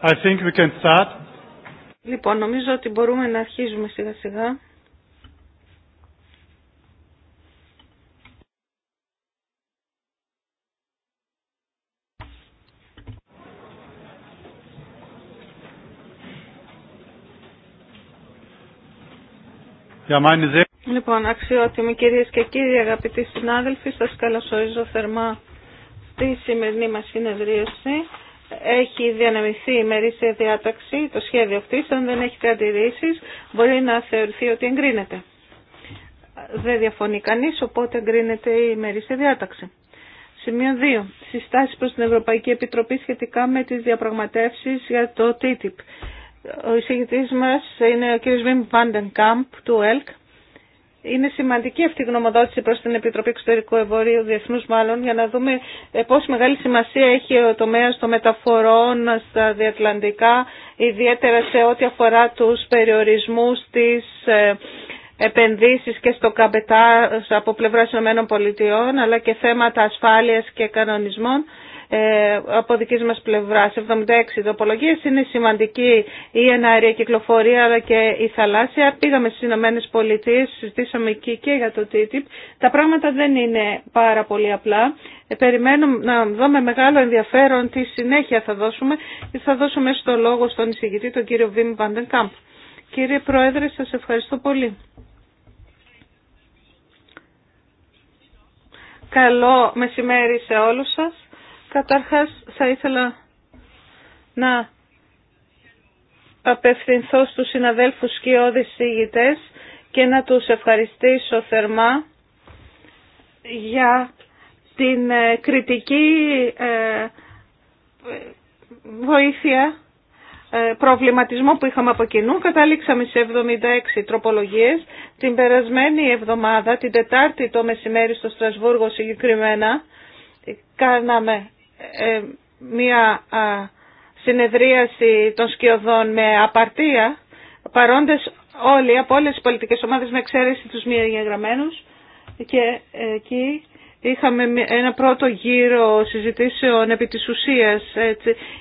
I think we can start. Λοιπόν, νομίζω ότι μπορούμε να αρχίζουμε σιγά σιγά. Λοιπόν, αξιότιμοι κυρίε και κύριοι, αγαπητοί συνάδελφοι, σα καλωσορίζω θερμά στη σημερινή μας συνεδρίαση έχει διανεμηθεί η μερίσια διάταξη, το σχέδιο αυτή, αν δεν έχετε αντιρρήσει. μπορεί να θεωρηθεί ότι εγκρίνεται. Δεν διαφωνεί κανεί, οπότε εγκρίνεται η μερίσια διάταξη. Σημείο 2. Συστάσεις προς την Ευρωπαϊκή Επιτροπή σχετικά με τις διαπραγματεύσεις για το TTIP. Ο εισηγητή μα είναι ο κ. Βιμ Βάντεν Κάμπ του ΕΛΚ είναι σημαντική αυτή η γνωμοδότηση προς την Επιτροπή Εξωτερικού Εμπορίου Διεθνούς μάλλον για να δούμε ε, πόση μεγάλη σημασία έχει ο τομέας των μεταφορών στα διατλαντικά ιδιαίτερα σε ό,τι αφορά τους περιορισμούς της ε, επενδύσεις και στο καμπετά από πλευράς ΗΠΑ αλλά και θέματα ασφάλειας και κανονισμών ε, από δική μα πλευρά, 76 δοπολογίες είναι σημαντική η εναερία κυκλοφορία αλλά και η θαλάσσια. Πήγαμε στι Ηνωμένε Πολιτείε, συζητήσαμε εκεί και για το TTIP. Τα πράγματα δεν είναι πάρα πολύ απλά. Ε, περιμένω να δούμε μεγάλο ενδιαφέρον τι συνέχεια θα δώσουμε και θα δώσουμε στο λόγο στον εισηγητή τον κύριο Βίμ Κύριε Πρόεδρε, σας ευχαριστώ πολύ. Καλό μεσημέρι σε όλους σας. Καταρχάς θα ήθελα να απευθυνθώ στους συναδέλφους και ηγητές και να τους ευχαριστήσω θερμά για την ε, κριτική ε, βοήθεια ε, προβληματισμό που είχαμε από κοινού κατάληξαμε σε 76 τροπολογίες την περασμένη εβδομάδα την Τετάρτη το μεσημέρι στο Στρασβούργο συγκεκριμένα κάναμε ε, ε, μια συνεδρίαση των σκιωδών με απαρτία, παρόντες όλοι από όλες τις πολιτικές ομάδες με εξαίρεση τους μη εγγεγραμμένους και εκεί είχαμε ένα πρώτο γύρο συζητήσεων επί της ουσίας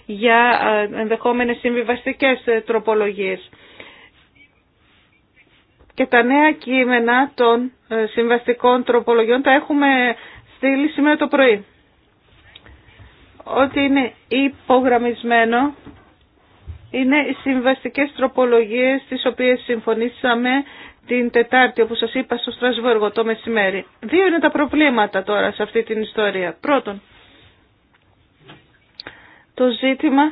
για ενδεχόμενες συμβιβαστικές ε, τροπολογίες. Και τα νέα κείμενα των συμβαστικών τροπολογιών τα έχουμε στείλει σήμερα το πρωί ότι είναι υπογραμμισμένο είναι οι συμβαστικές τροπολογίες τις οποίες συμφωνήσαμε την Τετάρτη, όπως σας είπα, στο Στρασβούργο το μεσημέρι. Δύο είναι τα προβλήματα τώρα σε αυτή την ιστορία. Πρώτον, το ζήτημα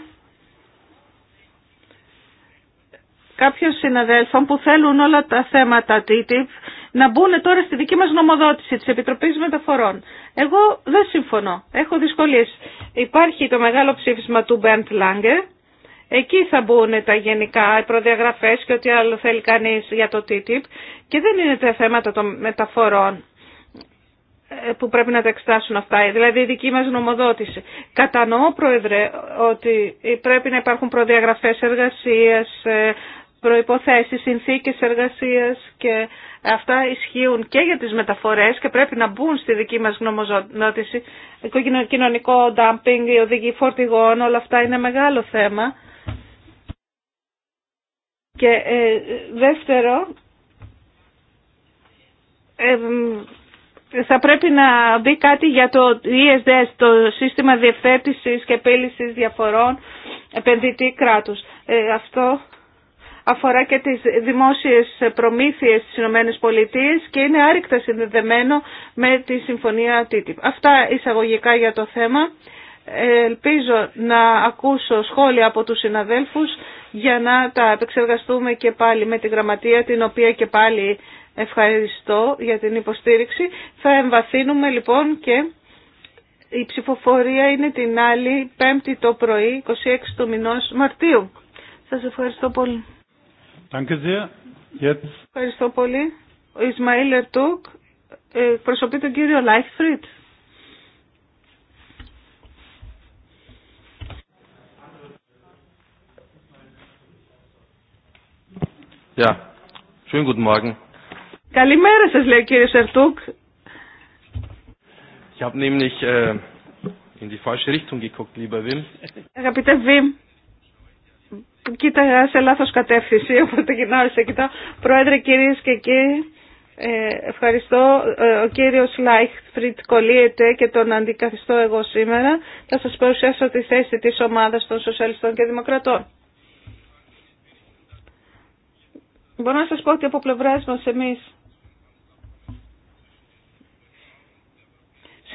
κάποιων συναδέλφων που θέλουν όλα τα θέματα TTIP να μπουν τώρα στη δική μας νομοδότηση της Επιτροπής Μεταφορών. Εγώ δεν συμφωνώ. Έχω δυσκολίες. Υπάρχει το μεγάλο ψήφισμα του Μπεντ Λάγκε. Εκεί θα μπουν τα γενικά, οι προδιαγραφές και ό,τι άλλο θέλει κανείς για το TTIP. Και δεν είναι τα θέματα των μεταφορών ε, που πρέπει να τα εξετάσουν αυτά, δηλαδή η δική μας νομοδότηση. Κατανοώ, Πρόεδρε, ότι πρέπει να υπάρχουν προδιαγραφές εργασίας, ε, προϋποθέσεις, συνθήκες εργασίας και αυτά ισχύουν και για τις μεταφορές και πρέπει να μπουν στη δική μας γνωμοζότηση. Κοινωνικό ντάμπινγκ, η οδηγή φορτηγών, όλα αυτά είναι μεγάλο θέμα. Και ε, δεύτερο, θα πρέπει να μπει κάτι για το ESDS, το Σύστημα Διευθέτησης και Επίλυσης Διαφορών Επενδυτή Κράτους. Ε, αυτό αφορά και τις δημόσιες προμήθειες στις ΗΠΑ Πολιτείες και είναι άρρηκτα συνδεδεμένο με τη Συμφωνία TTIP. Αυτά εισαγωγικά για το θέμα. Ελπίζω να ακούσω σχόλια από τους συναδέλφους για να τα επεξεργαστούμε και πάλι με τη γραμματεία την οποία και πάλι ευχαριστώ για την υποστήριξη. Θα εμβαθύνουμε λοιπόν και η ψηφοφορία είναι την άλλη 5η το πρωί 26 του μηνός Μαρτίου. Σας ευχαριστώ πολύ. Danke sehr. Jetzt. Ευχαριστώ πολύ. Ο Ισμαήλ Ερτούκ προσωπεί τον κύριο Λάιχφριτ. Ja, Schönen guten Morgen. Καλημέρα σας λέει ο κύριος Ερτούκ. Ich habe nämlich äh, in die falsche Richtung geguckt, lieber Wim. Αγαπητέ Wim, κοίταγα σε λάθος κατεύθυνση, οπότε γυρνάω σε Πρόεδρε, κυρίες και κύριοι, ε, ευχαριστώ. Ε, ο κύριος Λάιχτφριτ κολλείεται και τον αντικαθιστώ εγώ σήμερα. Θα σας παρουσιάσω τη θέση της ομάδας των Σοσιαλιστών και Δημοκρατών. Μπορώ να σας πω ότι από πλευράς μας εμείς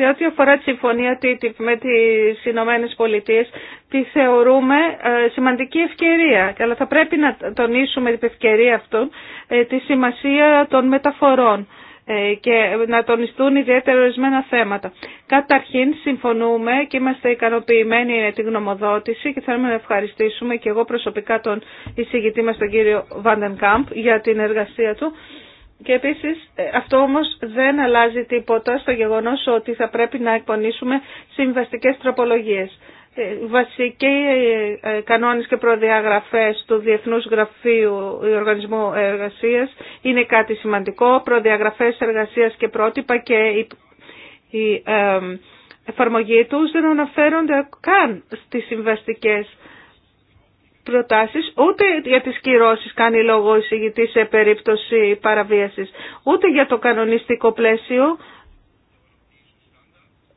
σε ό,τι αφορά τη συμφωνία TTIP με τις Ηνωμένε Πολιτείες, τη θεωρούμε ε, σημαντική ευκαιρία. Αλλά θα πρέπει να τονίσουμε την ευκαιρία αυτών ε, τη σημασία των μεταφορών ε, και να τονιστούν ιδιαίτερα ορισμένα θέματα. Καταρχήν συμφωνούμε και είμαστε ικανοποιημένοι με την γνωμοδότηση και θέλουμε να ευχαριστήσουμε και εγώ προσωπικά τον εισηγητή μας τον κύριο Κάμπ για την εργασία του και επίση ε, αυτό όμως δεν αλλάζει τίποτα στο γεγονός ότι θα πρέπει να εκπονήσουμε συμβαστικές τροπολογίες. Ε, βασικοί ε, κανόνες και προδιαγραφές του Διεθνούς Γραφείου Οργανισμού Εργασίας είναι κάτι σημαντικό. Προδιαγραφές εργασίας και πρότυπα και η εφαρμογή τους δεν αναφέρονται καν στις συμβαστικές προτάσεις, ούτε για τις κυρώσεις κάνει λόγο εισηγητή σε περίπτωση παραβίασης, ούτε για το κανονιστικό πλαίσιο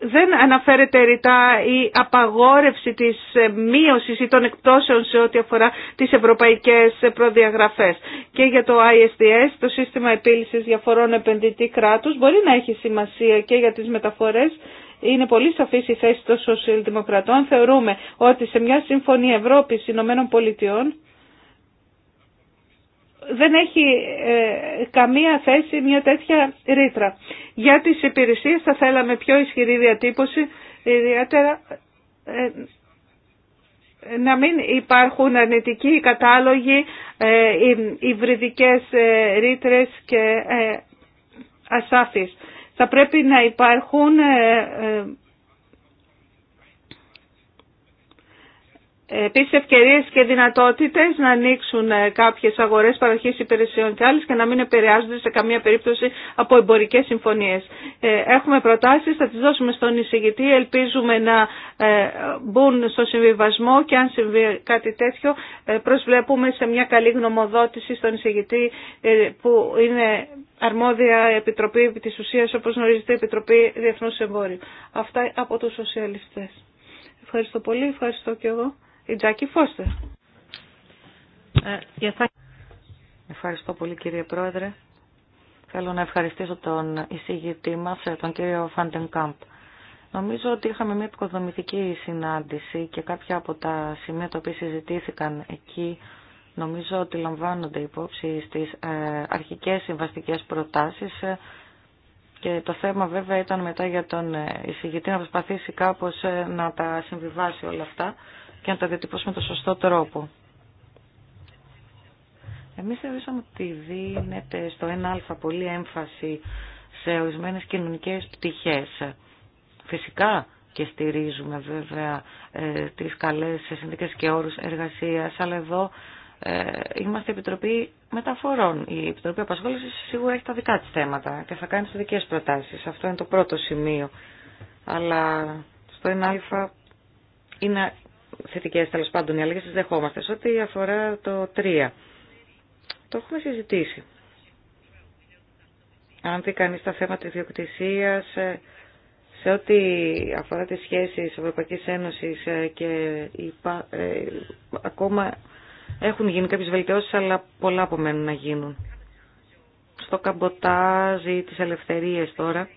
δεν αναφέρεται ρητά η απαγόρευση της μείωσης ή των εκπτώσεων σε ό,τι αφορά τις ευρωπαϊκές προδιαγραφές. Και για το ISDS, το σύστημα επίλυσης διαφορών επενδυτή κράτους, μπορεί να έχει σημασία και για τις μεταφορές είναι πολύ σαφή η θέση των σοσιαλδημοκρατών. Θεωρούμε ότι σε μια συμφωνία Ευρώπης Ηνωμένων Πολιτειών δεν έχει ε, καμία θέση μια τέτοια ρήτρα. Για τις υπηρεσίες θα θέλαμε πιο ισχυρή διατύπωση, ιδιαίτερα ε, να μην υπάρχουν αρνητικοί κατάλογοι, ε, υβριδικές ε, ρήτρες και ε, θα πρέπει να υπάρχουν ε, ε, Ε, επίσης ευκαιρίες και δυνατότητες να ανοίξουν ε, κάποιες αγορές παροχής υπηρεσιών και άλλες και να μην επηρεάζονται σε καμία περίπτωση από εμπορικές συμφωνίες. Ε, έχουμε προτάσεις, θα τις δώσουμε στον εισηγητή, ελπίζουμε να μπουν στο συμβιβασμό και αν συμβεί κάτι τέτοιο προσβλέπουμε σε μια καλή γνωμοδότηση στον εισηγητή που είναι αρμόδια επιτροπή τη ουσία όπως γνωρίζετε Επιτροπή Διεθνούς Εμπόριου. Αυτά από τους σοσιαλιστές. Ευχαριστώ πολύ, ευχαριστώ και εγώ η Τζάκη Φώστερ. Ε, Ευχαριστώ πολύ κύριε Πρόεδρε. Θέλω να ευχαριστήσω τον εισηγητή μας, ε, τον κύριο Φάντεν Κάμπ. Νομίζω ότι είχαμε μια επικοδομητική συνάντηση και κάποια από τα σημεία τα οποία συζητήθηκαν εκεί νομίζω ότι λαμβάνονται υπόψη στις ε, αρχικές συμβαστικές προτάσεις και το θέμα βέβαια ήταν μετά για τον εισηγητή να προσπαθήσει κάπως να τα συμβιβάσει όλα αυτά και να τα διατυπώσουμε με τον σωστό τρόπο. Εμείς θεωρήσαμε ότι δίνεται στο 1α πολύ έμφαση σε ορισμένες κοινωνικές πτυχές. Φυσικά και στηρίζουμε βέβαια ε, τις καλές συνθήκες και όρους εργασίας, αλλά εδώ ε, είμαστε Επιτροπή Μεταφορών. Η Επιτροπή Απασχόληση σίγουρα έχει τα δικά τη θέματα και θα κάνει τις δικέ προτάσει. Αυτό είναι το πρώτο σημείο. Αλλά στο 1α είναι Θετικέ τέλο πάντων οι αλλαγές τις δεχόμαστε. Σε ό,τι αφορά το 3, το έχουμε συζητήσει. Αν δει κανεί τα θέματα ιδιοκτησία, ε, σε ό,τι αφορά τις σχέσεις Ευρωπαϊκής Ένωσης ε, και η ε, ακόμα έχουν γίνει κάποιες βελτιώσεις, αλλά πολλά απομένουν να γίνουν. Στο καμποτάζ ή τις ελευθερίες τώρα,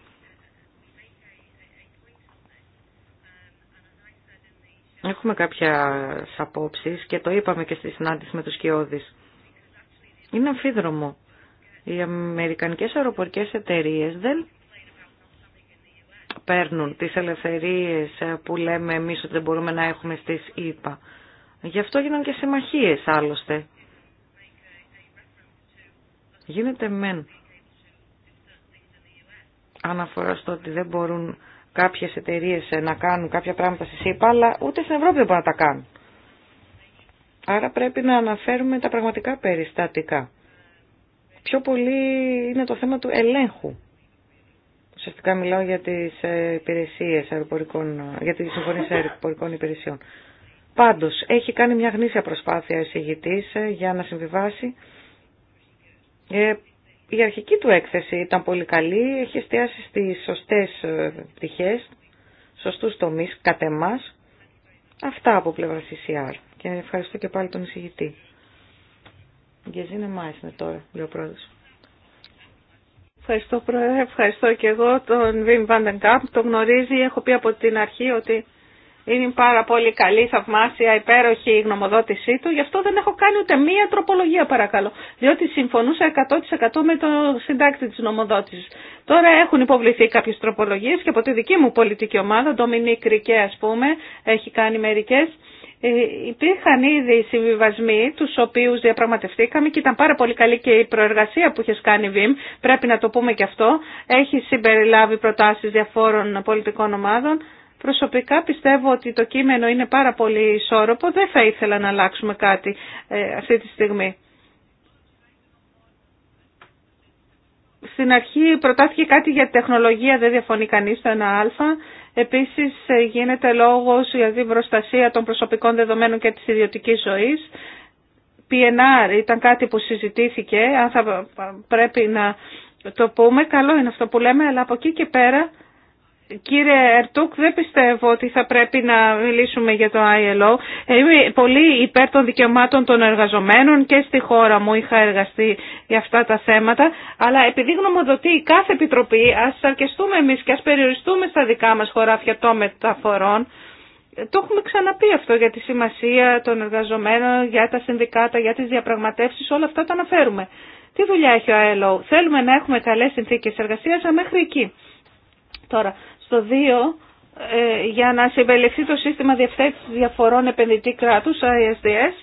Έχουμε κάποια απόψεις και το είπαμε και στη συνάντηση με τους Κιώδης. Είναι αμφίδρομο. Οι αμερικανικές αεροπορικές εταιρείες δεν παίρνουν τις ελευθερίες που λέμε εμείς ότι δεν μπορούμε να έχουμε στις ΗΠΑ. Γι' αυτό γίνονται και συμμαχίες άλλωστε. Γίνεται μεν αναφορά στο ότι δεν μπορούν κάποιες εταιρείε ε, να κάνουν κάποια πράγματα στη ΣΥΠΑ, αλλά ούτε στην Ευρώπη δεν μπορούν να τα κάνουν. Άρα πρέπει να αναφέρουμε τα πραγματικά περιστατικά. Πιο πολύ είναι το θέμα του ελέγχου. Ουσιαστικά μιλάω για τις ε, υπηρεσίες αεροπορικών, για τις συμφωνίες αεροπορικών υπηρεσιών. Πάντως, έχει κάνει μια γνήσια προσπάθεια ο ε, για να συμβιβάσει η αρχική του έκθεση ήταν πολύ καλή, έχει εστιάσει στις σωστές ε, πτυχές, σωστούς τομείς κατ' εμάς. Αυτά από πλευρά CCR. Και ευχαριστώ και πάλι τον εισηγητή. Γκεζίνε είναι τώρα, λέει ο πρόεδρος. Ευχαριστώ πρόεδρε, ευχαριστώ και εγώ τον Βιμ Καμπ. Τον γνωρίζει, έχω πει από την αρχή ότι είναι πάρα πολύ καλή, θαυμάσια, υπέροχη η γνωμοδότησή του. Γι' αυτό δεν έχω κάνει ούτε μία τροπολογία παρακαλώ. Διότι συμφωνούσα 100% με το συντάκτη της γνωμοδότησης. Τώρα έχουν υποβληθεί κάποιες τροπολογίες και από τη δική μου πολιτική ομάδα, Ντομινίκ Ρικέ ας πούμε, έχει κάνει μερικές. Ε, υπήρχαν ήδη συμβιβασμοί, του οποίου διαπραγματευτήκαμε και ήταν πάρα πολύ καλή και η προεργασία που είχε κάνει, Βιμ. Πρέπει να το πούμε και αυτό. Έχει συμπεριλάβει προτάσει διαφόρων πολιτικών ομάδων. Προσωπικά πιστεύω ότι το κείμενο είναι πάρα πολύ ισόρροπο. Δεν θα ήθελα να αλλάξουμε κάτι ε, αυτή τη στιγμή. Στην αρχή προτάθηκε κάτι για τεχνολογία, δεν διαφωνεί κανείς το 1α. Επίσης ε, γίνεται λόγος για την προστασία των προσωπικών δεδομένων και της ιδιωτικής ζωής. PNR ήταν κάτι που συζητήθηκε, αν θα ε, πρέπει να το πούμε. Καλό είναι αυτό που λέμε, αλλά από εκεί και πέρα Κύριε Ερτούκ, δεν πιστεύω ότι θα πρέπει να μιλήσουμε για το ILO. Είμαι πολύ υπέρ των δικαιωμάτων των εργαζομένων και στη χώρα μου είχα εργαστεί για αυτά τα θέματα. Αλλά επειδή γνωμοδοτεί κάθε επιτροπή, ας αρκεστούμε εμείς και ας περιοριστούμε στα δικά μας χωράφια των μεταφορών. Το έχουμε ξαναπεί αυτό για τη σημασία των εργαζομένων, για τα συνδικάτα, για τις διαπραγματεύσεις, όλα αυτά τα αναφέρουμε. Τι δουλειά έχει ο ILO. Θέλουμε να έχουμε καλές συνθήκες εργασίας μέχρι εκεί. Τώρα, στο 2 ε, για να συμπεριληφθεί το σύστημα διευθέτησης διαφορών επενδυτή κράτους, ISDS,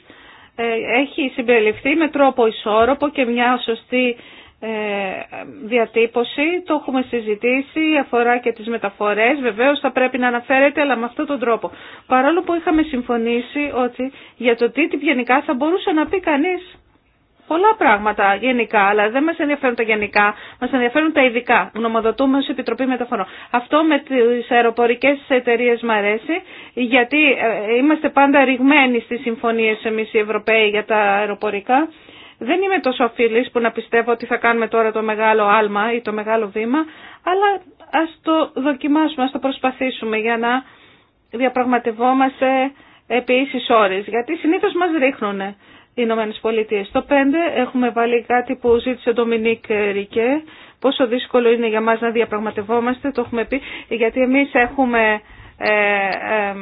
ε, έχει συμπεριληφθεί με τρόπο ισόρροπο και μια σωστή ε, διατύπωση. Το έχουμε συζητήσει, αφορά και τις μεταφορές, βεβαίως θα πρέπει να αναφέρεται, αλλά με αυτόν τον τρόπο. Παρόλο που είχαμε συμφωνήσει ότι για το τι γενικά θα μπορούσε να πει κανείς πολλά πράγματα γενικά, αλλά δεν μας ενδιαφέρουν τα γενικά, μας ενδιαφέρουν τα ειδικά. Γνωμοδοτούμε ως Επιτροπή Μεταφορών. Αυτό με τις αεροπορικές εταιρείες μου αρέσει, γιατί ε, είμαστε πάντα ρηγμένοι στις συμφωνίες εμείς οι Ευρωπαίοι για τα αεροπορικά. Δεν είμαι τόσο αφίλη που να πιστεύω ότι θα κάνουμε τώρα το μεγάλο άλμα ή το μεγάλο βήμα, αλλά ας το δοκιμάσουμε, ας το προσπαθήσουμε για να διαπραγματευόμαστε επί ώρες, γιατί συνήθω μας ρίχνουν Ηνωμένες Πολιτείες. Το 5 έχουμε βάλει κάτι που ζήτησε ο Ντομινίκ Ρικέ, πόσο δύσκολο είναι για μας να διαπραγματευόμαστε, το έχουμε πει, γιατί εμείς έχουμε ε, ε,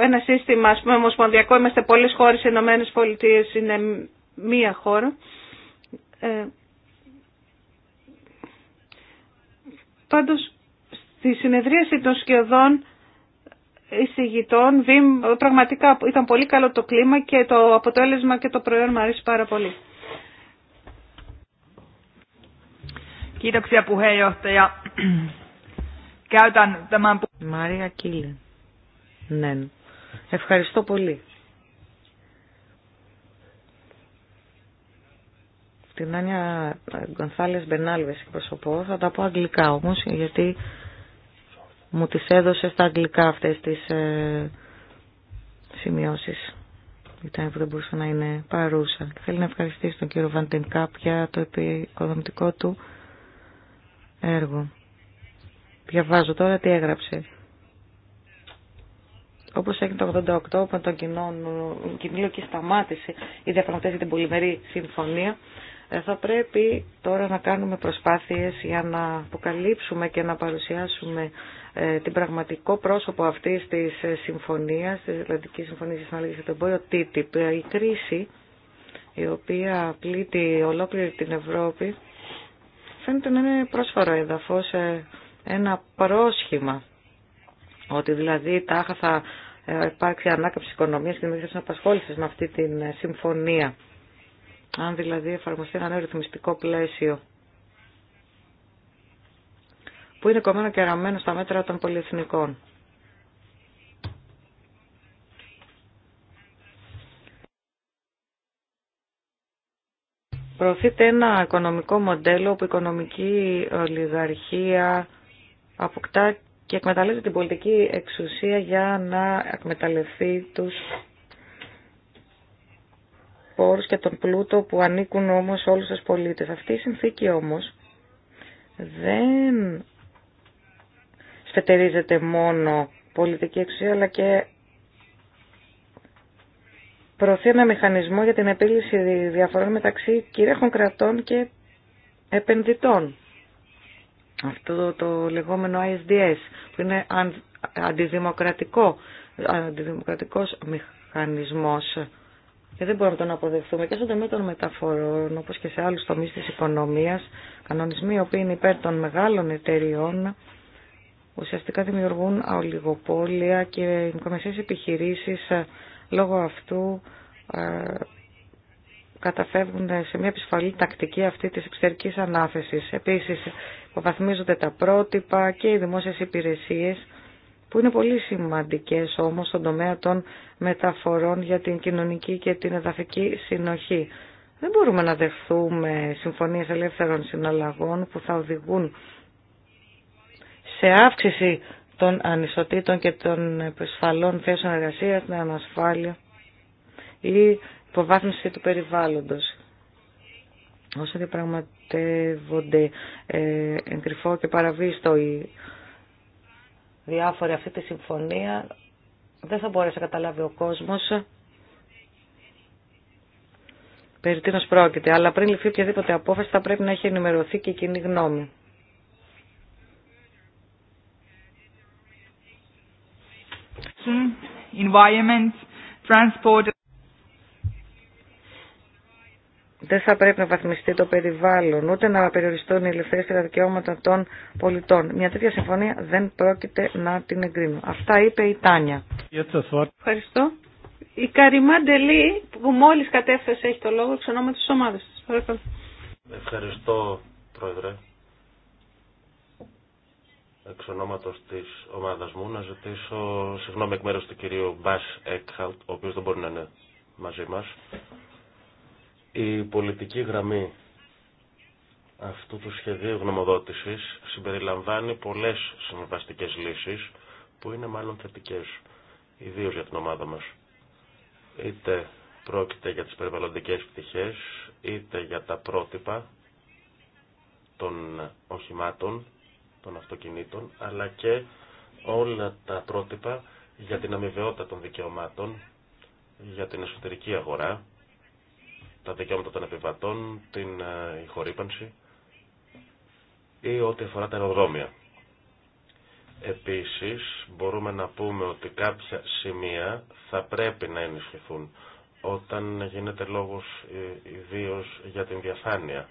ένα σύστημα, ας πούμε, ομοσπονδιακό, είμαστε πολλές χώρες, οι Ηνωμένες Πολιτείες είναι μία χώρα. Ε, πάντως, στη συνεδρίαση των σκιωδών εισηγητών. Βιμ, πραγματικά ήταν πολύ καλό το κλίμα και το αποτέλεσμα και το προϊόν μου αρέσει πάρα πολύ. Kiitoksia puheenjohtaja. τα μάμπου. Μαρία Κίλε. Ναι. Ευχαριστώ πολύ. Την Άνια Γκονθάλες Μπενάλβες εκπροσωπώ. Θα τα πω αγγλικά όμως γιατί μου τις έδωσε στα αγγλικά αυτές τις ε, σημειώσεις. που δεν μπορούσε να είναι παρούσα. Θέλει να ευχαριστήσει τον κύριο Κάπ για το επικοδομητικό του έργο. Διαβάζω τώρα τι έγραψε. Όπω έγινε το 1988, όταν τον κοινό και σταμάτησε η διαπραγματεύση για την πολυμερή συμφωνία, ε, θα πρέπει τώρα να κάνουμε προσπάθειες για να αποκαλύψουμε και να παρουσιάσουμε ε, την πραγματικό πρόσωπο αυτής της ε, συμφωνίας, της Ιρλανδικής Συμφωνίας της και του Εμπόριο, TTIP. Η κρίση η οποία πλήττει ολόκληρη την Ευρώπη φαίνεται να είναι πρόσφορο έδαφος, ε, ένα πρόσχημα ότι δηλαδή τάχα θα υπάρξει ανάκαμψη οικονομίας και δημιουργία απασχόληση με αυτή τη συμφωνία. Αν δηλαδή εφαρμοστεί ένα νέο ρυθμιστικό πλαίσιο που είναι κομμένο και ραμμένο στα μέτρα των πολυεθνικών. Προωθείται ένα οικονομικό μοντέλο όπου η οικονομική ολιγαρχία αποκτά και εκμεταλλεύεται την πολιτική εξουσία για να εκμεταλλευτεί τους πόρους και τον πλούτο που ανήκουν όμως όλους τους πολίτες. Αυτή η συνθήκη όμως δεν φετερίζεται μόνο πολιτική εξουσία, αλλά και προωθεί ένα μηχανισμό για την επίλυση διαφορών μεταξύ κυρίαρχων κρατών και επενδυτών. Αυτό το λεγόμενο ISDS, που είναι αντιδημοκρατικό, αντιδημοκρατικός μηχανισμός και δεν μπορούμε να τον αποδεχθούμε και στον τομέα των μεταφορών, όπως και σε άλλους τομείς της οικονομίας, κανονισμοί οι οποίοι είναι υπέρ των μεγάλων εταιριών, ουσιαστικά δημιουργούν αολιγοπόλια και οι μικρομεσαίες επιχειρήσεις ε, λόγω αυτού ε, καταφεύγουν σε μια επισφαλή τακτική αυτή της εξωτερικής ανάθεσης. Επίσης υποβαθμίζονται τα πρότυπα και οι δημόσιες υπηρεσίες που είναι πολύ σημαντικές όμως στον τομέα των μεταφορών για την κοινωνική και την εδαφική συνοχή. Δεν μπορούμε να δεχθούμε συμφωνίες ελεύθερων συναλλαγών που θα οδηγούν σε αύξηση των ανισοτήτων και των επισφαλών θέσεων εργασίας, με ανασφάλεια ή υποβάθμιση του περιβάλλοντος. Όσο διαπραγματεύονται ε, εγκρυφό και παραβίστο οι διάφοροι αυτή τη συμφωνία, δεν θα μπορέσει να καταλάβει ο κόσμος περί τίνος πρόκειται. Αλλά πριν ληφθεί οποιαδήποτε απόφαση θα πρέπει να έχει ενημερωθεί και η κοινή γνώμη. Δεν θα πρέπει να βαθμιστεί το περιβάλλον, ούτε να περιοριστούν οι ελευθερίε και τα δικαιώματα των πολιτών. Μια τέτοια συμφωνία δεν πρόκειται να την εγκρίνω. Αυτά είπε η Τάνια. Ευχαριστώ. Η Καριμά Ντελή, που μόλι κατέφθασε, έχει το λόγο εξ ονόματο τη ομάδα τη. Ευχαριστώ, Πρόεδρε εξ ονόματος της ομάδας μου να ζητήσω συγγνώμη εκ μέρους του κυρίου Μπάς Εκχαλτ, ο οποίος δεν μπορεί να είναι μαζί μας. Η πολιτική γραμμή αυτού του σχεδίου γνωμοδότησης συμπεριλαμβάνει πολλές συμβαστικές λύσεις που είναι μάλλον θετικές, ιδίως για την ομάδα μας. Είτε πρόκειται για τις περιβαλλοντικές πτυχές, είτε για τα πρότυπα των οχημάτων, των αυτοκινήτων, αλλά και όλα τα πρότυπα για την αμοιβαιότητα των δικαιωμάτων, για την εσωτερική αγορά, τα δικαιώματα των επιβατών, την ε, χορύπανση ή ό,τι αφορά τα αεροδρόμια. Επίσης, μπορούμε να πούμε ότι κάποια σημεία θα πρέπει να ενισχυθούν όταν γίνεται λόγος ε, ιδίω για την διαφάνεια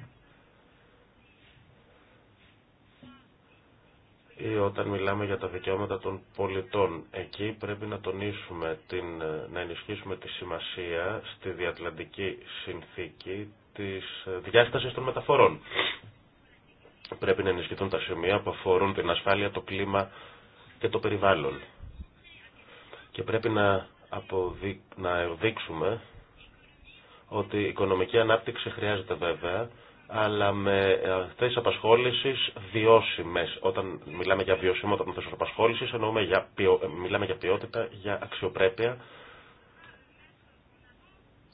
ή όταν μιλάμε για τα δικαιώματα των πολιτών. Εκεί πρέπει να τονίσουμε, την, ε, να ενισχύσουμε τη σημασία στη διατλαντική συνθήκη της ε, διάστασης των μεταφορών. Πρέπει να ενισχυθούν τα σημεία που αφορούν την ασφάλεια, το κλίμα και το περιβάλλον. Και πρέπει να, αποδει... να δείξουμε ότι η οικονομική ανάπτυξη χρειάζεται βέβαια, αλλά με θέσει απασχόληση βιώσιμε. Όταν μιλάμε για βιωσιμότητα των θέσεων απασχόληση, εννοούμε για ε, μιλάμε για ποιότητα, για αξιοπρέπεια.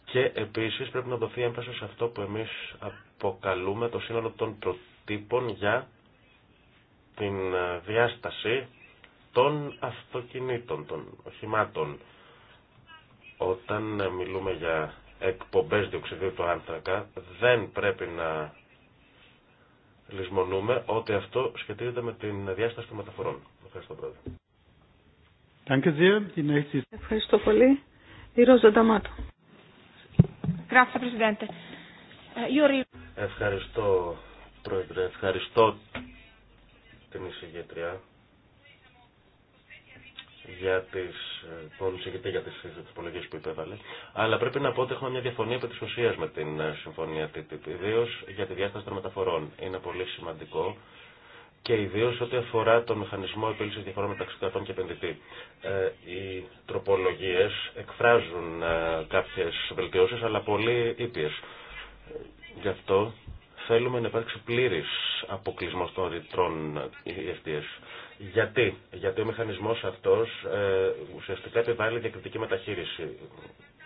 Και επίση πρέπει να δοθεί έμφαση σε αυτό που εμεί αποκαλούμε το σύνολο των προτύπων για την ε, διάσταση των αυτοκινήτων, των οχημάτων. Όταν ε, μιλούμε για εκπομπές διοξιδίου του άνθρακα δεν πρέπει να λησμονούμε ότι αυτό σχετίζεται με την διάσταση των μεταφορών. Ευχαριστώ πρόεδρε. Ευχαριστώ πολύ. Η Ρόζα Νταμάτο. Ε, Ευχαριστώ πρόεδρε. Ευχαριστώ την εισηγήτρια για τις, τον ε, συγκεκριτή για τις τροπολογίες που υπέβαλε. Αλλά πρέπει να πω ότι έχουμε μια διαφωνία επί της ουσίας με την ε, συμφωνία TTIP, ιδίω για τη διάσταση των μεταφορών. Είναι πολύ σημαντικό και ιδίω ό,τι αφορά τον μηχανισμό επίλυση διαφορών μεταξύ κρατών και επενδυτή. Ε, οι τροπολογίε εκφράζουν ε, κάποιε βελτιώσει, αλλά πολύ ήπιε. γι' αυτό θέλουμε να υπάρξει πλήρη αποκλεισμό των ρητρών ευθύε. Γιατί, Γιατί ο μηχανισμός αυτός ε, ουσιαστικά επιβάλλει διακριτική μεταχείριση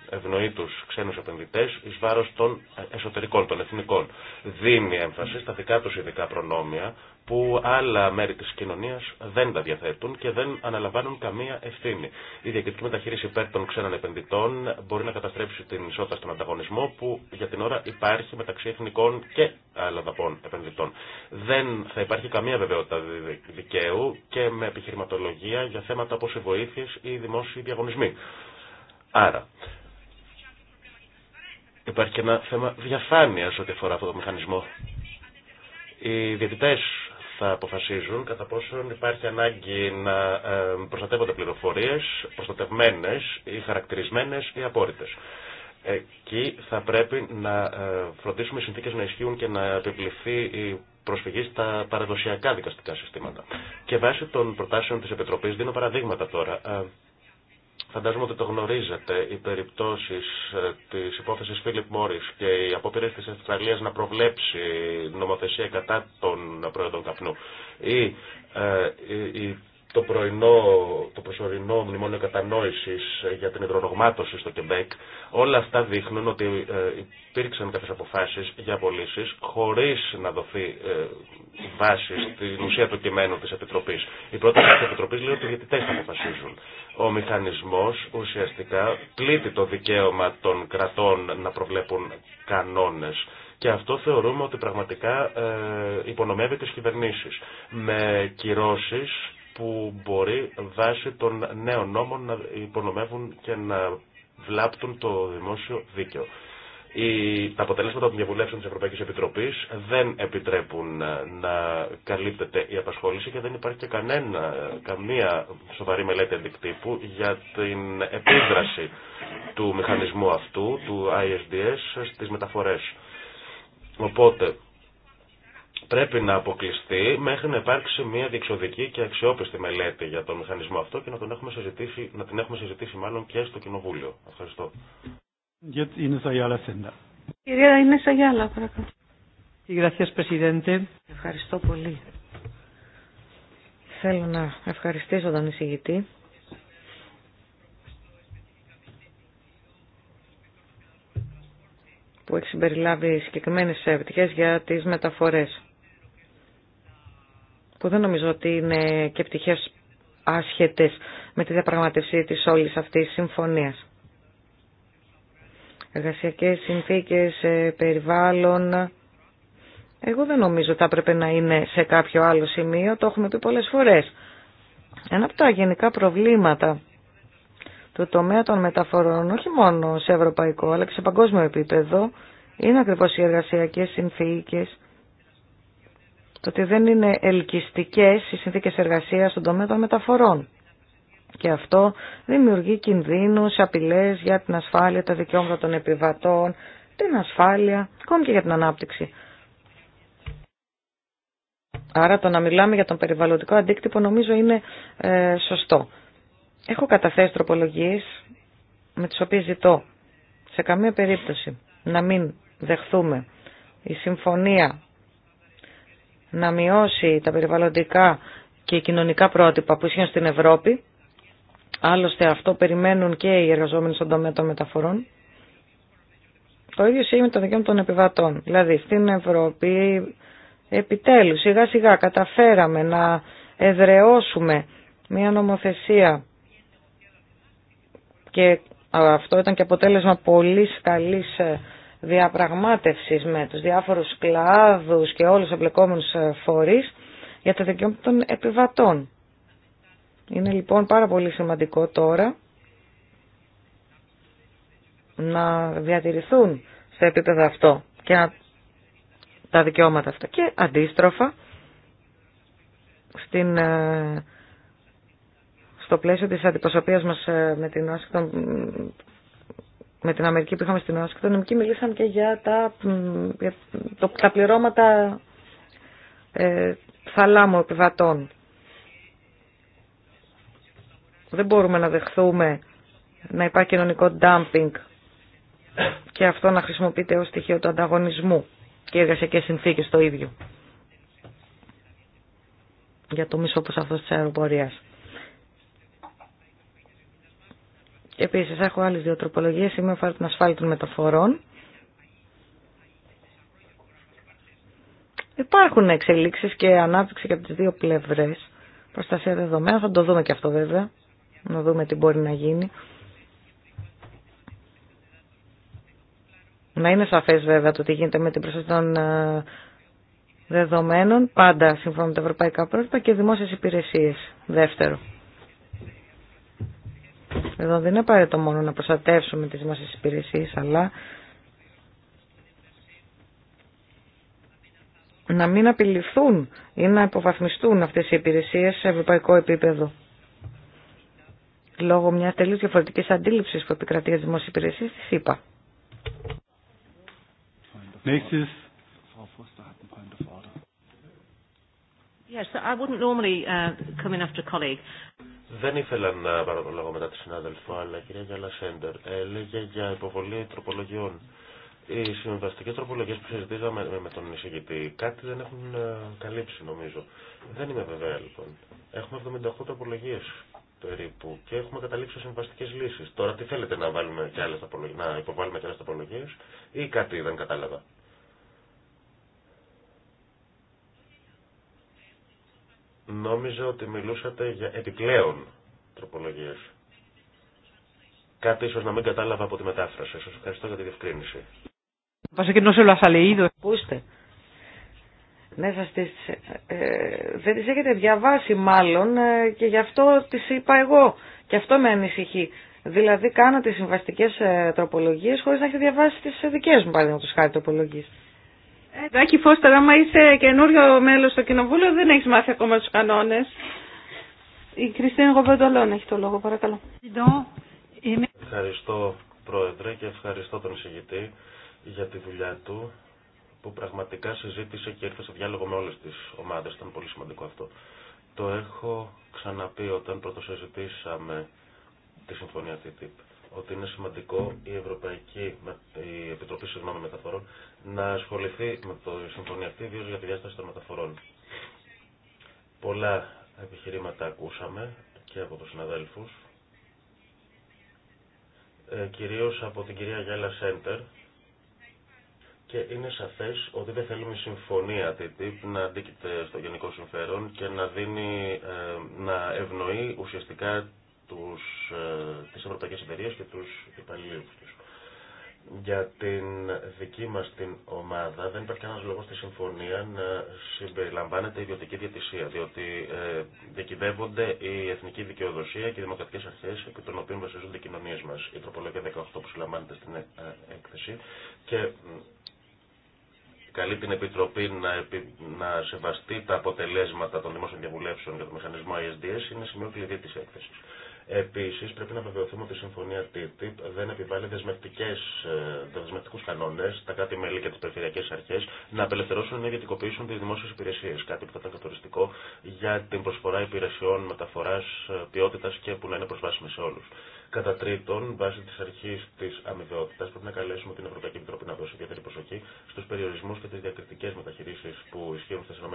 ευνοεί του ξένου επενδυτέ ει βάρο των εσωτερικών, των εθνικών. Δίνει έμφαση στα δικά του ειδικά προνόμια που άλλα μέρη της κοινωνίας δεν τα διαθέτουν και δεν αναλαμβάνουν καμία ευθύνη. Η διακριτική μεταχείριση υπέρ των ξένων επενδυτών μπορεί να καταστρέψει την ισότητα στον ανταγωνισμό που για την ώρα υπάρχει μεταξύ εθνικών και αλλαδαπών επενδυτών. Δεν θα υπάρχει καμία βεβαιότητα δικαίου και με επιχειρηματολογία για θέματα όπω οι βοήθειε ή οι δημόσιοι διαγωνισμοί. Άρα, Υπάρχει και ένα θέμα διαφάνεια ό,τι αφορά αυτό το μηχανισμό. Οι διαιτητέ θα αποφασίζουν κατά πόσον υπάρχει ανάγκη να ε, προστατεύονται πληροφορίε προστατευμένε ή χαρακτηρισμένε ή απόρριτε. Εκεί θα πρέπει να ε, φροντίσουμε οι συνθήκε να ισχύουν και να επιβληθεί η προσφυγή στα παραδοσιακά δικαστικά συστήματα. Και βάσει των προτάσεων τη Επιτροπή δίνω παραδείγματα τώρα. Ε, Φαντάζομαι ότι το γνωρίζετε, οι περιπτώσεις ε, της υπόθεση Φίλιπ Μόρι και η απόπειρες τη να προβλέψει νομοθεσία κατά των προϊόντων καπνού ή η ε, το, πρωινό, το προσωρινό μνημόνιο κατανόηση για την υδρορογμάτωση στο Κεμπέκ, όλα αυτά δείχνουν ότι ε, υπήρξαν κάποιε αποφάσει για απολύσει χωρί να δοθεί ε, βάση στην ουσία του κειμένου τη Επιτροπή. Η πρόταση τη Επιτροπή λέει ότι οι διαιτητέ αποφασίζουν. Ο μηχανισμό ουσιαστικά πλήττει το δικαίωμα των κρατών να προβλέπουν κανόνε. Και αυτό θεωρούμε ότι πραγματικά ε, υπονομεύει τις κυβερνήσεις. Με κυρώσεις που μπορεί βάσει των νέων νόμων να υπονομεύουν και να βλάπτουν το δημόσιο δίκαιο. Οι, τα αποτελέσματα των διαβουλεύσεων της Ευρωπαϊκής Επιτροπής δεν επιτρέπουν ε, να καλύπτεται η απασχόληση και δεν υπάρχει και κανένα, ε, καμία σοβαρή μελέτη αντικτύπου για την επίδραση του μηχανισμού αυτού, του ISDS, στις μεταφορές. Οπότε, πρέπει να αποκλειστεί μέχρι να υπάρξει μια διεξοδική και αξιόπιστη μελέτη για τον μηχανισμό αυτό και να, τον έχουμε συζητήσει, να την έχουμε συζητήσει μάλλον και στο Κοινοβούλιο. Ευχαριστώ. Κυρία Ευχαριστώ πολύ. Θέλω να ευχαριστήσω τον εισηγητή. που έχει συμπεριλάβει συγκεκριμένε επιτυχίες για τις μεταφορές που δεν νομίζω ότι είναι και πτυχές άσχετες με τη διαπραγματευσή της όλης αυτής συμφωνίας. Εργασιακές συνθήκες, ε, περιβάλλον... Εγώ δεν νομίζω ότι θα έπρεπε να είναι σε κάποιο άλλο σημείο, το έχουμε πει πολλές φορές. Ένα από τα γενικά προβλήματα του τομέα των μεταφορών, όχι μόνο σε ευρωπαϊκό αλλά και σε παγκόσμιο επίπεδο, είναι ακριβώς οι εργασιακές συνθήκες το ότι δεν είναι ελκυστικές οι συνθήκες εργασίας στον τομέα των μεταφορών. Και αυτό δημιουργεί κινδύνους, απειλές για την ασφάλεια, τα δικαιώματα των επιβατών, την ασφάλεια, ακόμη και για την ανάπτυξη. Άρα το να μιλάμε για τον περιβαλλοντικό αντίκτυπο νομίζω είναι ε, σωστό. Έχω καταθέσει τροπολογίες με τις οποίες ζητώ σε καμία περίπτωση να μην δεχθούμε η συμφωνία να μειώσει τα περιβαλλοντικά και κοινωνικά πρότυπα που ισχύουν στην Ευρώπη. Άλλωστε αυτό περιμένουν και οι εργαζόμενοι στον τομέα των μεταφορών. Το ίδιο ισχύει με το δικαίωμα των επιβατών. Δηλαδή στην Ευρώπη επιτέλους σιγά σιγά καταφέραμε να εδρεώσουμε μια νομοθεσία και αυτό ήταν και αποτέλεσμα πολύ καλής ε, διαπραγμάτευσης με τους διάφορους κλάδους και όλους τους εμπλεκόμενους ε, φορείς για τα δικαιώματα των επιβατών. Είναι λοιπόν πάρα πολύ σημαντικό τώρα να διατηρηθούν σε επίπεδο αυτό και τα δικαιώματα αυτά. Και αντίστροφα, στην, ε, στο πλαίσιο της αντιπροσωπείας μας ε, με την Άσκτον με την Αμερική που είχαμε στην Ουάσιγκτον, εκεί μιλήσαν και για τα, για το, τα πληρώματα ε, θαλάμου επιβατών. Δεν μπορούμε να δεχθούμε να υπάρχει κοινωνικό dumping και αυτό να χρησιμοποιείται ως στοιχείο του ανταγωνισμού και εργασιακές συνθήκες το ίδιο για το μισό αυτό αυτός της αεροπορίας. επίση έχω άλλε δύο τροπολογίε Είμαι αφορά την ασφάλεια των μεταφορών. Υπάρχουν εξελίξεις και ανάπτυξη και από τις δύο πλευρές. Προστασία δεδομένων, θα το δούμε και αυτό βέβαια. Να δούμε τι μπορεί να γίνει. Να είναι σαφέ βέβαια το τι γίνεται με την προστασία των ε, δεδομένων, πάντα σύμφωνα με τα ευρωπαϊκά πρότυπα και δημόσιες υπηρεσίες. Δεύτερο. Εδώ δεν είναι απαραίτητο μόνο να προστατεύσουμε τις μας υπηρεσίες, αλλά να μην απειληθούν ή να υποβαθμιστούν αυτές οι υπηρεσίες σε ευρωπαϊκό επίπεδο. Λόγω μια τελείως διαφορετική αντίληψη που επικρατεί για δημόσιες υπηρεσίες της είπα. Yes, I wouldn't normally uh, come in after a colleague. Δεν ήθελα να πάρω το λόγο μετά τη συνάδελφο, αλλά η κυρία Γιάλα Σέντερ έλεγε για υποβολή τροπολογιών. Οι συμβαστικέ τροπολογίε που συζητήσαμε με τον εισηγητή κάτι δεν έχουν ε, καλύψει νομίζω. Δεν είμαι βεβαία λοιπόν. Έχουμε 78 τροπολογίε περίπου και έχουμε καταλήξει σε συμβαστικέ λύσει. Τώρα τι θέλετε να, βάλουμε κι άλλες να υποβάλουμε και άλλε τροπολογίε ή κάτι δεν κατάλαβα. Νόμιζα ότι μιλούσατε για επιπλέον τροπολογίες. Κάτι ίσως να μην κατάλαβα από τη μετάφραση. Σας ευχαριστώ για τη διευκρίνηση. Ακούστε. Ναι, ε, δεν τις έχετε διαβάσει μάλλον ε, και γι' αυτό τις είπα εγώ. Και αυτό με ανησυχεί. Δηλαδή κάνω τις συμβαστικές ε, τροπολογίες χωρίς να έχετε διαβάσει τις ε, δικές μου παραδείγματος χάρη τροπολογίες. Εντάκη Φώστερ, άμα είσαι καινούριο μέλος στο κοινοβούλιο, δεν έχει μάθει ακόμα τους κανόνες. Η Κριστίν Γοβεντολόν έχει το λόγο, παρακαλώ. Ευχαριστώ, Πρόεδρε, και ευχαριστώ τον συγητή για τη δουλειά του, που πραγματικά συζήτησε και ήρθε σε διάλογο με όλες τις ομάδες. Ήταν πολύ σημαντικό αυτό. Το έχω ξαναπεί όταν πρώτο συζητήσαμε τη συμφωνία TTIP ότι είναι σημαντικό η Ευρωπαϊκή η Επιτροπή Συγγνώμη Μεταφορών να ασχοληθεί με το συμφωνία αυτή, ιδίω για τη διάσταση των μεταφορών. Πολλά επιχειρήματα ακούσαμε και από του συναδέλφου, ε, κυρίως από την κυρία Γιάλα Σέντερ, και είναι σαφέ ότι δεν θέλουμε η συμφωνία TTIP να αντίκειται στο γενικό συμφέρον και να, δίνει, ε, να ευνοεί ουσιαστικά τους, ε, τις ευρωπαϊκές εταιρείες και τους υπαλλήλους τους. Για την δική μας την ομάδα δεν υπάρχει κανένας λόγος στη συμφωνία να συμπεριλαμβάνεται η ιδιωτική διατησία, διότι ε, η εθνική δικαιοδοσία και οι δημοκρατικές αρχές επί των οποίων βασίζονται οι κοινωνίες μας. Η τροπολογία 18 που συλλαμβάνεται στην ε, έκθεση και καλεί την Επιτροπή να, να σεβαστεί τα αποτελέσματα των δημόσιων διαβουλεύσεων για το μηχανισμό ISDS είναι σημείο κλειδί τη έκθεση. Επίσης, πρέπει να βεβαιωθούμε ότι η συμφωνία TTIP δεν επιβάλλει ε, δεσμευτικούς κανόνες τα κάτι μελη και τις περιφερειακές αρχές να απελευθερώσουν ή ιδιωτικοποιήσουν τις δημόσιες υπηρεσίες, κάτι που θα ήταν καθοριστικό για την προσφορά υπηρεσιών μεταφοράς ε, ποιότητας και που να είναι προσβάσιμη σε όλους. Κατά τρίτον, βάσει τη αρχή τη αμοιβαιότητα, πρέπει να καλέσουμε την Ευρωπαϊκή Επιτροπή να δώσει ιδιαίτερη προσοχή στου περιορισμού και τι διακριτικέ μεταχειρήσει που ισχύουν στι ΗΠΑ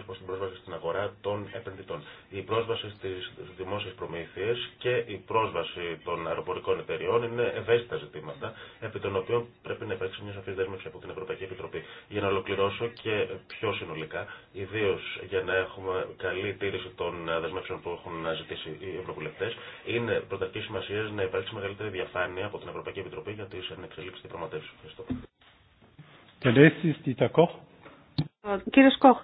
ω προ την πρόσβαση στην αγορά των επενδυτών. Η πρόσβαση στι δημόσιε προμήθειε και η πρόσβαση των αεροπορικών εταιριών είναι ευαίσθητα ζητήματα, επί των οποίων πρέπει να υπάρξει μια σαφή δέσμευση από την Ευρωπαϊκή Επιτροπή. Για να ολοκληρώσω και πιο συνολικά, ιδίω για να έχουμε καλή τήρηση των δεσμεύσεων που έχουν ζητήσει οι Ευρωβουλευτέ, είναι πρωταρχή σημασία διαδικασία να υπάρξει μεγαλύτερη διαφάνεια από την Ευρωπαϊκή Επιτροπή για τι ανεξελίξει διαπραγματεύσει. Ευχαριστώ. Κύριε Σκόχ.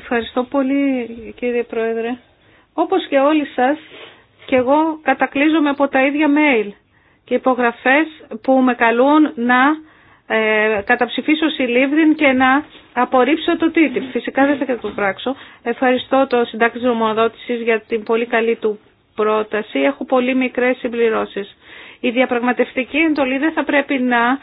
Ευχαριστώ πολύ κύριε Πρόεδρε. Όπως και όλοι σας, και εγώ κατακλείζομαι από τα ίδια mail και υπογραφές που με καλούν να ε, καταψηφίσω συλλήβδιν και να απορρίψω το TTIP. Φυσικά δεν θα το πράξω. Ευχαριστώ το συντάκτη νομοδότησης για την πολύ καλή του πρόταση έχουν πολύ μικρές συμπληρώσεις. Η διαπραγματευτική εντολή δεν θα πρέπει να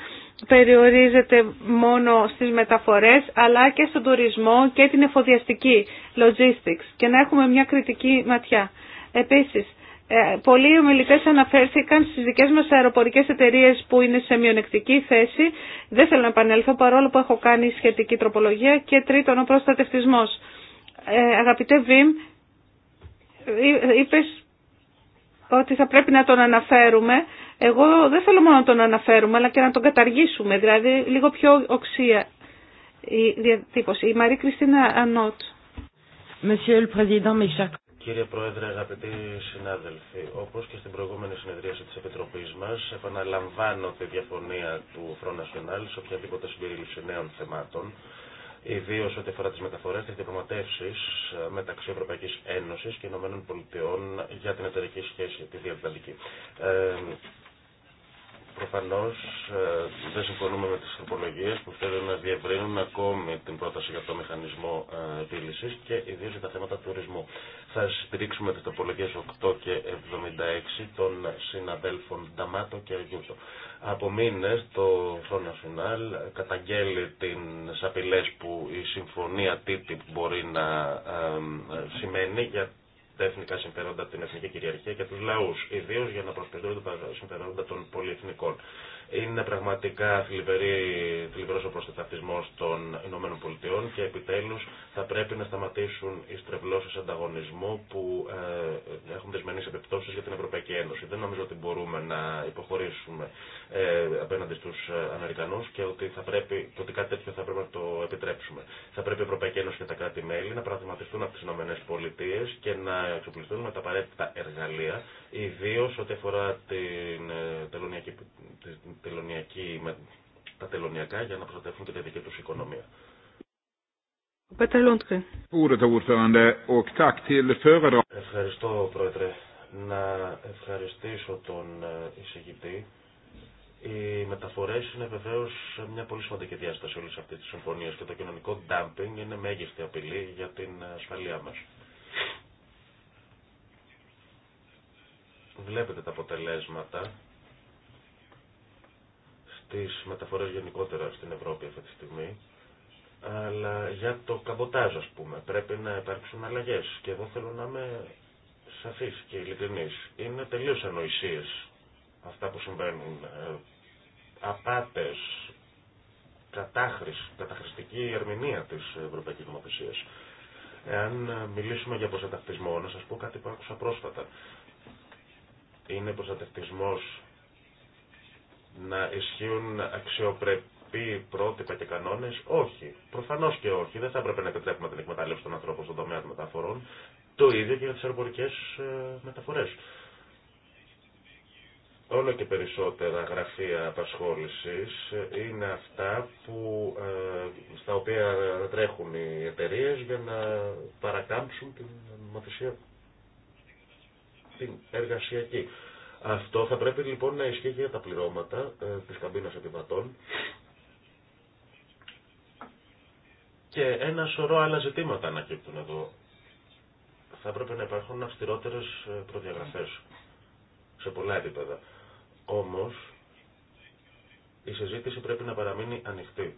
περιορίζεται μόνο στις μεταφορές αλλά και στον τουρισμό και την εφοδιαστική logistics και να έχουμε μια κριτική ματιά. Επίσης, ε, πολλοί ομιλητέ αναφέρθηκαν στις δικές μας αεροπορικές εταιρείες που είναι σε μειονεκτική θέση. Δεν θέλω να επανέλθω παρόλο που έχω κάνει σχετική τροπολογία και τρίτον ο προστατευτισμός. Ε, αγαπητέ Βιμ, ε, ότι θα πρέπει να τον αναφέρουμε. Εγώ δεν θέλω μόνο να τον αναφέρουμε, αλλά και να τον καταργήσουμε, δηλαδή λίγο πιο οξία η διατύπωση. Η Μαρή Κριστίνα Ανότ. Κύριε Πρόεδρε, αγαπητοί συνάδελφοι, όπως και στην προηγούμενη συνεδρίαση της Επιτροπής μας, επαναλαμβάνω τη διαφωνία του Front National σε οποιαδήποτε συμπερίληψη νέων θεμάτων, ιδίω ό,τι αφορά τι μεταφορέ, τι διαπραγματεύσει ε, μεταξύ Ευρωπαϊκή Ένωση και ΗΠΑ για την εταιρική σχέση, τη διατλαντική. Ε, Προφανώ ε, δεν συμφωνούμε με τι τροπολογίε που θέλουν να διευρύνουν ακόμη την πρόταση για το μηχανισμό επίλυση και ιδίω για τα θέματα τουρισμού. Θα στηρίξουμε τι τροπολογίε 8 και 76 των συναδέλφων Νταμάτο και Αγιούτο. Από μήνε το Front Φινάλ καταγγέλει τι απειλέ που η συμφωνία TTIP μπορεί να ε, ε, σημαίνει για τα εθνικά συμφέροντα, την εθνική κυριαρχία και του λαού, ιδίω για να προσπιστούν τα συμφέροντα των πολυεθνικών. Είναι πραγματικά θλιβερός ο προστατευτισμός των Ηνωμένων Πολιτειών και επιτέλους θα πρέπει να σταματήσουν οι στρεβλώσεις ανταγωνισμού που ε, έχουν δεσμενείς επιπτώσεις για την Ευρωπαϊκή Ένωση. Δεν νομίζω ότι μπορούμε να υποχωρήσουμε ε, απέναντι στους ε, Αμερικανούς και ότι, θα πρέπει, και ότι κάτι τέτοιο θα πρέπει να το επιτρέψουμε. Θα πρέπει η Ευρωπαϊκή Ένωση και τα κράτη-μέλη να πραγματιστούν από τις Ηνωμένες Πολιτείες και να εξοπλιστούν με τα απαραίτητα εργαλεία ιδίω ό,τι αφορά την ε, τελωνιακή, τα τελωνιακά για να προστατεύουν και τη δική του οικονομία. Ευχαριστώ, Πρόεδρε. Να ευχαριστήσω τον ε, εισηγητή. Οι μεταφορέ είναι βεβαίω μια πολύ σημαντική διάσταση όλη αυτή τη συμφωνία και το κοινωνικό ντάμπινγκ είναι μέγιστη απειλή για την ε, ασφαλεία μα. Βλέπετε τα αποτελέσματα στις μεταφορές γενικότερα στην Ευρώπη αυτή τη στιγμή. Αλλά για το καμποτάζ ας πούμε πρέπει να υπάρξουν αλλαγές. Και εγώ θέλω να είμαι σαφής και ειλικρινής. Είναι τελείως ανοησίες αυτά που συμβαίνουν. Ε, απάτες, κατάχρηση, καταχρηστική ερμηνεία της Ευρωπαϊκής Νομοθεσίας. Εάν μιλήσουμε για προσετακτισμό, να σας πω κάτι που άκουσα πρόσφατα είναι προστατευτισμός να ισχύουν αξιοπρεπή πρότυπα και κανόνες. Όχι. Προφανώς και όχι. Δεν θα έπρεπε να επιτρέπουμε την εκμετάλλευση των ανθρώπων στον τομέα των μεταφορών. Το ίδιο και για τις αεροπορικές ε, μεταφορές. Όλο και περισσότερα γραφεία απασχόλησης ε, είναι αυτά που, ε, στα οποία τρέχουν οι εταιρείε για να παρακάμψουν την νομοθεσία την εργασιακή. Αυτό θα πρέπει λοιπόν να ισχύει για τα πληρώματα ε, της καμπίνας επιβατών και ένα σωρό άλλα ζητήματα ανακύπτουν εδώ. Θα πρέπει να υπάρχουν αυστηρότερες ε, προδιαγραφές σε πολλά επίπεδα. Όμως η συζήτηση πρέπει να παραμείνει ανοιχτή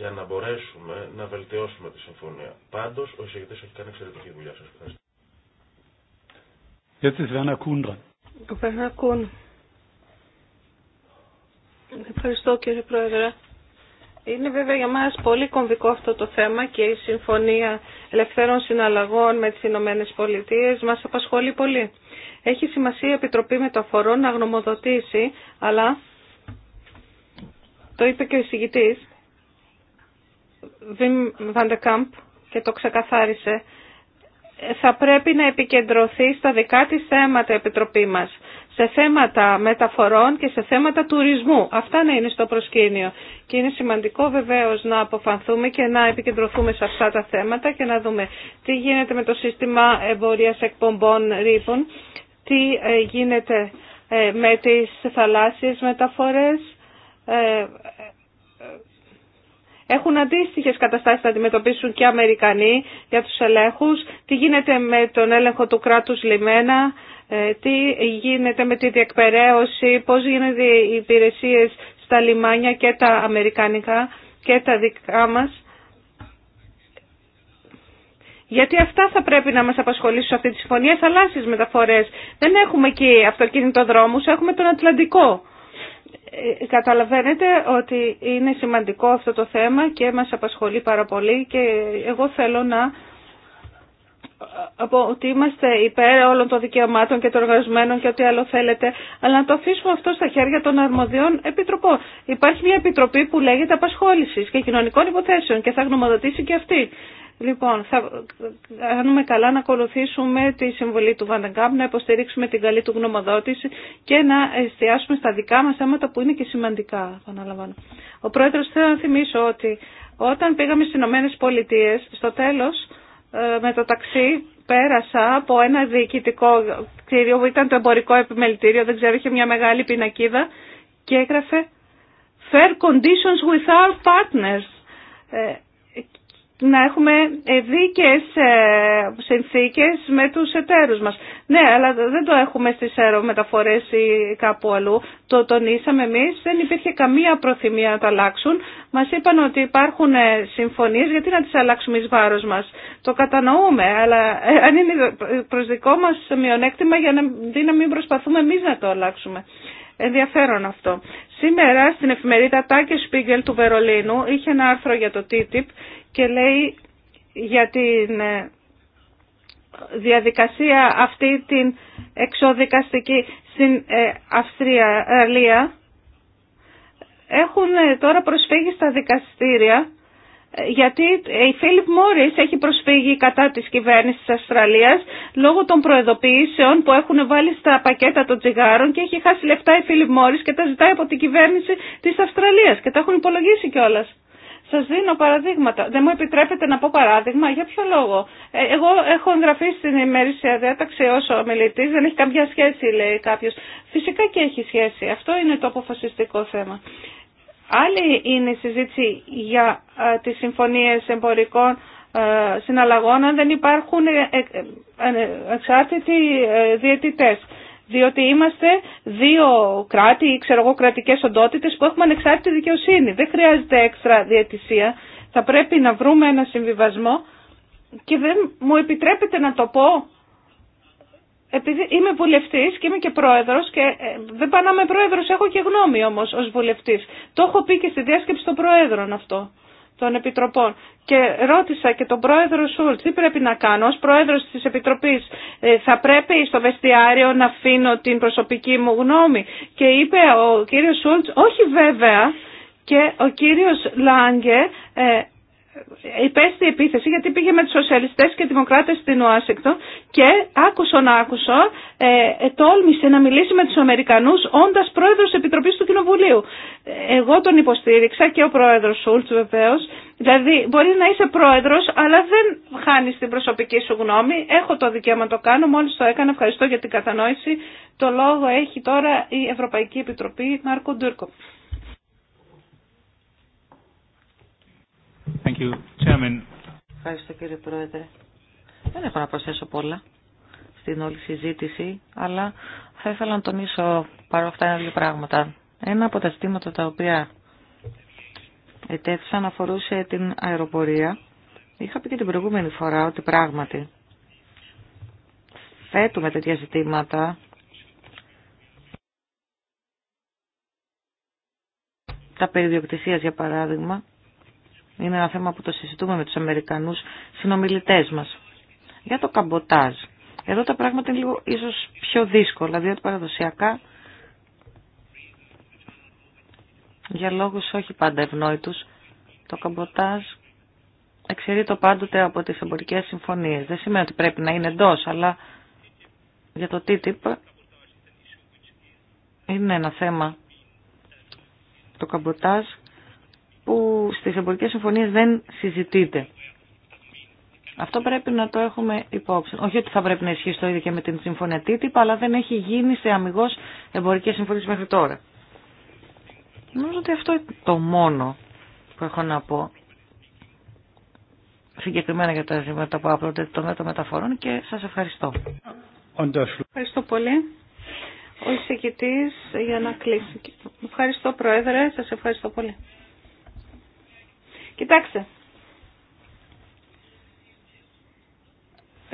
για να μπορέσουμε να βελτιώσουμε τη συμφωνία. Πάντω ο εισηγητή έχει κάνει εξαιρετική δουλειά. Σας ευχαριστώ. Ευχαριστώ κύριε Πρόεδρε. Είναι βέβαια για μας πολύ κομβικό αυτό το θέμα και η Συμφωνία Ελευθέρων Συναλλαγών με τις Ηνωμένε Πολιτείε μας απασχολεί πολύ. Έχει σημασία η Επιτροπή Μεταφορών να γνωμοδοτήσει, αλλά το είπε και ο εισηγητής, Βιμ Βαντεκάμπ και το ξεκαθάρισε, θα πρέπει να επικεντρωθεί στα δικά της θέματα η Επιτροπή μας, σε θέματα μεταφορών και σε θέματα τουρισμού. Αυτά να είναι στο προσκήνιο. Και είναι σημαντικό βεβαίως να αποφανθούμε και να επικεντρωθούμε σε αυτά τα θέματα και να δούμε τι γίνεται με το σύστημα εμπορίας εκπομπών ρήπων, τι ε, γίνεται ε, με τις θαλάσσιες μεταφορές, ε, έχουν αντίστοιχε καταστάσεις να αντιμετωπίσουν και οι Αμερικανοί για τους ελέγχου, Τι γίνεται με τον έλεγχο του κράτους λιμένα, ε, τι γίνεται με τη διεκπαιρέωση, πώς γίνονται οι υπηρεσίε στα λιμάνια και τα αμερικανικά και τα δικά μα, Γιατί αυτά θα πρέπει να μας απασχολήσουν αυτή τη συμφωνία, θαλάσσιε μεταφορές. Δεν έχουμε εκεί αυτοκίνητο δρόμους, έχουμε τον Ατλαντικό. Ε, καταλαβαίνετε ότι είναι σημαντικό αυτό το θέμα και μας απασχολεί πάρα πολύ και εγώ θέλω να από ότι είμαστε υπέρ όλων των δικαιωμάτων και των εργαζομένων και ό,τι άλλο θέλετε, αλλά να το αφήσουμε αυτό στα χέρια των αρμοδιών επιτροπών. Υπάρχει μια επιτροπή που λέγεται απασχόληση και κοινωνικών υποθέσεων και θα γνωμοδοτήσει και αυτή. Λοιπόν, θα κάνουμε καλά να ακολουθήσουμε τη συμβολή του Βανταγκάμπ, να υποστηρίξουμε την καλή του γνωμοδότηση και να εστιάσουμε στα δικά μας θέματα που είναι και σημαντικά, επαναλαμβάνω. Ο Πρόεδρος θέλω να θυμίσω ότι όταν πήγαμε στις Ηνωμένες Πολιτείες, στο τέλος ε, με το ταξί πέρασα από ένα διοικητικό κτίριο που ήταν το εμπορικό επιμελητήριο, δεν ξέρω, είχε μια μεγάλη πινακίδα και έγραφε «Fair conditions with our partners». Ε, να έχουμε δίκαιες ε, συνθήκες με τους εταίρους μας. Ναι, αλλά δεν το έχουμε στις αερομεταφορές ή κάπου αλλού. Το τονίσαμε εμείς, δεν υπήρχε καμία προθυμία να τα αλλάξουν. Μας είπαν ότι υπάρχουν ε, συμφωνίες, γιατί να τις αλλάξουμε εις βάρος μας. Το κατανοούμε, αλλά ε, αν είναι προς δικό μας μειονέκτημα, για να μην προσπαθούμε εμείς να το αλλάξουμε. Ενδιαφέρον αυτό. Σήμερα στην εφημερίδα Τάκε Σπίγκελ του Βερολίνου είχε ένα άρθρο για το TTIP και λέει για την ε, διαδικασία αυτή την εξοδικαστική στην ε, Αυστρία, έχουν ε, τώρα προσφύγει στα δικαστήρια ε, γιατί ε, η Φίλιπ Μόρις έχει προσφύγει κατά της κυβέρνησης της Αυστραλίας λόγω των προεδοποιήσεων που έχουν βάλει στα πακέτα των τσιγάρων και έχει χάσει λεφτά η Φίλιπ Μόρις και τα ζητάει από την κυβέρνηση της Αυστραλίας και τα έχουν υπολογίσει κιόλα. Σα δίνω παραδείγματα. Δεν μου επιτρέπετε να πω παράδειγμα. Για ποιο λόγο. Ε, εγώ έχω εγγραφεί στην ημερήσια διάταξη ως ομιλητή. Δεν έχει καμιά σχέση, λέει κάποιο. Φυσικά και έχει σχέση. Αυτό είναι το αποφασιστικό θέμα. Άλλη είναι η συζήτηση για ε, τις συμφωνίες εμπορικών ε, συναλλαγών αν δεν υπάρχουν ε, εξάρτητοι διαιτητές. Διότι είμαστε δύο κράτη ή ξέρω εγώ κρατικές οντότητες που έχουμε ανεξάρτητη δικαιοσύνη. Δεν χρειάζεται έξτρα διαιτησία. Θα πρέπει να βρούμε ένα συμβιβασμό και δεν μου επιτρέπετε να το πω επειδή είμαι βουλευτή και είμαι και πρόεδρο και ε, δεν πάω να είμαι πρόεδρο, έχω και γνώμη όμω ω βουλευτή. Το έχω πει και στη διάσκεψη των προέδρων αυτό, των επιτροπών. Και ρώτησα και τον πρόεδρο Σούλτ τι πρέπει να κάνω. Ω πρόεδρο τη επιτροπή, ε, θα πρέπει στο βεστιάριο να αφήνω την προσωπική μου γνώμη. Και είπε ο κύριο Σούλτ, όχι βέβαια. Και ο κύριος Λάγκε ε, υπέστη επίθεση γιατί πήγε με τους σοσιαλιστές και δημοκράτες στην Ουάσιγκτον και να άκουσο ε, ε, τόλμησε να μιλήσει με τους Αμερικανούς όντας πρόεδρος Επιτροπής του Κοινοβουλίου. Εγώ τον υποστήριξα και ο πρόεδρος Σούλτς βεβαίω. Δηλαδή μπορεί να είσαι πρόεδρος αλλά δεν χάνεις την προσωπική σου γνώμη. Έχω το δικαίωμα να το κάνω, μόλις το έκανα. Ευχαριστώ για την κατανόηση. Το λόγο έχει τώρα η Ευρωπαϊκή Επιτροπή Μάρκο Ντούρκο. Thank you, Chairman. Ευχαριστώ κύριε Πρόεδρε. Δεν έχω να προσθέσω πολλά στην όλη συζήτηση, αλλά θα ήθελα να τονίσω παρόλα αυτά ένα δύο πράγματα. Ένα από τα ζητήματα τα οποία ετέθησαν αφορούσε την αεροπορία. Είχα πει και την προηγούμενη φορά ότι πράγματι θέτουμε τέτοια ζητήματα τα περιδιοκτησίας, για παράδειγμα, είναι ένα θέμα που το συζητούμε με τους Αμερικανούς συνομιλητές μας. Για το καμποτάζ. Εδώ τα πράγματα είναι λίγο ίσως πιο δύσκολα, διότι παραδοσιακά για λόγους όχι πάντα ευνόητους το καμποτάζ το πάντοτε από τις εμπορικές συμφωνίες. Δεν σημαίνει ότι πρέπει να είναι εντός, αλλά για το TTIP είναι ένα θέμα το καμποτάζ που στις εμπορικές συμφωνίες δεν συζητείται. Αυτό πρέπει να το έχουμε υπόψη. Όχι ότι θα πρέπει να ισχύσει το ίδιο και με την συμφωνία TTIP, αλλά δεν έχει γίνει σε αμυγός εμπορικέ συμφωνίες μέχρι τώρα. Νομίζω ότι αυτό είναι το μόνο που έχω να πω συγκεκριμένα για τα ζήματα που άπλονται το μέτρο μεταφορών και σα ευχαριστώ. Ευχαριστώ πολύ. Ο εισηγητής για να κλείσει. Ευχαριστώ Πρόεδρε, σας ευχαριστώ πολύ. Κοιτάξτε,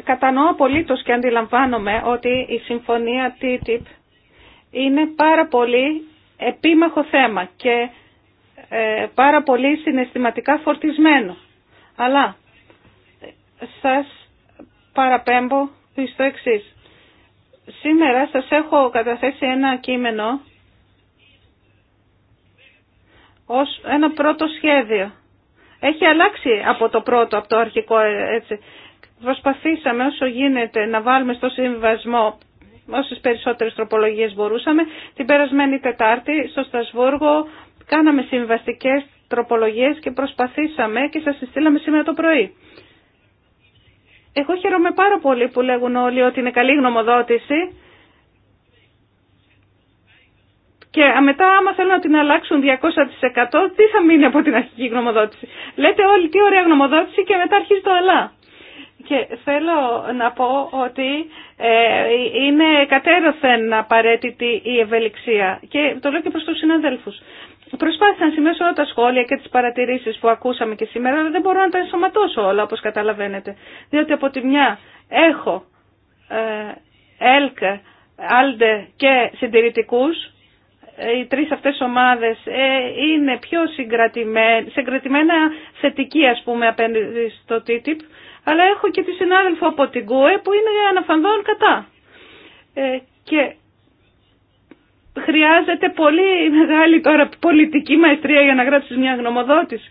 κατανοώ απολύτως και αντιλαμβάνομαι ότι η συμφωνία TTIP είναι πάρα πολύ επίμαχο θέμα και ε, πάρα πολύ συναισθηματικά φορτισμένο. Αλλά σας παραπέμπω στο εξή. Σήμερα σας έχω καταθέσει ένα κείμενο ως ένα πρώτο σχέδιο έχει αλλάξει από το πρώτο, από το αρχικό έτσι. Προσπαθήσαμε όσο γίνεται να βάλουμε στο συμβασμό όσες περισσότερες τροπολογίες μπορούσαμε. Την περασμένη Τετάρτη στο Στασβούργο κάναμε συμβαστικές τροπολογίες και προσπαθήσαμε και σας συστήλαμε σήμερα το πρωί. Εγώ χαίρομαι πάρα πολύ που λέγουν όλοι ότι είναι καλή γνωμοδότηση Και μετά, άμα θέλουν να την αλλάξουν 200%, τι θα μείνει από την αρχική γνωμοδότηση. Λέτε όλοι τι ωραία γνωμοδότηση και μετά αρχίζει το αλλά. Και θέλω να πω ότι ε, είναι κατέρωθεν απαραίτητη η ευελιξία. Και το λέω και προς τους συναδέλφους. Προσπάθησα να σημειώσω όλα τα σχόλια και τις παρατηρήσεις που ακούσαμε και σήμερα, αλλά δεν μπορώ να τα ενσωματώσω όλα, όπως καταλαβαίνετε. Διότι από τη μια έχω ε, ΕΛΚ, ΑΛΔΕ και συντηρητικούς, ε, οι τρεις αυτές ομάδες ε, είναι πιο συγκρατημένα θετική ας πούμε απέναντι στο TTIP αλλά έχω και τη συνάδελφο από την ΚΟΕ που είναι αναφανδόν κατά ε, και χρειάζεται πολύ μεγάλη τώρα πολιτική μαεστρία για να γράψεις μια γνωμοδότηση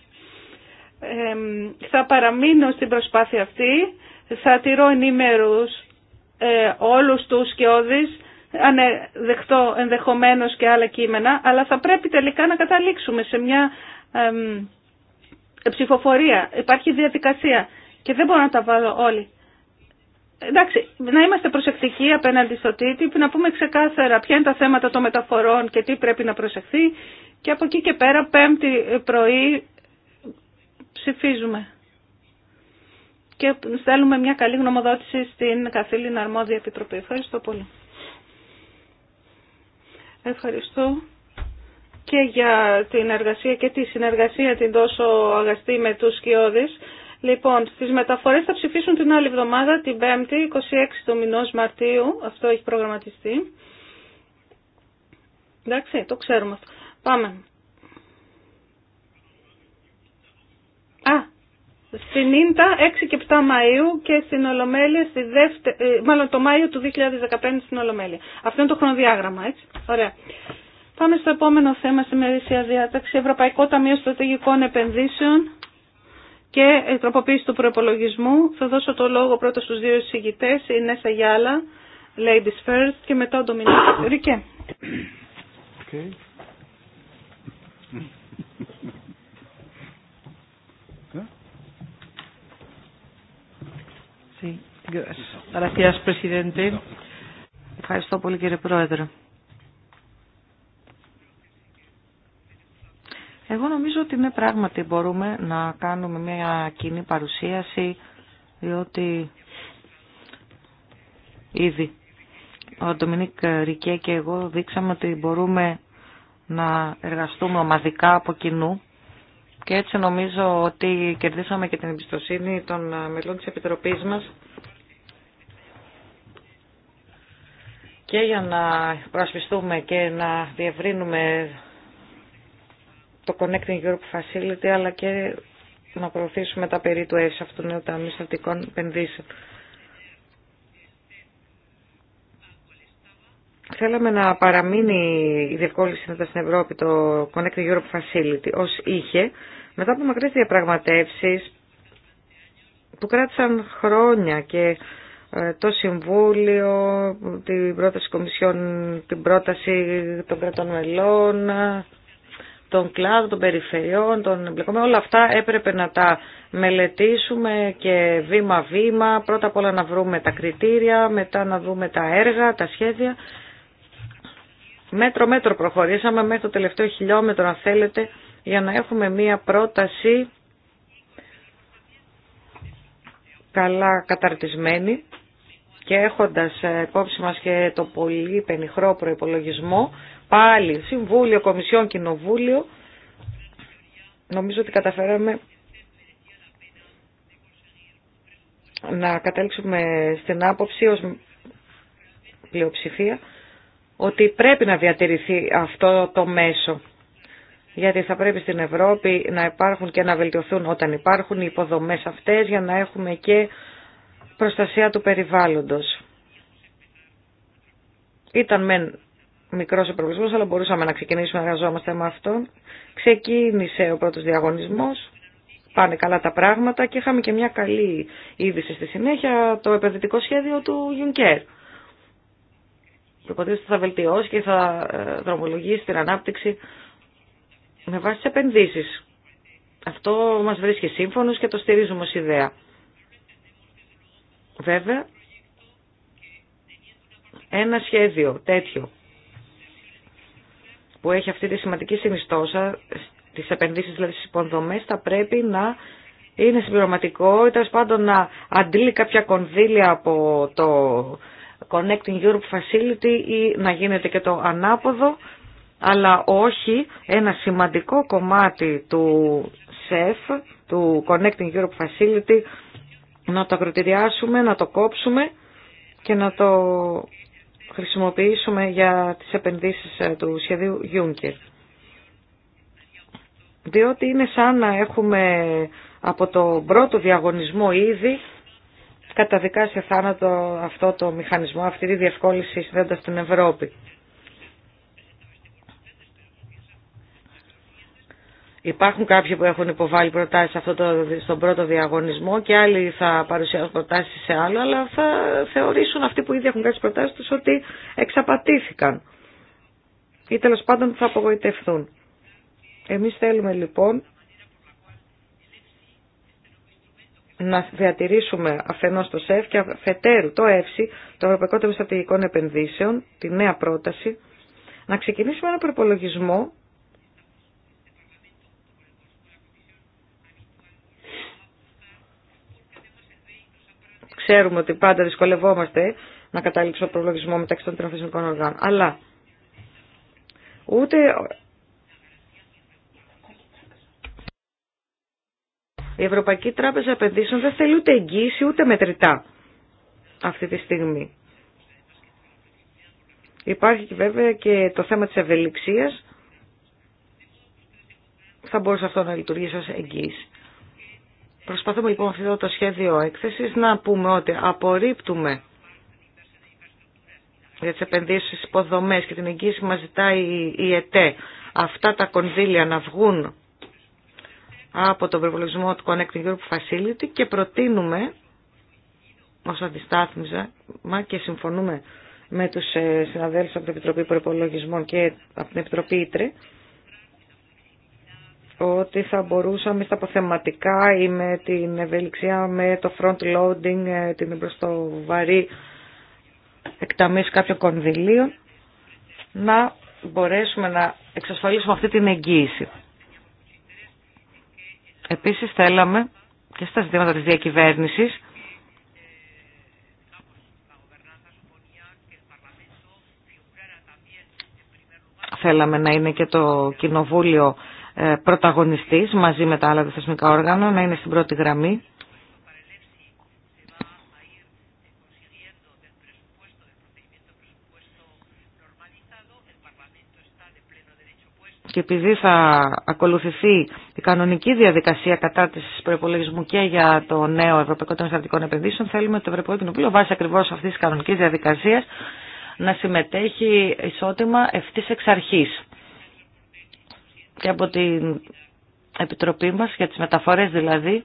θα παραμείνω στην προσπάθεια αυτή θα τηρώ ενήμερους όλους τους και όδης ανεδεχτώ ενδεχομένως και άλλα κείμενα, αλλά θα πρέπει τελικά να καταλήξουμε σε μια ψηφοφορία. Υπάρχει διαδικασία και δεν μπορώ να τα βάλω όλοι. Εντάξει, να είμαστε προσεκτικοί απέναντι στο TTIP, να πούμε ξεκάθαρα ποια είναι τα θέματα των μεταφορών και τι πρέπει να προσεχθεί και από εκεί και πέρα πέμπτη πρωί ψηφίζουμε. Και στέλνουμε μια καλή γνωμοδότηση στην καθήλυνα αρμόδια επιτροπή. Ευχαριστώ πολύ. Ευχαριστώ και για την εργασία και τη συνεργασία την τόσο αγαστή με τους σκιώδεις. Λοιπόν, στις μεταφορές θα ψηφίσουν την άλλη εβδομάδα, την 5η, 26 του μηνός Μαρτίου. Αυτό έχει προγραμματιστεί. Εντάξει, το ξέρουμε αυτό. Πάμε. στην Ίντα 6 και 7 Μαΐου και στην Ολομέλεια, στη δεύτε... Ε, μάλλον το Μάιο του 2015 στην Ολομέλεια. Αυτό είναι το χρονοδιάγραμμα, έτσι. Ωραία. Πάμε στο επόμενο θέμα στη μερίσια διάταξη. Ευρωπαϊκό Ταμείο Στρατηγικών Επενδύσεων και ε, τροποποίηση του προπολογισμού. Θα δώσω το λόγο πρώτα στους δύο εισηγητές, η Νέσα Γιάλα, Ladies First και μετά ο Ντομινίκη Ρικέ. Okay. Ευχαριστώ πολύ κύριε Πρόεδρε. Εγώ νομίζω ότι ναι πράγματι μπορούμε να κάνουμε μια κοινή παρουσίαση διότι ήδη ο Ντομινίκ Ρικέ και εγώ δείξαμε ότι μπορούμε να εργαστούμε ομαδικά από κοινού και έτσι νομίζω ότι κερδίσαμε και την εμπιστοσύνη των μελών της Επιτροπής μας και για να προασπιστούμε και να διευρύνουμε το Connecting Europe Facility αλλά και να προωθήσουμε τα περί του ΕΣ αυτού του νέου Ταμείου Επενδύσεων. Θέλαμε να παραμείνει η διευκόλυνση μετά στην Ευρώπη το Connecting Europe Facility ως είχε μετά από μακρές διαπραγματεύσεις που κράτησαν χρόνια και ε, το Συμβούλιο, την πρόταση Κομισιόν, την πρόταση των κρατών μελών, των κλάδων, των περιφερειών, των εμπλεκόμενων. Όλα αυτά έπρεπε να τα μελετήσουμε και βήμα-βήμα. Πρώτα απ' όλα να βρούμε τα κριτήρια, μετά να δούμε τα έργα, τα σχέδια. Μέτρο-μέτρο προχωρήσαμε μέχρι το τελευταίο χιλιόμετρο, αν θέλετε, για να έχουμε μία πρόταση καλά καταρτισμένη και έχοντας ε, υπόψη μας και το πολύ πενιχρό προϋπολογισμό, πάλι Συμβούλιο, Κομισιόν, Κοινοβούλιο, νομίζω ότι καταφέραμε να καταλήξουμε στην άποψη ως πλειοψηφία ότι πρέπει να διατηρηθεί αυτό το μέσο. Γιατί θα πρέπει στην Ευρώπη να υπάρχουν και να βελτιωθούν όταν υπάρχουν οι υποδομές αυτές για να έχουμε και προστασία του περιβάλλοντος. Ήταν μεν μικρός ο προβλησμός, αλλά μπορούσαμε να ξεκινήσουμε να εργαζόμαστε με αυτό. Ξεκίνησε ο πρώτος διαγωνισμός, πάνε καλά τα πράγματα και είχαμε και μια καλή είδηση στη συνέχεια, το επενδυτικό σχέδιο του Juncker. Οποτε θα βελτιώσει και θα ε, δρομολογήσει την ανάπτυξη με βάση τι επενδύσεις. Αυτό μας βρίσκει σύμφωνος και το στηρίζουμε ως ιδέα. Βέβαια, ένα σχέδιο τέτοιο που έχει αυτή τη σημαντική συνιστόσα, τις επενδύσεις δηλαδή στις υποδομές, θα πρέπει να είναι συμπληρωματικό ή τέλο πάντων να αντλεί κάποια κονδύλια από το Connecting Europe Facility ή να γίνεται και το ανάποδο, αλλά όχι ένα σημαντικό κομμάτι του ΣΕΦ, του Connecting Europe Facility, να το ακροτηριάσουμε, να το κόψουμε και να το χρησιμοποιήσουμε για τις επενδύσεις ε, του σχεδίου Juncker. Διότι είναι σαν να έχουμε από το πρώτο διαγωνισμό ήδη καταδικάσει θάνατο αυτό το μηχανισμό, αυτή τη διευκόλυνση συνδέοντας την Ευρώπη. Υπάρχουν κάποιοι που έχουν υποβάλει προτάσεις αυτό το, στον πρώτο διαγωνισμό και άλλοι θα παρουσιάσουν προτάσεις σε άλλο, αλλά θα θεωρήσουν αυτοί που ήδη έχουν κάνει προτάσεις τους ότι εξαπατήθηκαν ή τέλος πάντων θα απογοητευθούν. Εμείς θέλουμε λοιπόν να διατηρήσουμε αφενός το ΣΕΦ και αφετέρου το ΕΦΣΥ το Ευρωπαϊκό Τεμιστατηγικών Επενδύσεων, τη νέα πρόταση, να ξεκινήσουμε ένα προπολογισμό Ξέρουμε ότι πάντα δυσκολευόμαστε να καταλήξουμε ο προλογισμό μεταξύ των τριών οργάνων. Αλλά ούτε η Ευρωπαϊκή Τράπεζα Επενδύσεων δεν θέλει ούτε εγγύηση ούτε μετρητά αυτή τη στιγμή. Υπάρχει και βέβαια και το θέμα της ευελιξίας. Θα μπορούσε αυτό να λειτουργήσει ως εγγύηση. Προσπαθούμε λοιπόν αυτό το σχέδιο έκθεσης να πούμε ότι απορρίπτουμε για τις επενδύσεις στις υποδομές και την εγγύηση που μας ζητάει η ΕΤΕ αυτά τα κονδύλια να βγουν από τον προπολογισμό του Connecting Europe Facility και προτείνουμε ως αντιστάθμιζα μα και συμφωνούμε με τους ε, συναδέλφους από την Επιτροπή Προπολογισμών και από την Επιτροπή Ήτρε ότι θα μπορούσαμε στα αποθεματικά ή με την ευελιξία, με το front loading, ε, την εμπροστοβαρή εκταμής κάποιων κονδυλίων, να μπορέσουμε να εξασφαλίσουμε αυτή την εγγύηση. Επίσης θέλαμε και στα ζητήματα της διακυβέρνησης θέλαμε να είναι και το Κοινοβούλιο ε, πρωταγωνιστής μαζί με τα άλλα θεσμικά όργανα, να είναι στην πρώτη γραμμή. Και επειδή θα ακολουθηθεί η κανονική διαδικασία κατά τη προπολογισμού και για το νέο Ευρωπαϊκό Ταμείο Στατικών Επενδύσεων, θέλουμε το Ευρωπαϊκό Κοινοβούλιο βάσει ακριβώ αυτή τη κανονική διαδικασία να συμμετέχει ισότιμα ευθύ εξ αρχή και από την Επιτροπή μας για τις μεταφορές δηλαδή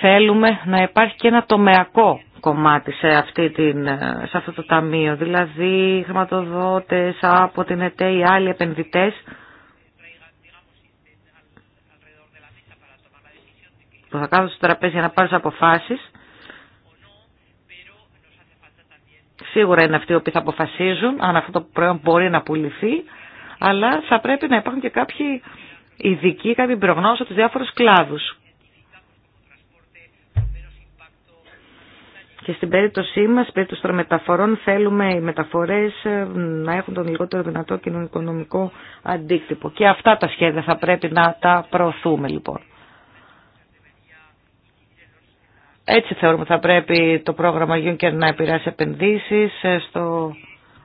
θέλουμε να υπάρχει και ένα τομεακό κομμάτι σε, αυτή την, σε αυτό το ταμείο. Δηλαδή χρηματοδότες από την ΕΤΕ ή άλλοι επενδυτές που θα κάθονται στο τραπέζι για να πάρουν αποφάσεις. Σίγουρα είναι αυτοί οι οποίοι θα αποφασίζουν αν αυτό το προϊόν μπορεί να πουληθεί αλλά θα πρέπει να υπάρχουν και κάποιοι ειδικοί, κάποιοι προγνώσεις από τους διάφορους κλάδους. Και στην περίπτωσή μας, στην περίπτωση των μεταφορών, θέλουμε οι μεταφορές ε, να έχουν τον λιγότερο δυνατό κοινωνικονομικό αντίκτυπο. Και αυτά τα σχέδια θα πρέπει να τα προωθούμε λοιπόν. Έτσι θεωρούμε ότι θα πρέπει το πρόγραμμα Juncker να επηρεάσει επενδύσεις. Ε, στο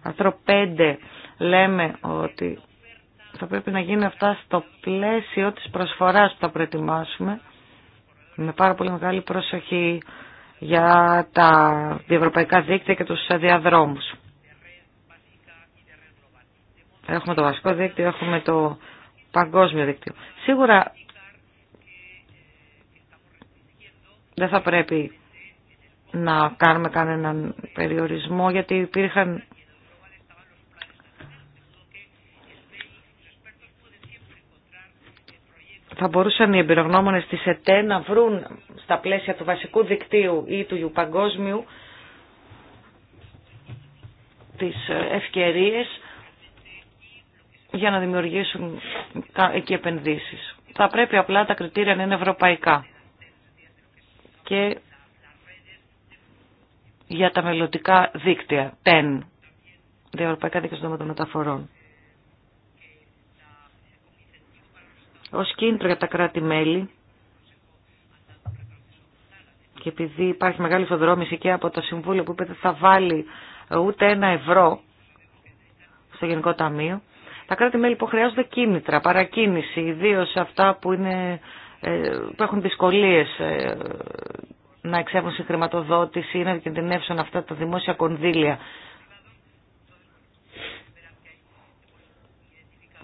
άρθρο 5 λέμε ότι θα πρέπει να γίνει αυτά στο πλαίσιο της προσφοράς που θα προετοιμάσουμε με πάρα πολύ μεγάλη προσοχή για τα διευρωπαϊκά δίκτυα και τους διαδρόμους. Έχουμε το βασικό δίκτυο, έχουμε το παγκόσμιο δίκτυο. Σίγουρα δεν θα πρέπει να κάνουμε κανέναν περιορισμό γιατί υπήρχαν θα μπορούσαν οι εμπειρογνώμονες της ΕΤΕ να βρουν στα πλαίσια του βασικού δικτύου ή του παγκόσμιου τις ε, ευκαιρίες για να δημιουργήσουν εκεί επενδύσεις. Θα πρέπει απλά τα κριτήρια να είναι ευρωπαϊκά και για τα μελλοντικά δίκτυα, TEN, διευρωπαϊκά δίκτυα των μεταφορών. ως κίνητρο για τα κράτη-μέλη και επειδή υπάρχει μεγάλη φοδρόμηση και από το Συμβούλιο που είπε ότι θα βάλει ούτε ένα ευρώ στο Γενικό Ταμείο, τα κράτη-μέλη που χρειάζονται κίνητρα, παρακίνηση, ιδίω αυτά που, είναι, ε, που έχουν δυσκολίε ε, να εξεύουν σε χρηματοδότηση ή να κινδυνεύσουν αυτά τα δημόσια κονδύλια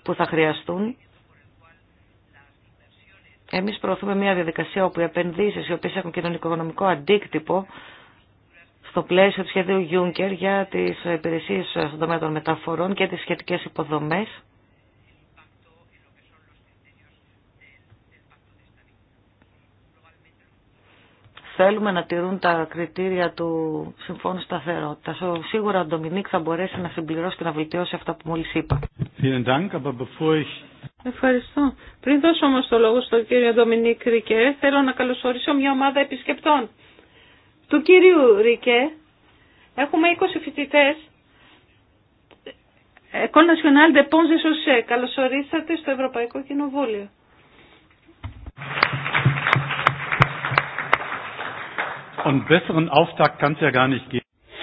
που θα χρειαστούν εμείς προωθούμε μια διαδικασία όπου οι επενδύσεις οι οποίες έχουν κοινωνικο-οικονομικό αντίκτυπο στο πλαίσιο του σχεδίου Juncker για τις υπηρεσίες στον τομέα των μεταφορών και τις σχετικές υποδομές θέλουμε να τηρούν τα κριτήρια του Συμφώνου Σταθερότητα. Σίγουρα ο Ντομινίκ θα μπορέσει να συμπληρώσει και να βελτιώσει αυτά που μόλι είπα. Ευχαριστώ. Πριν δώσω όμως το λόγο στον κύριο Ντομινίκ Ρικέ, θέλω να καλωσορίσω μια ομάδα επισκεπτών. Του κύριου Ρικέ έχουμε 20 φοιτητές. École Nationale des Ponts Καλωσορίσατε στο Ευρωπαϊκό Κοινοβούλιο.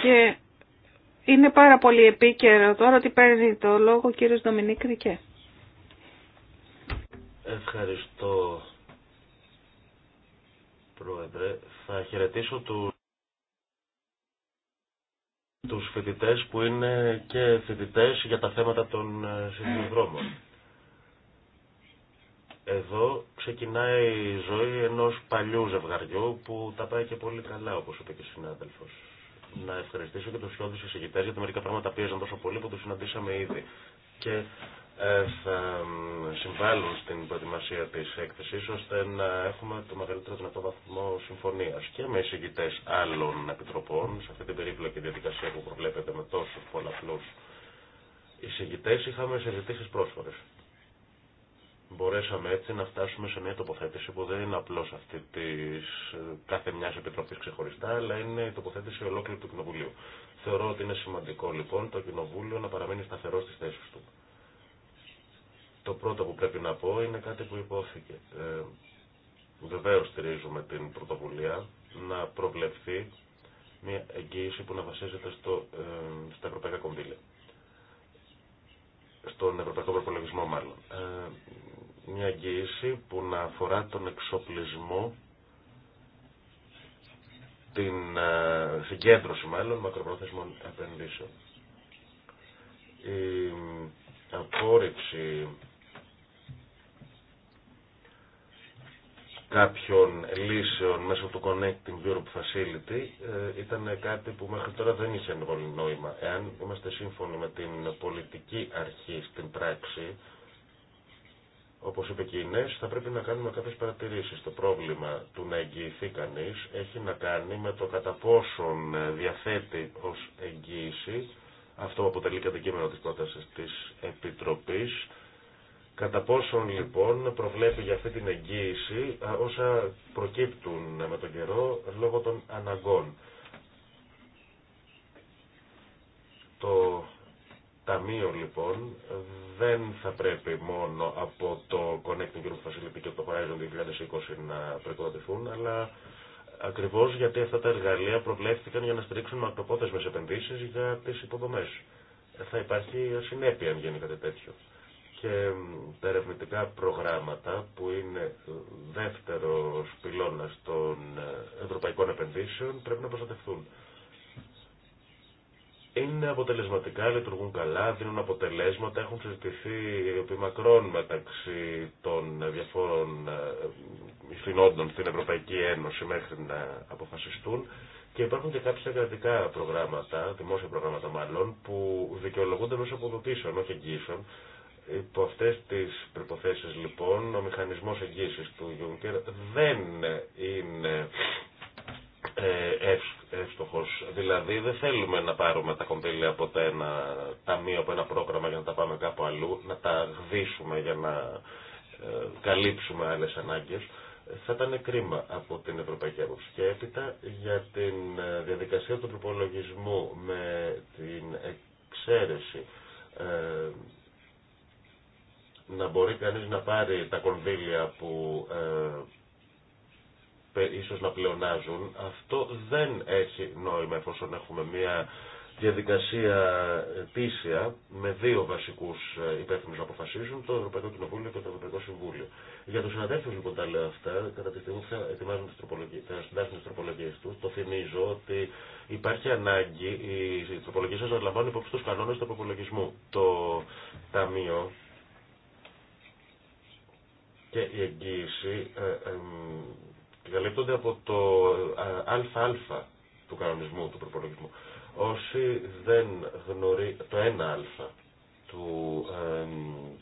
Και είναι πάρα πολύ επίκαιρο τώρα ότι παίρνει το λόγο ο κύριος Ντομινίκ Ρικέ. Ευχαριστώ, Πρόεδρε. Θα χαιρετήσω του τους φοιτητές που είναι και φοιτητές για τα θέματα των ε, συνδρομών. Εδώ ξεκινάει η ζωή ενός παλιού ζευγαριού που τα πάει και πολύ καλά, όπως είπε και ο συνάδελφος. Να ευχαριστήσω και τους σιώδους εισηγητές γιατί μερικά πράγματα πίεζαν τόσο πολύ που τους συναντήσαμε ήδη. Και ε, θα συμβάλλουν στην προετοιμασία της έκθεσης ώστε να έχουμε το μεγαλύτερο δυνατό βαθμό συμφωνίας και με εισηγητέ άλλων επιτροπών σε αυτή την περίπλοκη διαδικασία που προβλέπεται με τόσους πολλαπλούς εισηγητέ είχαμε συζητήσει πρόσφορες. Μπορέσαμε έτσι να φτάσουμε σε μια τοποθέτηση που δεν είναι απλώς αυτή της κάθε μιας επιτροπής ξεχωριστά, αλλά είναι η τοποθέτηση ολόκληρου του Κοινοβουλίου. Θεωρώ ότι είναι σημαντικό λοιπόν το Κοινοβούλιο να παραμείνει σταθερό στις θέσεις του το πρώτο που πρέπει να πω είναι κάτι που υπόθηκε. Ε, Βεβαίω στηρίζουμε την πρωτοβουλία να προβλεφθεί μια εγγύηση που να βασίζεται στο, ε, στα ευρωπαϊκά κονδύλια. Στον ευρωπαϊκό προπολογισμό μάλλον. Ε, μια εγγύηση που να αφορά τον εξοπλισμό την ε, συγκέντρωση μάλλον μακροπρόθεσμων επενδύσεων. Η απόρριψη κάποιων λύσεων μέσω του Connecting Europe Facility ε, ήταν κάτι που μέχρι τώρα δεν είχε πολύ νόημα. Εάν είμαστε σύμφωνοι με την πολιτική αρχή στην πράξη, όπως είπε και η θα πρέπει να κάνουμε κάποιες παρατηρήσεις. Το πρόβλημα του να εγγυηθεί κανείς έχει να κάνει με το κατά πόσον ε, διαθέτει ως εγγύηση, αυτό αποτελεί κείμενο της πρότασης της Επιτροπής, Κατά πόσον λοιπόν προβλέπει για αυτή την εγγύηση όσα προκύπτουν με τον καιρό λόγω των αναγκών. Το Ταμείο λοιπόν δεν θα πρέπει μόνο από το Connecting Group Facility και από το Horizon 2020 να πρεκοδοτηθούν, αλλά ακριβώς γιατί αυτά τα εργαλεία προβλέφθηκαν για να στηρίξουν μακροπόθεσμες επενδύσεις για τις υποδομές. Θα υπάρχει συνέπεια, αν γίνει κάτι τέτοιο και τα ερευνητικά προγράμματα που είναι δεύτερο πυλώνα των ε, ευρωπαϊκών επενδύσεων πρέπει να προστατευτούν. Είναι αποτελεσματικά, λειτουργούν καλά, δίνουν αποτελέσματα, έχουν συζητηθεί επιμακρών μεταξύ των διαφόρων συνόντων ε, στην Ευρωπαϊκή Ένωση μέχρι να αποφασιστούν και υπάρχουν και κάποια κρατικά προγράμματα, δημόσια προγράμματα μάλλον, που δικαιολογούνται μέσω αποδοτήσεων, όχι εγγύσεων, Υπό αυτέ τι προποθέσει λοιπόν ο μηχανισμό εγγύηση του Juncker δεν είναι ε, εύστοχο. Δηλαδή δεν θέλουμε να πάρουμε τα κονδύλια από ένα ταμείο, από ένα πρόγραμμα για να τα πάμε κάπου αλλού, να τα γδίσουμε για να ε, καλύψουμε άλλε ανάγκε. Θα ήταν κρίμα από την Ευρωπαϊκή Άποψη. Και έπειτα για την ε, διαδικασία του προπολογισμού με την εξαίρεση να μπορεί κανείς να πάρει τα κονδύλια που ε, ίσως να πλεονάζουν, αυτό δεν έχει νόημα εφόσον έχουμε μια διαδικασία τήσια με δύο βασικούς ε, υπεύθυνου να αποφασίζουν, το Ευρωπαϊκό Κοινοβούλιο και το Ευρωπαϊκό Συμβούλιο. Για τους συναδέλφου λοιπόν τα λέω αυτά, κατά τη στιγμή που θα ετοιμάζουν τι τροπολογίε του, το θυμίζω ότι υπάρχει ανάγκη οι τροπολογίε σας να λαμβάνουν υπόψη τους κανόνες του αποπολογισμού. Το Ταμείο και η εγγύηση ε, καλύπτονται από το ε, ΑΑ του κανονισμού, του προπολογισμού. Όσοι δεν γνωρίζουν το κονδύλια από ένα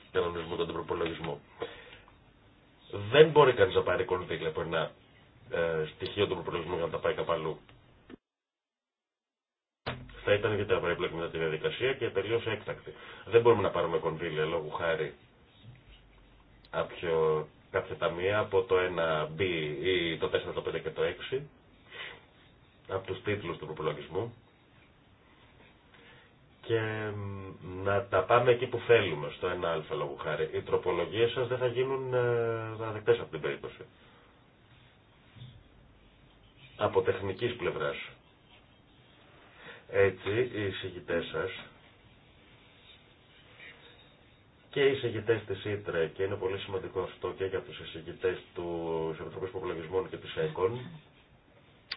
στοιχείο του κανονισμού, του προπολογισμού, δεν μπορεί κανεί να πάρει κονδύλια από ένα ε, στοιχείο του προπολογισμού για να τα πάει καπάλου, Θα ήταν ιδιαίτερα περίπλοκη μετά τη διαδικασία και τελείωσε έκτακτη. Δεν μπορούμε να πάρουμε κονδύλια λόγου χάρη από κάποια ταμεία από το 1B ή το 4, το 5 και το 6 από τους τίτλους του προπολογισμού και να τα πάμε εκεί που θέλουμε, στο 1α λόγω χάρη. Οι τροπολογίες σας δεν θα γίνουν ε, αδεκτές από την περίπτωση. Από τεχνικής πλευράς. Έτσι, οι εισηγητές σας και οι εισηγητέ τη ΙΤΡΕ και είναι πολύ σημαντικό αυτό και για του εισηγητέ του Επιτροπή Προπολογισμών και τη ΕΚΟΝ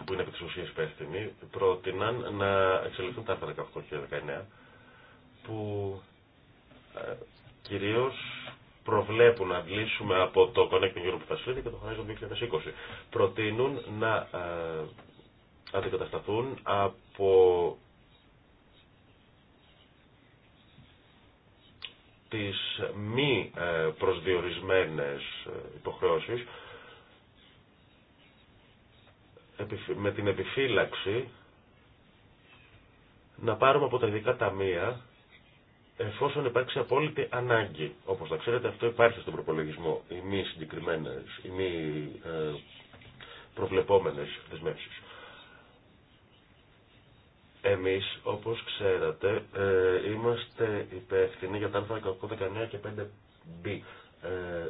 που είναι επί τη ουσία υπεύθυνοι, πρότειναν να εξελιχθούν τα άρθρα 18 και 19 που ε, κυρίω προβλέπουν να λύσουμε από το Connecting Europe Facility και το Horizon 2020. Προτείνουν να ε, αντικατασταθούν από τις μη ε, προσδιορισμένες ε, υποχρεώσεις με την επιφύλαξη να πάρουμε από τα ειδικά ταμεία εφόσον υπάρξει απόλυτη ανάγκη. Όπως θα ξέρετε αυτό υπάρχει στον προπολογισμό, οι μη συγκεκριμένες, οι μη ε, προβλεπόμενες δεσμεύσεις. Εμείς, όπως ξέρατε, ε, είμαστε υπεύθυνοι για τα άρθρα 18, 19 και 5B. Ε,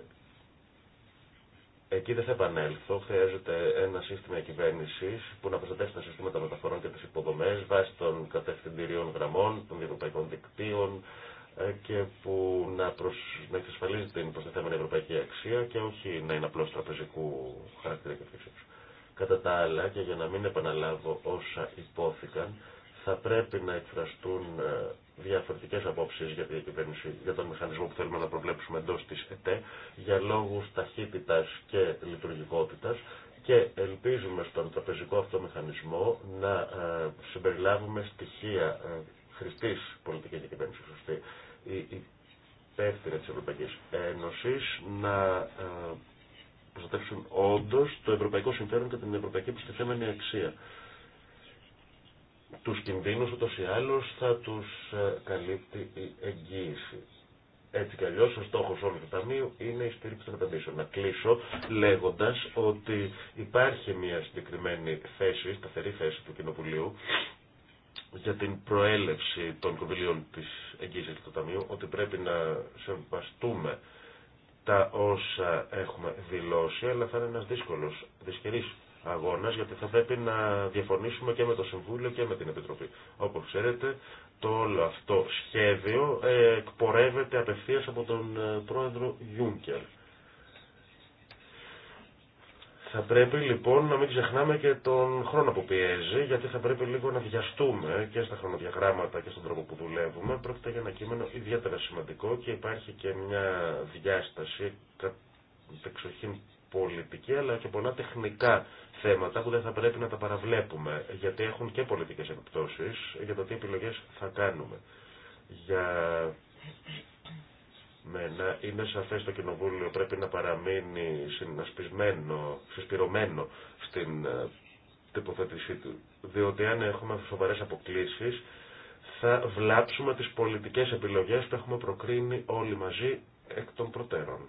εκεί δεν θα επανέλθω. Χρειάζεται ένα σύστημα κυβέρνηση που να προστατεύσει τα συστήματα μεταφορών και τι υποδομέ βάσει των κατευθυντηρίων γραμμών, των διευρωπαϊκών δικτύων ε, και που να, προσ... να εξασφαλίζει την προστατευμένη ευρωπαϊκή αξία και όχι να είναι απλώς τραπεζικού χαρακτήρα και φύσης. Κατά τα άλλα, και για να μην επαναλάβω όσα υπόθηκαν, θα πρέπει να εκφραστούν ε, διαφορετικέ απόψει για την κυβέρνηση, για τον μηχανισμό που θέλουμε να προβλέψουμε εντό τη ΕΤΕ, για λόγου ταχύτητα και λειτουργικότητα και ελπίζουμε στον τραπεζικό αυτό μηχανισμό να ε, συμπεριλάβουμε στοιχεία ε, χρηστή πολιτική διακυβέρνηση, σωστή, η υπεύθυνη τη Ευρωπαϊκή Ένωση να προστατεύσουν όντω το ευρωπαϊκό συμφέρον και την ευρωπαϊκή προστιθέμενη αξία τους κινδύνους ούτως ή άλλως θα τους ε, καλύπτει η εγγύηση. Έτσι κι αλλιώς ο στόχο όλου του Ταμείου είναι η στήριξη των επενδύσεων. Να κλείσω λέγοντας ότι υπάρχει μια συγκεκριμένη θέση, σταθερή θέση του Κοινοβουλίου για την προέλευση των κονδυλίων της εγγύησης του Ταμείου, ότι πρέπει να σεβαστούμε τα όσα έχουμε δηλώσει, αλλά θα είναι ένα δύσκολο, δυσκερής γιατί θα πρέπει να διαφωνήσουμε και με το Συμβούλιο και με την Επιτροπή. Όπω ξέρετε, το όλο αυτό σχέδιο ε, εκπορεύεται απευθεία από τον ε, πρόεδρο Γιούνκερ. Θα πρέπει λοιπόν να μην ξεχνάμε και τον χρόνο που πιέζει, γιατί θα πρέπει λίγο να βιαστούμε και στα χρονοδιαγράμματα και στον τρόπο που δουλεύουμε. Πρόκειται για ένα κείμενο ιδιαίτερα σημαντικό και υπάρχει και μια διάσταση κατεξοχήν πολιτική αλλά και πολλά τεχνικά θέματα που δεν θα πρέπει να τα παραβλέπουμε γιατί έχουν και πολιτικές επιπτώσεις για το τι επιλογές θα κάνουμε. Για μένα είναι σαφές το Κοινοβούλιο πρέπει να παραμείνει συνασπισμένο, συσπηρωμένο στην ε, τυποθέτησή του. Διότι αν έχουμε σοβαρές αποκλήσεις θα βλάψουμε τις πολιτικές επιλογές που έχουμε προκρίνει όλοι μαζί εκ των προτέρων.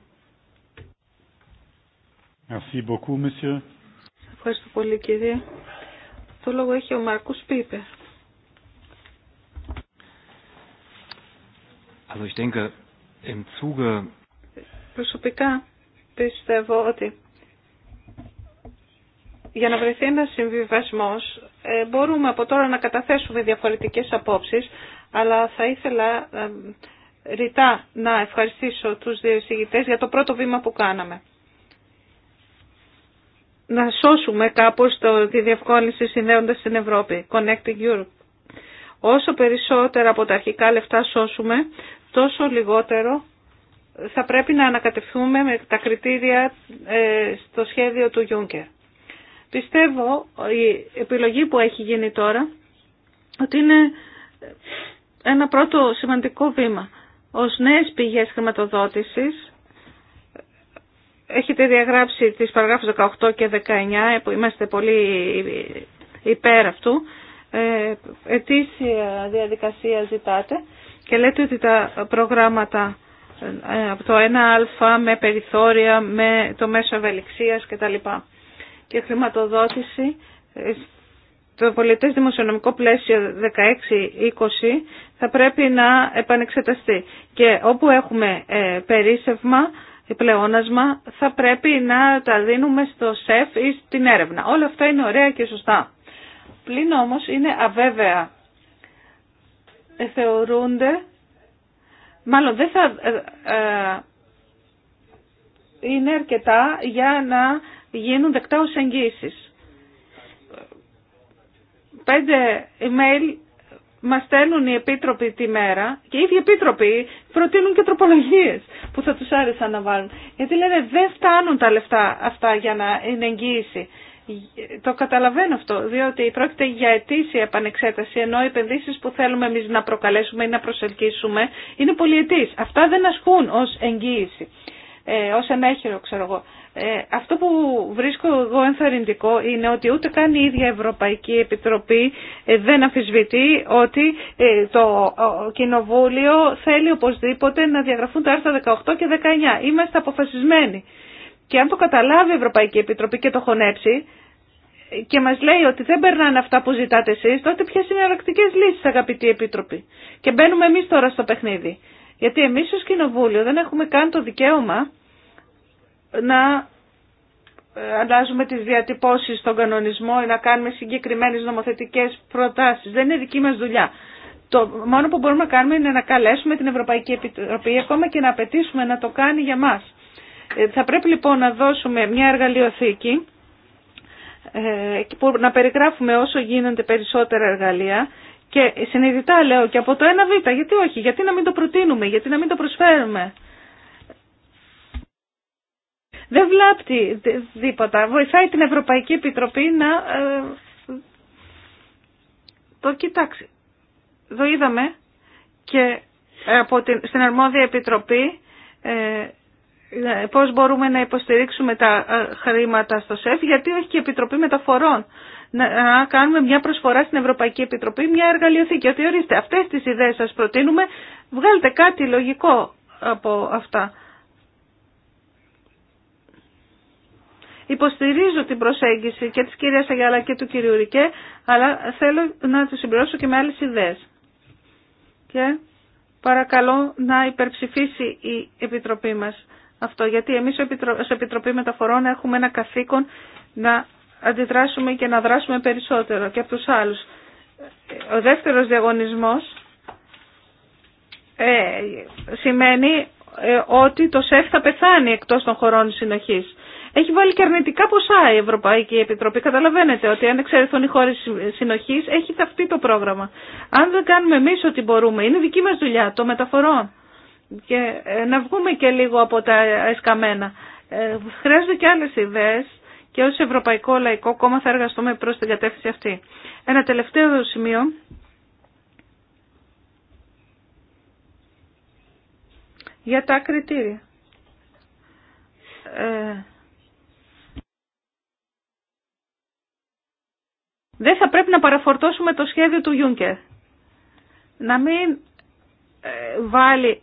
Ευχαριστώ πολύ κύριε. Το λόγο έχει ο Μάρκος Πίπερ. Also ich Προσωπικά πιστεύω ότι για να βρεθεί ένα συμβιβασμός ε, μπορούμε από τώρα να καταθέσουμε διαφορετικέ απόψει, αλλά θα ήθελα ε, ρητά να ευχαριστήσω τους δύο για το πρώτο βήμα που κάναμε να σώσουμε κάπως το, τη διευκόλυνση συνδέοντας στην Ευρώπη, Connecting Europe. Όσο περισσότερα από τα αρχικά λεφτά σώσουμε, τόσο λιγότερο θα πρέπει να ανακατευθούμε με τα κριτήρια ε, στο σχέδιο του Juncker. Πιστεύω η επιλογή που έχει γίνει τώρα ότι είναι ένα πρώτο σημαντικό βήμα. Ως νέες πηγές χρηματοδότησης έχετε διαγράψει τις παραγράφους 18 και 19 που είμαστε πολύ υπέρ αυτού. Ε, ετήσια διαδικασία ζητάτε και λέτε ότι τα προγράμματα ε, από το 1α με περιθώρια, με το μέσο ευελιξίας κτλ. Και χρηματοδότηση ε, το πολιτές δημοσιονομικό πλαίσιο 16-20 θα πρέπει να επανεξεταστεί. Και όπου έχουμε ε, περίσευμα πλεόνασμα θα πρέπει να τα δίνουμε στο ΣΕΦ ή στην έρευνα. Όλα αυτά είναι ωραία και σωστά. Πλην όμως είναι αβέβαια. Ε, θεωρούνται, μάλλον δεν θα ε, ε, είναι αρκετά για να γίνουν δεκτά ως εγγύησεις. Πέντε email Μα στέλνουν οι επίτροποι τη μέρα και οι ίδιοι επίτροποι προτείνουν και τροπολογίε που θα του άρεσαν να βάλουν. Γιατί λένε δεν φτάνουν τα λεφτά αυτά για να είναι εγγύηση. Το καταλαβαίνω αυτό, διότι πρόκειται για ετήσια επανεξέταση, ενώ οι επενδύσει που θέλουμε εμεί να προκαλέσουμε ή να προσελκύσουμε είναι πολυετή. Αυτά δεν ασκούν ω εγγύηση, ε, ω ενέχειρο, ξέρω εγώ. Ε, αυτό που βρίσκω εγώ ενθαρρυντικό είναι ότι ούτε καν η ίδια Ευρωπαϊκή Επιτροπή ε, δεν αφισβητεί ότι ε, το Κοινοβούλιο θέλει οπωσδήποτε να διαγραφούν τα άρθρα 18 και 19. Είμαστε αποφασισμένοι. Και αν το καταλάβει η Ευρωπαϊκή Επιτροπή και το χωνέψει και μας λέει ότι δεν περνάνε αυτά που ζητάτε εσείς, τότε ποιες είναι οι αρακτικές λύσεις αγαπητή Επίτροπη. Και μπαίνουμε εμείς τώρα στο παιχνίδι. Γιατί εμείς ως Κοινοβούλιο δεν έχουμε καν το δικαίωμα να ε, αλλάζουμε τις διατυπώσεις στον κανονισμό ή να κάνουμε συγκεκριμένες νομοθετικές προτάσεις. Δεν είναι δική μας δουλειά. Το μόνο που μπορούμε να κάνουμε είναι να καλέσουμε την Ευρωπαϊκή Επιτροπή ακόμα και να απαιτήσουμε να το κάνει για μας. Ε, θα πρέπει λοιπόν να δώσουμε μια εργαλειοθήκη ε, που να περιγράφουμε όσο γίνονται περισσότερα εργαλεία και συνειδητά λέω και από το 1β γιατί όχι, γιατί να μην το προτείνουμε, γιατί να μην το προσφέρουμε δεν βλάπτει τίποτα. Βοηθάει την Ευρωπαϊκή Επιτροπή να ε, το κοιτάξει. Εδώ είδαμε και ε, από την, στην αρμόδια επιτροπή ε, ε πώς μπορούμε να υποστηρίξουμε τα χρήματα στο ΣΕΦ, γιατί έχει και η Επιτροπή Μεταφορών. Να, κάνουμε μια προσφορά στην Ευρωπαϊκή Επιτροπή, μια εργαλειοθήκη, ότι ορίστε αυτές τις ιδέες σας προτείνουμε, βγάλτε κάτι λογικό από αυτά. Υποστηρίζω την προσέγγιση και της κυρίας Αγιάλα και του κυρίου Ρικέ, αλλά θέλω να τη συμπληρώσω και με άλλες ιδέες. Και παρακαλώ να υπερψηφίσει η Επιτροπή μας αυτό, γιατί εμείς ως Επιτροπή Μεταφορών έχουμε ένα καθήκον να αντιδράσουμε και να δράσουμε περισσότερο και από τους άλλους. Ο δεύτερος διαγωνισμός ε, σημαίνει ε, ότι το ΣΕΦ θα πεθάνει εκτός των χωρών συνοχής έχει βάλει και αρνητικά ποσά η Ευρωπαϊκή Επιτροπή. Καταλαβαίνετε ότι αν εξαιρεθούν οι χώρε συνοχή, έχει ταυτεί το πρόγραμμα. Αν δεν κάνουμε εμεί ό,τι μπορούμε, είναι δική μα δουλειά, το μεταφορών. Και ε, να βγούμε και λίγο από τα εσκαμμένα. Ε, χρειάζονται και άλλε ιδέε και ω Ευρωπαϊκό Λαϊκό Κόμμα θα εργαστούμε προ την κατεύθυνση αυτή. Ένα τελευταίο σημείο. Για τα κριτήρια. Ε, δεν θα πρέπει να παραφορτώσουμε το σχέδιο του Γιούνκερ. Να μην ε, βάλει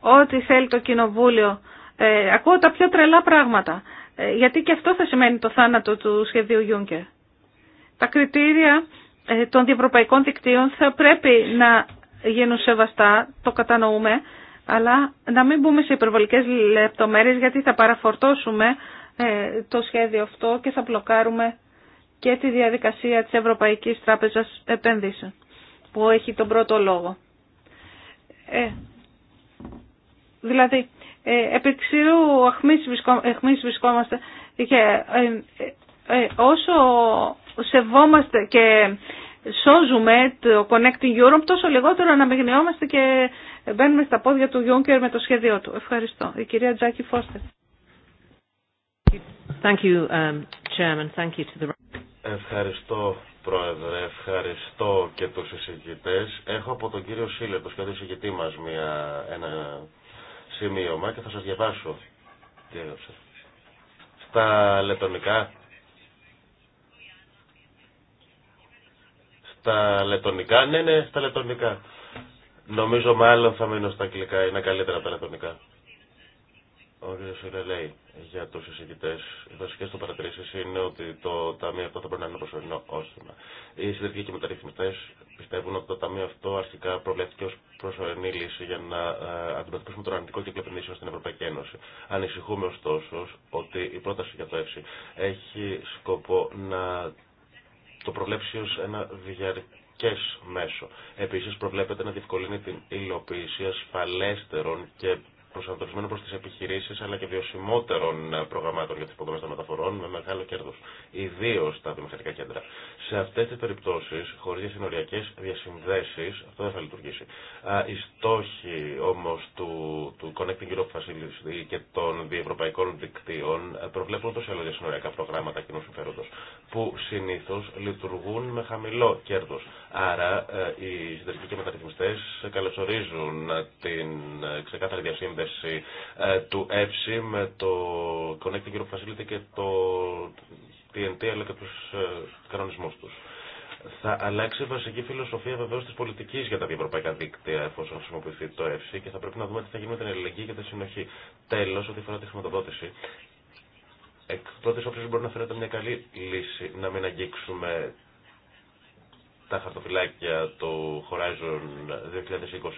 ό,τι θέλει το κοινοβούλιο. Ε, ακούω τα πιο τρελά πράγματα. Ε, γιατί και αυτό θα σημαίνει το θάνατο του σχεδίου Γιούνκερ. Τα κριτήρια ε, των διευρωπαϊκών δικτύων θα πρέπει να γίνουν σεβαστά, το κατανοούμε, αλλά να μην μπούμε σε υπερβολικές λεπτομέρειες γιατί θα παραφορτώσουμε το σχέδιο αυτό και θα μπλοκάρουμε και τη διαδικασία της Ευρωπαϊκής Τράπεζας επένδυσης που έχει τον πρώτο λόγο. Ε, δηλαδή, ε, επί ξηρού αχμής βρισκόμαστε και ε, ε, όσο σεβόμαστε και σώζουμε το Connecting Europe, τόσο λιγότερο αναμειγνυόμαστε και μπαίνουμε στα πόδια του Juncker με το σχέδιό του. Ευχαριστώ. Η κυρία Τζάκη Φώστερ. Thank you, um, Chairman. Thank you to the... Ευχαριστώ Πρόεδρε, ευχαριστώ και τους εισηγητές. Έχω από τον κύριο Σίλε, τον σχεδόν εισηγητή μας, μια, ένα σημείωμα και θα σας διαβάσω. Τι έγραψε. Στα λετωνικά. Στα λετωνικά, ναι, ναι, στα λετωνικά. Νομίζω μάλλον θα μείνω στα αγγλικά, είναι καλύτερα τα λετωνικά. Ο κ. λέει για του εισηγητέ, οι βασικέ του παρατηρήσει είναι ότι το ταμείο αυτό θα πρέπει να είναι προσωρινό όχημα. Οι συντηρητικοί και μεταρρυθμιστέ πιστεύουν ότι το ταμείο αυτό αρχικά προβλέφθηκε ω προσωρινή λύση για να ε, αντιμετωπίσουμε τον αρνητικό κύκλο επενδύσεων στην Ευρωπαϊκή Ένωση. Ανησυχούμε ωστόσο ότι η πρόταση για το ΕΦΣΥ έχει σκοπό να το προβλέψει ω ένα διαρκέ μέσο. Επίση, προβλέπεται να διευκολύνει την υλοποίηση ασφαλέστερων και προσανατολισμένο προ τι επιχειρήσει αλλά και βιωσιμότερων ε, προγραμμάτων για τι υποδομέ των μεταφορών με μεγάλο κέρδο. Ιδίω τα βιομηχανικά κέντρα. Σε αυτέ τι περιπτώσει, χωρί συνοριακέ διασυνδέσει, αυτό δεν θα λειτουργήσει. Οι στόχοι όμω του, του Connecting Europe Facility και των διευρωπαϊκών δικτύων ε, προβλέπουν τόσο άλλω διασυνοριακά προγράμματα κοινού συμφέροντο που συνήθω λειτουργούν με χαμηλό κέρδο. Άρα ε, οι συντηρητικοί και μεταρρυθμιστέ καλωσορίζουν την ξεκάθαρη διασύνδεση σύνδεση ε, του ΕΨΙ με το Connecting Europe Facility και το TNT αλλά και τους ε, κανονισμούς τους. Θα αλλάξει η βασική φιλοσοφία βεβαίω τη πολιτική για τα διευρωπαϊκά δίκτυα εφόσον χρησιμοποιηθεί το ΕΦΣΥ και θα πρέπει να δούμε τι θα γίνει με την ελληνική και τη συνοχή. Τέλο, ό,τι αφορά τη χρηματοδότηση, εκ πρώτη όψη μπορεί να φαίνεται μια καλή λύση να μην αγγίξουμε τα χαρτοφυλάκια του Horizon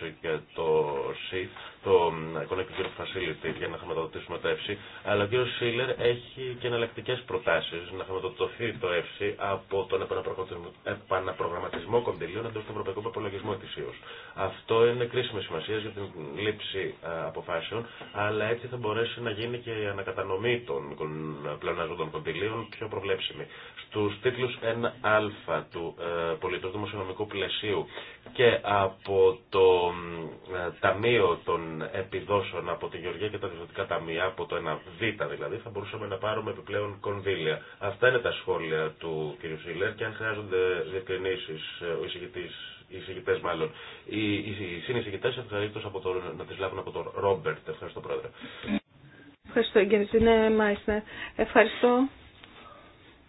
2020 και το C, το Connected Europe Facility για να χρηματοδοτήσουμε το EFSI, αλλά ο κ. Σίλερ έχει και εναλλακτικέ προτάσει να χρηματοδοτηθεί το EFSI από τον επαναπρογραμματισμό κοντιλίων εντό του Ευρωπαϊκού Προπολογισμού ετησίω. Αυτό είναι κρίσιμη σημασία για την λήψη αποφάσεων, αλλά έτσι θα μπορέσει να γίνει και η ανακατανομή των πλεονάζοντων κοντιλίων πιο προβλέψιμη. Στου τίτλου 1α του ε, πολιτικού το δημοσιονομικού πλαισίου και από το ε, Ταμείο των Επιδόσεων από τη Γεωργία και τα Διευθυντικά Ταμεία, από το 1Β δηλαδή, θα μπορούσαμε να πάρουμε επιπλέον κονδύλια. Αυτά είναι τα σχόλια του κ. Σίλερ και αν χρειάζονται διευκρινήσει ε, ο οι εισηγητέ μάλλον. Οι, οι συνεισηγητέ ευχαρίστω να τι λάβουν από τον Ρόμπερτ. Ευχαριστώ, Πρόεδρε. Ευχαριστώ, κύριε Μάισνερ. Ναι, Ευχαριστώ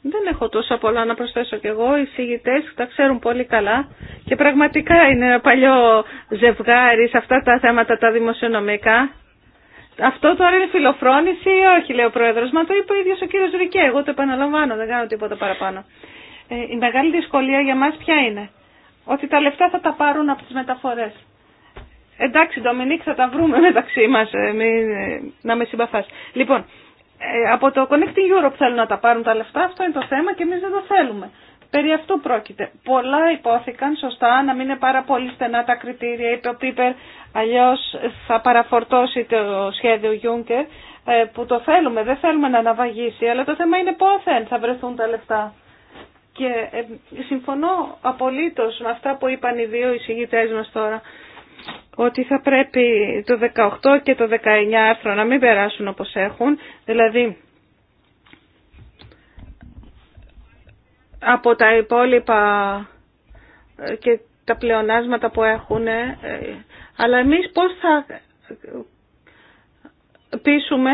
δεν έχω τόσα πολλά να προσθέσω κι εγώ. Οι συγητέ τα ξέρουν πολύ καλά και πραγματικά είναι ένα παλιό ζευγάρι σε αυτά τα θέματα τα δημοσιονομικά. Αυτό τώρα είναι φιλοφρόνηση ή όχι, λέει ο Πρόεδρο. Μα το είπε ο ίδιο ο κύριο Ρικέ. Εγώ το επαναλαμβάνω, δεν κάνω τίποτα παραπάνω. Ε, η μεγάλη δυσκολία για μα ποια είναι. Ότι τα λεφτά θα τα πάρουν από τι μεταφορέ. Εντάξει, Ντομινίκ, θα τα βρούμε μεταξύ μα. Ε, ε, να με συμπαθά. Λοιπόν, ε, από το Connecting Europe θέλουν να τα πάρουν τα λεφτά, αυτό είναι το θέμα και εμείς δεν το θέλουμε. Περί αυτού πρόκειται. Πολλά υπόθηκαν σωστά, να μην είναι πάρα πολύ στενά τα κριτήρια, είπε ο Πίπερ, αλλιώς θα παραφορτώσει το σχέδιο Juncker, ε, που το θέλουμε, δεν θέλουμε να αναβαγίσει, αλλά το θέμα είναι πόθεν θα βρεθούν τα λεφτά. Και ε, συμφωνώ απολύτως με αυτά που είπαν οι δύο εισηγητές μας τώρα ότι θα πρέπει το 18 και το 19 άρθρο να μην περάσουν όπως έχουν, δηλαδή από τα υπόλοιπα ε, και τα πλεονάσματα που έχουν, ε, αλλά εμείς πώς θα πείσουμε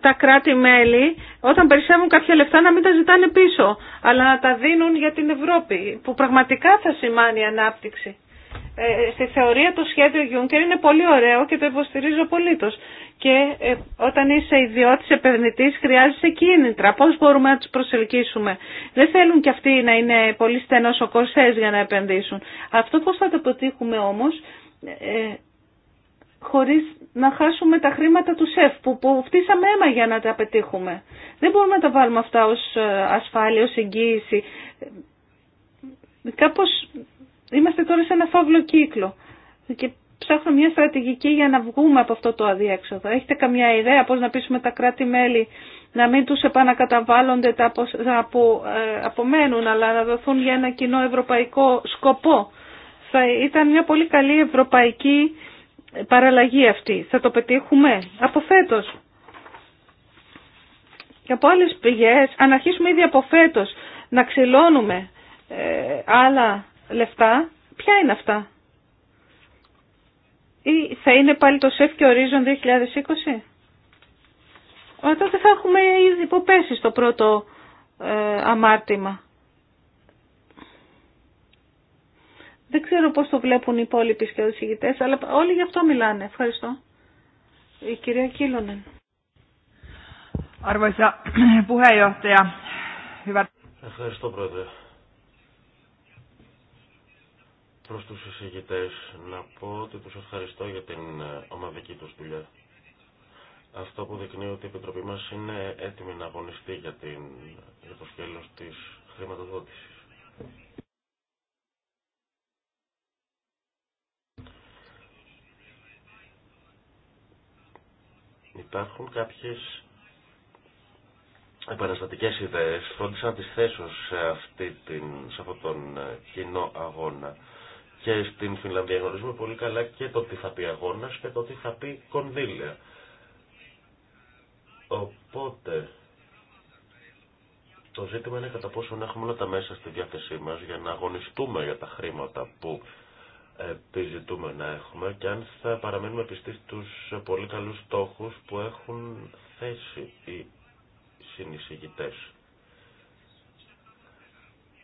τα κράτη-μέλη όταν περισσεύουν κάποια λεφτά να μην τα ζητάνε πίσω, αλλά να τα δίνουν για την Ευρώπη, που πραγματικά θα σημάνει ανάπτυξη. Ε, στη θεωρία το σχέδιο Γιούνκερ είναι πολύ ωραίο και το υποστηρίζω απολύτω. Και ε, όταν είσαι ιδιώτης επενδυτής χρειάζεσαι κίνητρα. Πώς μπορούμε να τους προσελκύσουμε. Δεν θέλουν και αυτοί να είναι πολύ στενός ο κορσές για να επενδύσουν. Αυτό πώς θα το πετύχουμε όμως ε, χωρίς να χάσουμε τα χρήματα του ΣΕΦ που, που φτύσαμε αίμα για να τα πετύχουμε. Δεν μπορούμε να τα βάλουμε αυτά ως ε, ασφάλεια, ως εγγύηση. Κάπως Είμαστε τώρα σε ένα φαύλο κύκλο και ψάχνουμε μια στρατηγική για να βγούμε από αυτό το αδιέξοδο. Έχετε καμιά ιδέα πώς να πείσουμε τα κράτη-μέλη να μην τους επανακαταβάλλονται τα που ε, απομένουν, αλλά να δοθούν για ένα κοινό ευρωπαϊκό σκοπό. Θα ήταν μια πολύ καλή ευρωπαϊκή παραλλαγή αυτή. Θα το πετύχουμε από φέτος. Και από άλλες πηγές, αν αρχίσουμε ήδη από φέτος να ξυλώνουμε ε, άλλα λεφτά, ποια είναι αυτά. Ή θα είναι πάλι το ΣΕΦ και ορίζον 2020. Αλλά τότε θα έχουμε ήδη υποπέσει στο πρώτο ε, αμάρτημα. Δεν ξέρω πώς το βλέπουν οι υπόλοιποι σκεδοσυγητές, αλλά όλοι γι' αυτό μιλάνε. Ευχαριστώ. Η κυρία Κίλωνεν. Ευχαριστώ, Πρόεδρε. Προς τους εισηγητές να πω ότι τους ευχαριστώ για την ε, ομαδική τους δουλειά. Αυτό που δεικνύει ότι η Επιτροπή μας είναι έτοιμη να αγωνιστεί για, την, για το σκέλος της χρηματοδότησης. Υπάρχουν κάποιες επαναστατικές ιδέες. φρόντισαν να τις θέσω σε, αυτή την, σε αυτόν τον ε, κοινό αγώνα και στην Φινλανδία γνωρίζουμε πολύ καλά και το τι θα πει αγώνα και το τι θα πει κονδύλια. Οπότε, το ζήτημα είναι κατά πόσο να έχουμε όλα τα μέσα στη διάθεσή μας για να αγωνιστούμε για τα χρήματα που επιζητούμε να έχουμε και αν θα παραμείνουμε πιστοί στους πολύ καλούς στόχους που έχουν θέσει οι συνεισηγητές.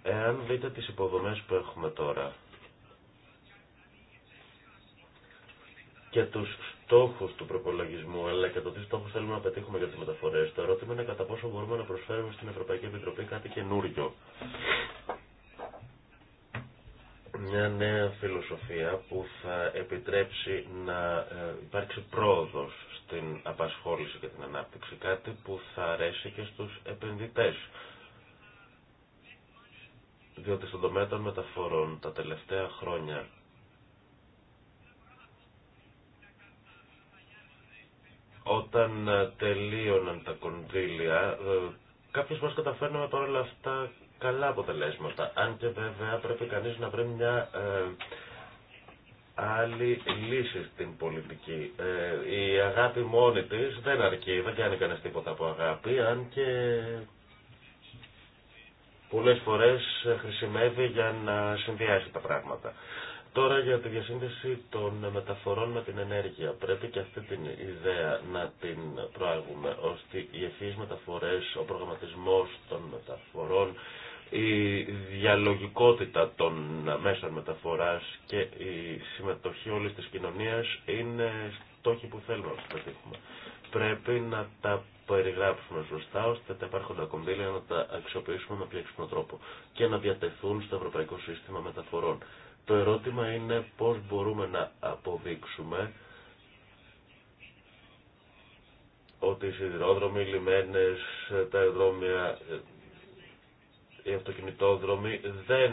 Εάν δείτε τις υποδομές που έχουμε τώρα, και τους στόχους του προπολογισμού, αλλά και το τι στόχους θέλουμε να πετύχουμε για τι μεταφορές, το ερώτημα είναι κατά πόσο μπορούμε να προσφέρουμε στην Ευρωπαϊκή Επιτροπή κάτι καινούριο. Μια νέα φιλοσοφία που θα επιτρέψει να ε, υπάρξει πρόοδος στην απασχόληση και την ανάπτυξη, κάτι που θα αρέσει και στους επενδυτές διότι στον τομέα των μεταφορών τα τελευταία χρόνια Όταν ε, τελείωναν τα κονδύλια, ε, κάποιες μας καταφέρναμε όλα αυτά καλά αποτελέσματα. Αν και βέβαια πρέπει κανείς να βρει μια ε, άλλη λύση στην πολιτική. η αγάπη μόνη της δεν αρκεί, δεν κάνει κανένα τίποτα από αγάπη, αν και πολλές φορές χρησιμεύει για να συνδυάσει τα πράγματα. Τώρα για τη διασύνδεση των μεταφορών με την ενέργεια. Πρέπει και αυτή την ιδέα να την προάγουμε, ώστε οι ευθείες μεταφορές, ο προγραμματισμός των μεταφορών, η διαλογικότητα των μέσων μεταφοράς και η συμμετοχή όλης της κοινωνίας είναι στόχοι που θέλουμε να πετύχουμε. Πρέπει να τα περιγράψουμε σωστά ώστε τα υπάρχοντα κονδύλια να τα αξιοποιήσουμε με πιο έξυπνο τρόπο και να διατεθούν στο ευρωπαϊκό σύστημα μεταφορών. Το ερώτημα είναι πώς μπορούμε να αποδείξουμε ότι οι σιδηρόδρομοι, οι λιμένες, τα αεροδρόμια, οι αυτοκινητόδρομοι δεν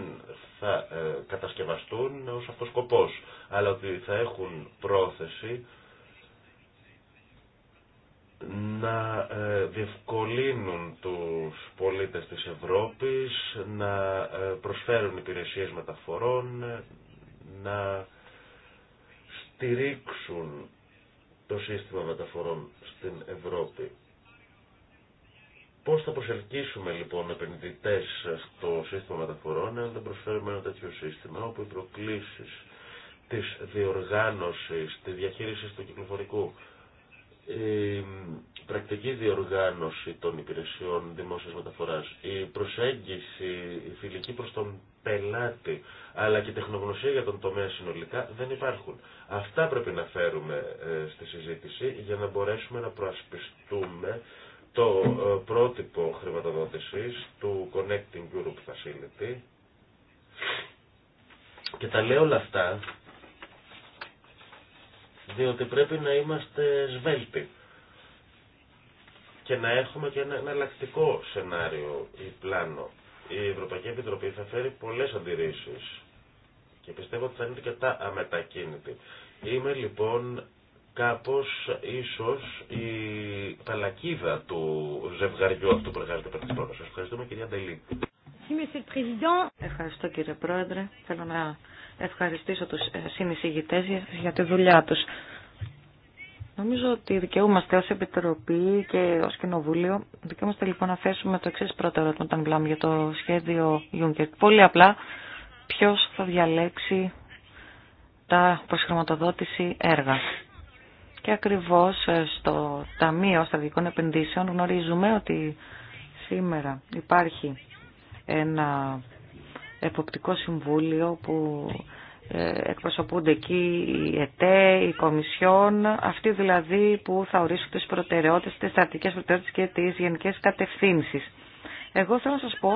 θα ε, κατασκευαστούν ως αυτός σκοπός, αλλά ότι θα έχουν πρόθεση να ε, διευκολύνουν τους πολίτες της Ευρώπης, να ε, προσφέρουν υπηρεσίες μεταφορών, να στηρίξουν το σύστημα μεταφορών στην Ευρώπη. Πώς θα προσελκύσουμε λοιπόν επενδυτές στο σύστημα μεταφορών αν δεν προσφέρουμε ένα τέτοιο σύστημα όπου οι προκλήσεις της διοργάνωσης, της διαχείρισης του κυκλοφορικού η πρακτική διοργάνωση των υπηρεσιών δημόσιας μεταφοράς, η προσέγγιση, η φιλική προς τον πελάτη, αλλά και η τεχνογνωσία για τον τομέα συνολικά δεν υπάρχουν. Αυτά πρέπει να φέρουμε ε, στη συζήτηση για να μπορέσουμε να προασπιστούμε το ε, πρότυπο χρηματοδότησης του Connecting Europe Facility. Και τα λέω όλα αυτά διότι πρέπει να είμαστε σβέλτοι και να έχουμε και ένα εναλλακτικό σενάριο ή πλάνο. Η Ευρωπαϊκή Επιτροπή θα φέρει πολλές αντιρρήσεις και πιστεύω ότι θα είναι αρκετά αμετακίνητη. Είμαι λοιπόν κάπως ίσως η ευρωπαικη επιτροπη θα φερει πολλες αντιρρησεις και πιστευω οτι θα ειναι τα αμετακινητη ειμαι λοιπον καπως ισως η παλακιδα του ζευγαριού αυτού που εργάζεται πριν της Σας ευχαριστούμε κυρία Ντελή. Ευχαριστώ κύριε Πρόεδρε. Θέλω να ευχαριστήσω τους ε, συνεισηγητές για τη δουλειά τους. Νομίζω ότι δικαιούμαστε ως Επιτροπή και ως Κοινοβούλιο, δικαιούμαστε λοιπόν να θέσουμε το εξή πρώτο ερώτημα για το σχέδιο Juncker. Πολύ απλά, ποιος θα διαλέξει τα προσχρηματοδότηση έργα. Και ακριβώς ε, στο Ταμείο Σταδικών Επενδύσεων γνωρίζουμε ότι σήμερα υπάρχει ένα εποπτικό συμβούλιο που ε, εκπροσωπούνται εκεί η ΕΤΕ, η Κομισιόν, αυτοί δηλαδή που θα ορίσουν τις προτεραιότητες, τις στρατικές προτεραιότητες και τις γενικές κατευθύνσεις. Εγώ θέλω να σας πω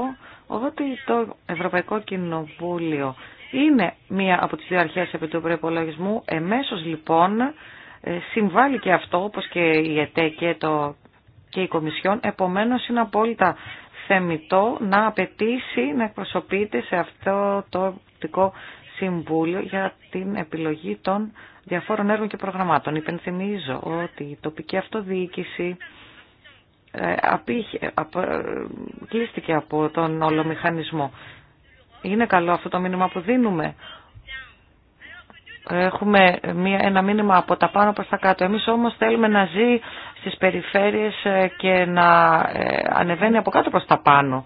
ότι το Ευρωπαϊκό Κοινοβούλιο είναι μία από τις δύο αρχές επί του προπολογισμού. Εμέσως λοιπόν ε, συμβάλλει και αυτό όπως και η ΕΤΕ και, το, και η Κομισιόν. Επομένως είναι απόλυτα θεμητό να απαιτήσει να εκπροσωπείται σε αυτό το οπτικό Συμβούλιο για την επιλογή των διαφόρων έργων και προγραμμάτων. Υπενθυμίζω ότι η τοπική αυτοδιοίκηση ε, ε, κλείστηκε από τον όλο Είναι καλό αυτό το μήνυμα που δίνουμε Έχουμε μία, ένα μήνυμα από τα πάνω προς τα κάτω. Εμείς όμως θέλουμε να ζει στις περιφέρειες ε, και να ε, ανεβαίνει από κάτω προς τα πάνω,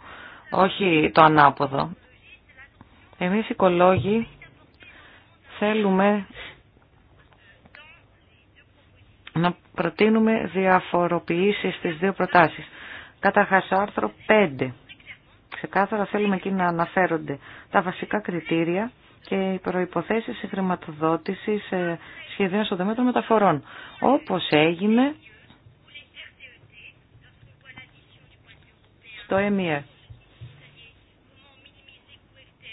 όχι το ανάποδο. Εμείς οικολόγοι θέλουμε να προτείνουμε διαφοροποιήσεις στις δύο προτάσεις. Καταρχάς, άρθρο 5, ξεκάθαρα θέλουμε εκεί να αναφέρονται τα βασικά κριτήρια και οι προϋποθέσεις χρηματοδότησης σχεδίων στο δεμέτρο μεταφορών. Όπως έγινε στο ΕΜΙΕ.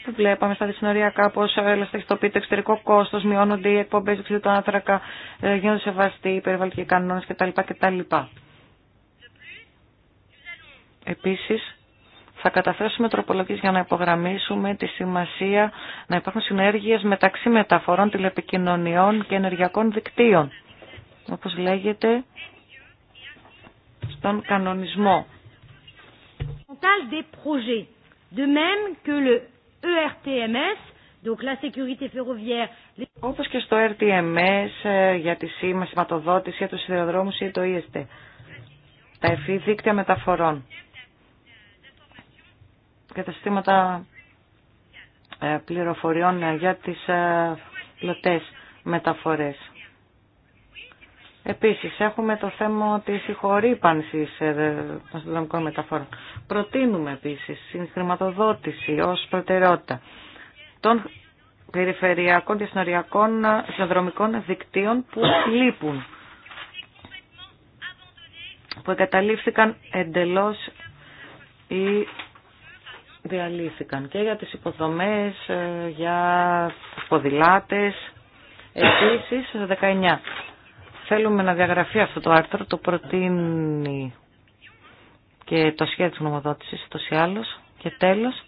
Το e βλέπαμε στα δυσνοριακά πώ ελαστικοποιεί το εξωτερικό κόστο, μειώνονται οι εκπομπέ του του άνθρακα, ε, γίνονται σεβαστοί οι περιβαλλοντικοί κανόνε κτλ. κτλ. Επίση, θα καταθέσουμε τροπολογίες για να υπογραμμίσουμε τη σημασία να υπάρχουν συνέργειες μεταξύ μεταφορών τηλεπικοινωνιών και ενεργειακών δικτύων, όπως λέγεται στον κανονισμό. Όπω e Όπως και στο RTMS ε, για τη σήμα, σηματοδότηση, για τους σιδηροδρόμους ή το EST. Τα ευφύ δίκτυα μεταφορών και τα συστήματα ε, πληροφοριών ε, για τις ε, πλωτές μεταφορές. Επίσης, έχουμε το θέμα της συγχωρήπανσης των συνδρομικών μεταφορών. Προτείνουμε επίσης χρηματοδότηση ως προτεραιότητα των περιφερειακών και συνοριακών συνδρομικών δικτύων που λείπουν, που εγκαταλείφθηκαν εντελώς ή διαλύθηκαν και για τις υποδομές, ε, για τους ποδηλάτες. Επίσης, 19. Θέλουμε να διαγραφεί αυτό το άρθρο, το προτείνει και το σχέδιο της γνωμοδότησης, το ή άλλως. Και τέλος,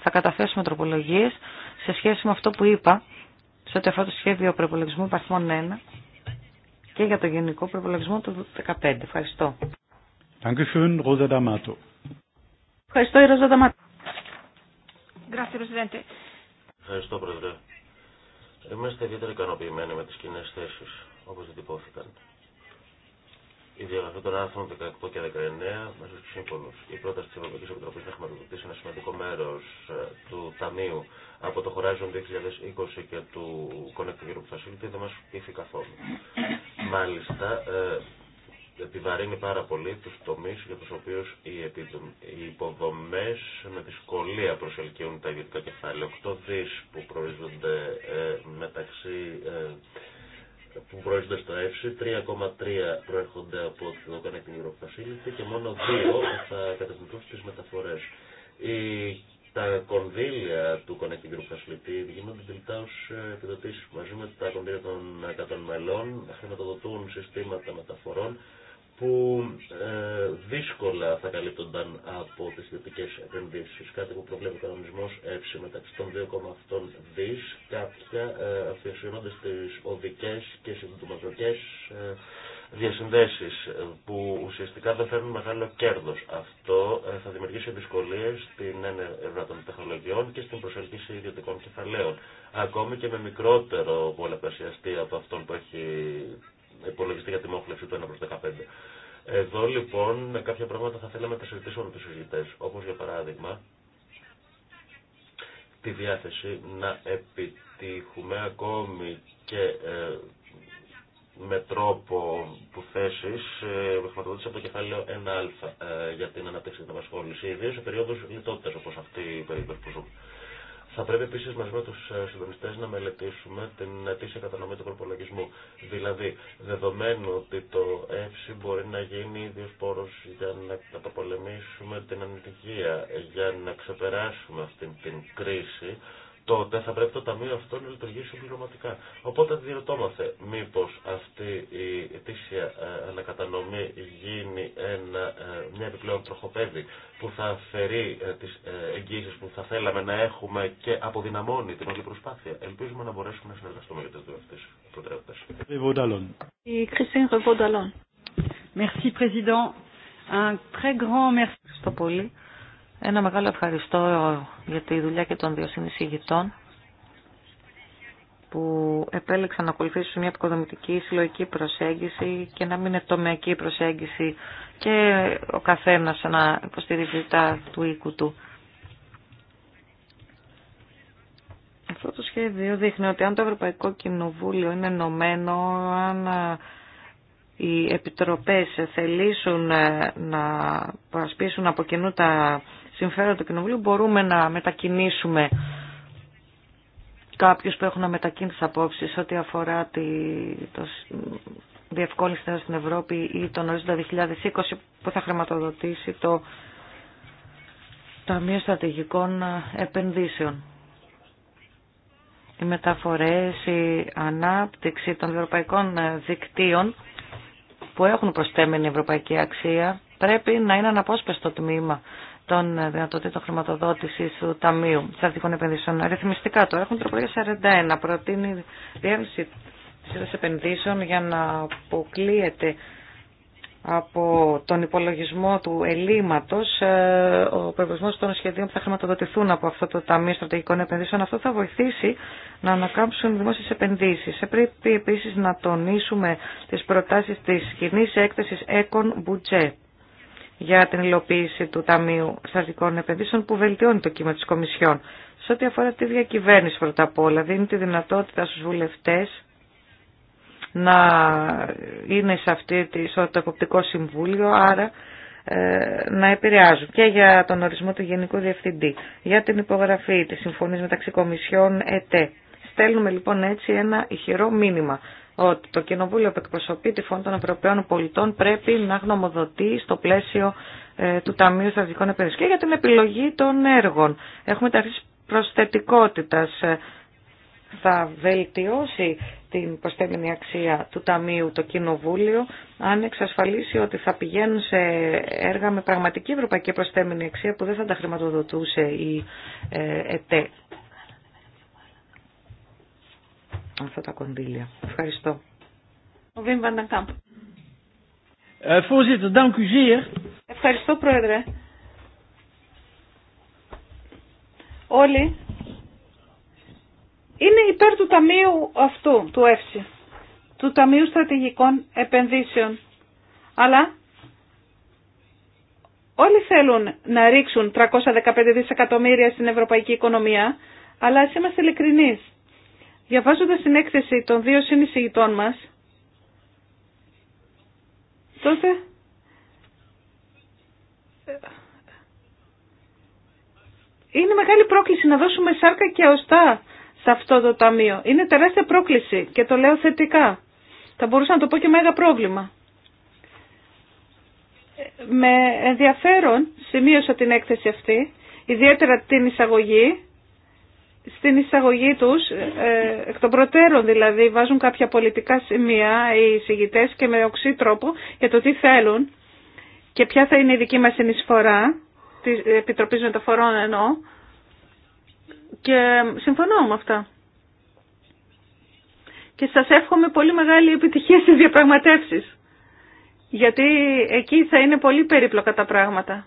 θα καταθέσουμε τροπολογίες σε σχέση με αυτό που είπα, σε ό,τι αφορά το σχέδιο προπολογισμού υπαρθμών 1 και για το γενικό προπολογισμό του 2015. Ευχαριστώ. Rosa D'Amato. Ευχαριστώ, η Ματ. Ευχαριστώ, Πρόεδρε. Είμαστε ιδιαίτερα ικανοποιημένοι με τι κοινέ θέσει, όπω διατυπώθηκαν. Η διαγραφή των άρθρων 18 και 19 μέσα του σύμφωνου. Η πρόταση τη Ευρωπαϊκή Επιτροπή να χρηματοδοτήσει ένα σημαντικό μέρο ε, του Ταμείου από το Horizon 2020 και του Connecting Europe Facility δεν μα πείθει καθόλου. Μάλιστα, ε, επιβαρύνει πάρα πολύ τους τομείς για τους οποίους οι υποδομές με δυσκολία προσελκύουν τα ιδιωτικά κεφάλαια. 8 δις που ε, μεταξύ ε, που προέρχονται στο ΕΦΣΥ, 3,3 προέρχονται από το Connecting Europe Facility και μόνο 2 θα κατευθυνθούν στις μεταφορές. Η, τα κονδύλια του Connecting Group Facility γίνονται τελικά ως ε, επιδοτήσεις μαζί με τα κονδύλια των 100 μελών, χρηματοδοτούν συστήματα μεταφορών που ε, δύσκολα θα καλύπτονταν από τις θετικές επενδύσεις. Κάτι που προβλέπει ο κανονισμός ΕΨΗ μεταξύ των 2,8 δις, κάποια ε, στι στις οδικές και συντοματικές ε, διασυνδέσεις ε, που ουσιαστικά δεν φέρνουν μεγάλο κέρδος. Αυτό ε, θα δημιουργήσει δυσκολίες στην έννοια των τεχνολογιών και στην προσελκύση ιδιωτικών κεφαλαίων. Ακόμη και με μικρότερο πολλαπλασιαστή από αυτόν που έχει υπολογιστή για τη μόχλευση του 1 προς 15. Εδώ λοιπόν κάποια πράγματα θα θέλαμε να τα συζητήσουμε με τους συζητητές, όπως για παράδειγμα τη διάθεση να επιτύχουμε ακόμη και ε, με τρόπο που θέσει ε, χρηματοδότηση από το κεφάλαιο 1α ε, για την αναπτύξη και την απασχόληση, ιδίω σε περίοδου λιτότητα όπω αυτή η περίπτωση που ζούμε. Θα πρέπει επίση μαζί με του ε, συντονιστέ να μελετήσουμε την αιτήσια κατανομή του προπολογισμού. Δηλαδή, δεδομένου ότι το ΕΦΣΥ μπορεί να γίνει ίδιο πόρο για να καταπολεμήσουμε την ανητυχία, για να ξεπεράσουμε αυτή την κρίση, τότε θα πρέπει το Ταμείο αυτό να λειτουργήσει πληρωματικά. Οπότε διερωτώμαστε μήπως αυτή η ετήσια ε, ανακατανομή γίνει ε, μια επιπλέον τροχοπέδη που θα φέρει ε, τις εγγύσεις που θα θέλαμε να έχουμε και αποδυναμώνει την όλη προσπάθεια. Ελπίζουμε να μπορέσουμε να συνεργαστούμε για τις δύο αυτές προτεραιότητες. Η Ρεβονταλόν. Ένα μεγάλο ευχαριστώ για τη δουλειά και των δύο συνεισηγητών που επέλεξαν να ακολουθήσουν μια οικοδομητική συλλογική προσέγγιση και να μην είναι τομεακή προσέγγιση και ο καθένας να υποστηρίζει τα του οίκου του. Αυτό το σχέδιο δείχνει ότι αν το Ευρωπαϊκό Κοινοβούλιο είναι ενωμένο, αν ε, οι επιτροπές θελήσουν ε, να προσπίσουν από κοινού τα συμφέροντα του Κοινοβουλίου μπορούμε να μετακινήσουμε κάποιους που έχουν να απόψει απόψεις ό,τι αφορά τη, το διευκόλυνση στην Ευρώπη ή τον ορίζοντα 2020 που θα χρηματοδοτήσει το Ταμείο Στρατηγικών Επενδύσεων. Οι μεταφορές, η ανάπτυξη των ευρωπαϊκών δικτύων που έχουν προστέμενη ευρωπαϊκή αξία πρέπει να είναι αναπόσπαστο τμήμα των δυνατοτήτων χρηματοδότηση του Ταμείου Στρατηγικών Επενδύσεων. Αριθμιστικά τώρα έχουν τροπολογία 41. Προτείνει διεύρυνση τη επενδύσεων για να αποκλείεται από τον υπολογισμό του ελλείμματο ε, ο προϋπολογισμός των σχεδίων που θα χρηματοδοτηθούν από αυτό το Ταμείο Στρατηγικών Επενδύσεων. Αυτό θα βοηθήσει να ανακάμψουν δημόσιες επενδύσεις. Ε, πρέπει επίση να τονίσουμε τι προτάσει τη κοινή έκθεση Econ Budget για την υλοποίηση του Ταμείου Στατικών Επενδύσεων που βελτιώνει το κύμα της Κομισιόν. Σε ό,τι αφορά τη διακυβέρνηση πρώτα απ' όλα, δίνει τη δυνατότητα στους βουλευτές να είναι σε αυτή τη, το Εποπτικό Συμβούλιο, άρα ε, να επηρεάζουν και για τον ορισμό του Γενικού Διευθυντή, για την υπογραφή της συμφωνίας μεταξύ Κομισιών ΕΤΕ. Στέλνουμε λοιπόν έτσι ένα ηχηρό μήνυμα ότι το Κοινοβούλιο που εκπροσωπεί τη Φωνή των Ευρωπαίων Πολιτών πρέπει να γνωμοδοτεί στο πλαίσιο ε, του Ταμείου Στρατηγικών Επενδύσεων και για την επιλογή των έργων. Έχουμε τα προσθετικότητας. Ε, θα βελτιώσει την προσθέμενη αξία του Ταμείου το Κοινοβούλιο αν εξασφαλίσει ότι θα πηγαίνουν σε έργα με πραγματική ευρωπαϊκή προσθέμενη αξία που δεν θα τα χρηματοδοτούσε η ε, ΕΤΕ αυτά τα κονδύλια. Ευχαριστώ. Ε, Ευχαριστώ, Πρόεδρε. Όλοι είναι υπέρ του ταμείου αυτού, του ΕΦΣΙ, του Ταμείου Στρατηγικών Επενδύσεων. Αλλά όλοι θέλουν να ρίξουν 315 δισεκατομμύρια στην ευρωπαϊκή οικονομία, αλλά ας είμαστε ειλικρινείς. Διαβάζοντας την έκθεση των δύο συνεισηγητών μας, τότε είναι μεγάλη πρόκληση να δώσουμε σάρκα και οστά σε αυτό το ταμείο. Είναι τεράστια πρόκληση και το λέω θετικά. Θα μπορούσα να το πω και μέγα πρόβλημα. Με ενδιαφέρον σημείωσα την έκθεση αυτή, ιδιαίτερα την εισαγωγή στην εισαγωγή τους, ε, εκ των προτέρων δηλαδή, βάζουν κάποια πολιτικά σημεία οι εισηγητές και με οξύ τρόπο για το τι θέλουν και ποια θα είναι η δική μας συνεισφορά, της Επιτροπής Μεταφορών εννοώ, και συμφωνώ με αυτά. Και σας εύχομαι πολύ μεγάλη επιτυχία στις διαπραγματεύσεις, γιατί εκεί θα είναι πολύ περίπλοκα τα πράγματα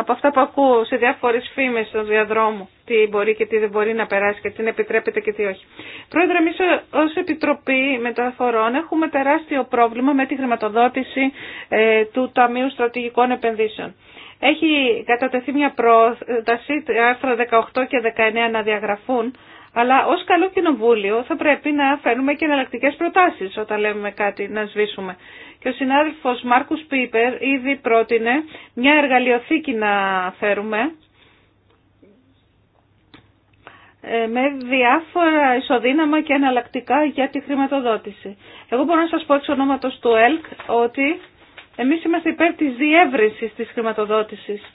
από αυτά που ακούω σε διάφορες φήμες στον διαδρόμο, τι μπορεί και τι δεν μπορεί να περάσει και τι επιτρέπεται και τι όχι. Πρόεδρε, εμείς ως Επιτροπή Μεταφορών έχουμε τεράστιο πρόβλημα με τη χρηματοδότηση ε, του Ταμείου Στρατηγικών Επενδύσεων. Έχει κατατεθεί μια πρόταση, άρθρα 18 και 19 να διαγραφούν, αλλά ως καλό κοινοβούλιο θα πρέπει να φέρουμε και εναλλακτικέ προτάσεις όταν λέμε κάτι να σβήσουμε και ο συνάδελφος Μάρκους Πίπερ ήδη πρότεινε μια εργαλειοθήκη να φέρουμε ε, με διάφορα ισοδύναμα και εναλλακτικά για τη χρηματοδότηση. Εγώ μπορώ να σας πω εξ ονόματος του ΕΛΚ ότι εμείς είμαστε υπέρ της διεύρυνσης της χρηματοδότησης.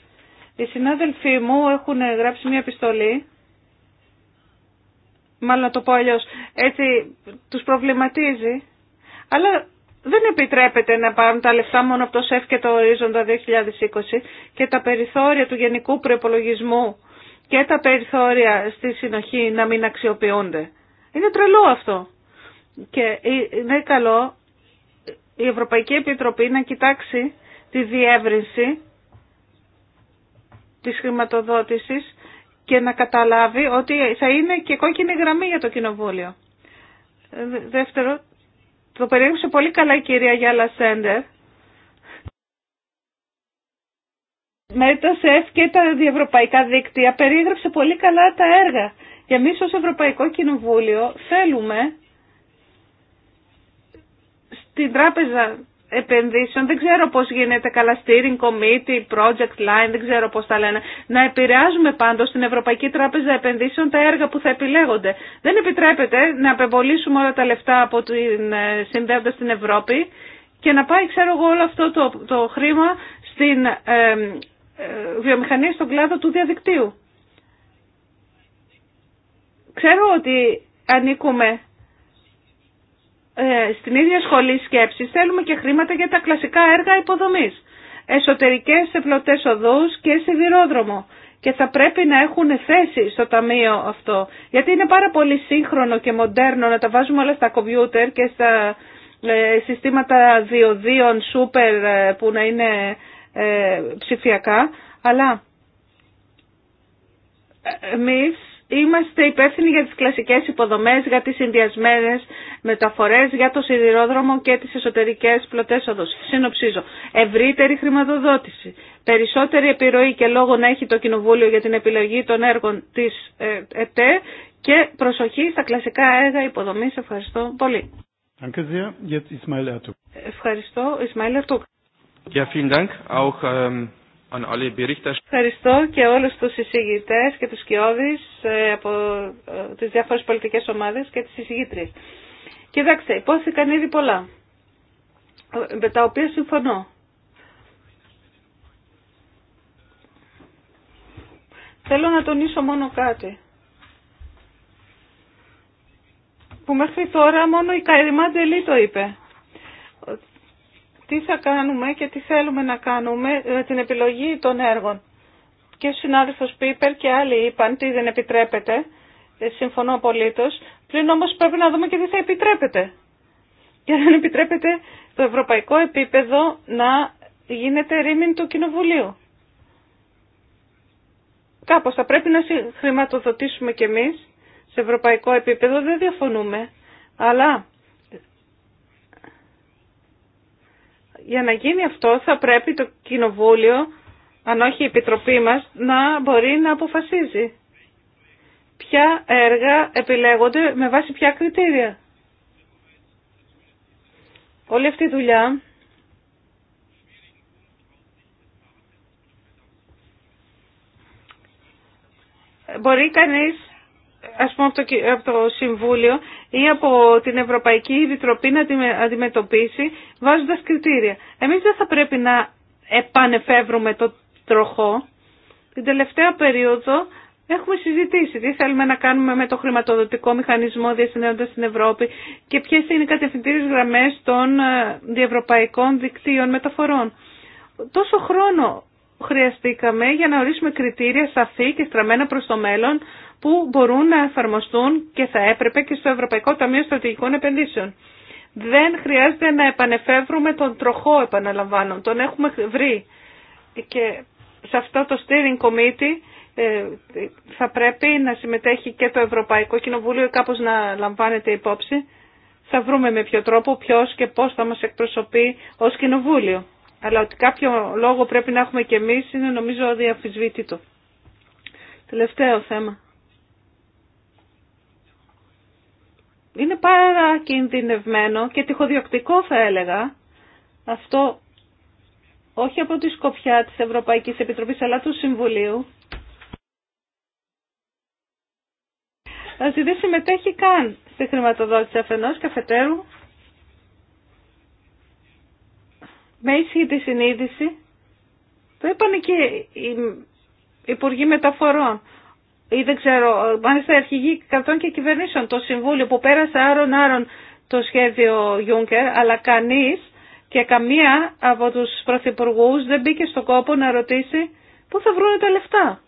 Οι συνάδελφοί μου έχουν γράψει μια επιστολή, μάλλον να το πω αλλιώς, έτσι τους προβληματίζει, αλλά δεν επιτρέπεται να πάρουν τα λεφτά μόνο από το ΣΕΦ και το ορίζοντα 2020 και τα περιθώρια του γενικού προπολογισμού και τα περιθώρια στη συνοχή να μην αξιοποιούνται. Είναι τρελό αυτό. Και είναι καλό η Ευρωπαϊκή Επιτροπή να κοιτάξει τη διεύρυνση της χρηματοδότησης και να καταλάβει ότι θα είναι και κόκκινη γραμμή για το Κοινοβούλιο. Δεύτερο, το περίγραψε πολύ καλά η κυρία Γιάλα Σέντερ. Με το ΣΕΦ και τα διευρωπαϊκά δίκτυα περίγραψε πολύ καλά τα έργα. Και εμείς ως Ευρωπαϊκό Κοινοβούλιο θέλουμε στην τράπεζα επενδύσεων, δεν ξέρω πώς γίνεται καλά steering committee, project line, δεν ξέρω πώς τα λένε, να επηρεάζουμε πάντως στην Ευρωπαϊκή Τράπεζα Επενδύσεων τα έργα που θα επιλέγονται. Δεν επιτρέπεται να απεμβολήσουμε όλα τα λεφτά από την ε, συνδέοντα στην Ευρώπη και να πάει, ξέρω εγώ, όλο αυτό το, το χρήμα στην ε, ε βιομηχανία στον κλάδο του διαδικτύου. Ξέρω ότι ανήκουμε ε, στην ίδια σχολή σκέψης θέλουμε και χρήματα για τα κλασικά έργα υποδομής. Εσωτερικές σε πλωτές οδούς και σε δυρόδρομο Και θα πρέπει να έχουν θέση στο ταμείο αυτό. Γιατί είναι πάρα πολύ σύγχρονο και μοντέρνο να τα βάζουμε όλα στα κομπιούτερ και στα ε, συστήματα διοδίων σούπερ ε, που να είναι ψηφιακά. Αλλά εμείς Είμαστε υπεύθυνοι για τις κλασικές υποδομές, για τις συνδυασμένες μεταφορές, για το σιδηρόδρομο και τις εσωτερικές πλωτές οδούς. Συνοψίζω. Ευρύτερη χρηματοδότηση. Περισσότερη επιρροή και λόγο να έχει το Κοινοβούλιο για την επιλογή των έργων της ε, ΕΤΕ και προσοχή στα κλασικά έργα υποδομής. Ευχαριστώ πολύ. Ευχαριστώ. Ισμαήλ Αρτούκ. Ευχαριστώ και όλους του συζητητέ και τους κοιόδη ε, από ε, τις διάφορες πολιτικές ομάδες και τις εισηγήτριες. Κοιτάξτε, υπόθηκαν ήδη πολλά, ε, με τα οποία συμφωνώ. Θέλω να τονίσω μόνο κάτι. Που μέχρι τώρα μόνο η Καϊρημάντελή το είπε τι θα κάνουμε και τι θέλουμε να κάνουμε με την επιλογή των έργων. Και ο συνάδελφος Πίπερ και άλλοι είπαν τι δεν επιτρέπεται, ε, συμφωνώ απολύτως, Πριν όμως πρέπει να δούμε και τι θα επιτρέπεται. Και δεν επιτρέπεται το ευρωπαϊκό επίπεδο να γίνεται ρήμην του Κοινοβουλίου. Κάπως θα πρέπει να χρηματοδοτήσουμε κι εμείς σε ευρωπαϊκό επίπεδο, δεν διαφωνούμε. Αλλά για να γίνει αυτό θα πρέπει το Κοινοβούλιο, αν όχι η Επιτροπή μας, να μπορεί να αποφασίζει ποια έργα επιλέγονται με βάση ποια κριτήρια. Όλη αυτή η δουλειά μπορεί κανείς, ας πούμε το, από το Συμβούλιο, ή από την Ευρωπαϊκή Επιτροπή να την αντιμετωπίσει βάζοντας κριτήρια. Εμείς δεν θα πρέπει να επανεφεύρουμε το τροχό. Την τελευταία περίοδο έχουμε συζητήσει τι θέλουμε να κάνουμε με το χρηματοδοτικό μηχανισμό διασυνέοντας στην Ευρώπη και ποιες είναι οι κατευθυντήριες γραμμές των ε, διευρωπαϊκών δικτύων μεταφορών. Τόσο χρόνο χρειαστήκαμε για να ορίσουμε κριτήρια σαφή και στραμμένα προς το μέλλον που μπορούν να εφαρμοστούν και θα έπρεπε και στο Ευρωπαϊκό Ταμείο Στρατηγικών Επενδύσεων. Δεν χρειάζεται να επανεφεύρουμε τον τροχό, επαναλαμβάνω. Τον έχουμε βρει και σε αυτό το steering committee ε, θα πρέπει να συμμετέχει και το Ευρωπαϊκό Κοινοβούλιο κάπως να λαμβάνεται υπόψη. Θα βρούμε με ποιο τρόπο, ποιος και πώς θα μας εκπροσωπεί ως Κοινοβούλιο. Αλλά ότι κάποιο λόγο πρέπει να έχουμε και εμείς είναι νομίζω αδιαφυσβήτητο. Τελευταίο θέμα. Είναι πάρα κινδυνευμένο και τυχοδιοκτικό θα έλεγα αυτό όχι από τη σκοπιά της Ευρωπαϊκής Επιτροπής αλλά του Συμβουλίου. ότι δεν συμμετέχει καν στη χρηματοδότηση αφενός καφετέρου με ίσχυτη τη συνείδηση, το είπαν και οι Υπουργοί Μεταφορών ή δεν ξέρω, μάλιστα αρχηγοί κρατών και κυβερνήσεων, το Συμβούλιο που πέρασε άρον-άρον το σχέδιο Juncker, αλλά κανείς και καμία από τους πρωθυπουργού δεν μπήκε στον κόπο να ρωτήσει πού θα βρουν τα λεφτά.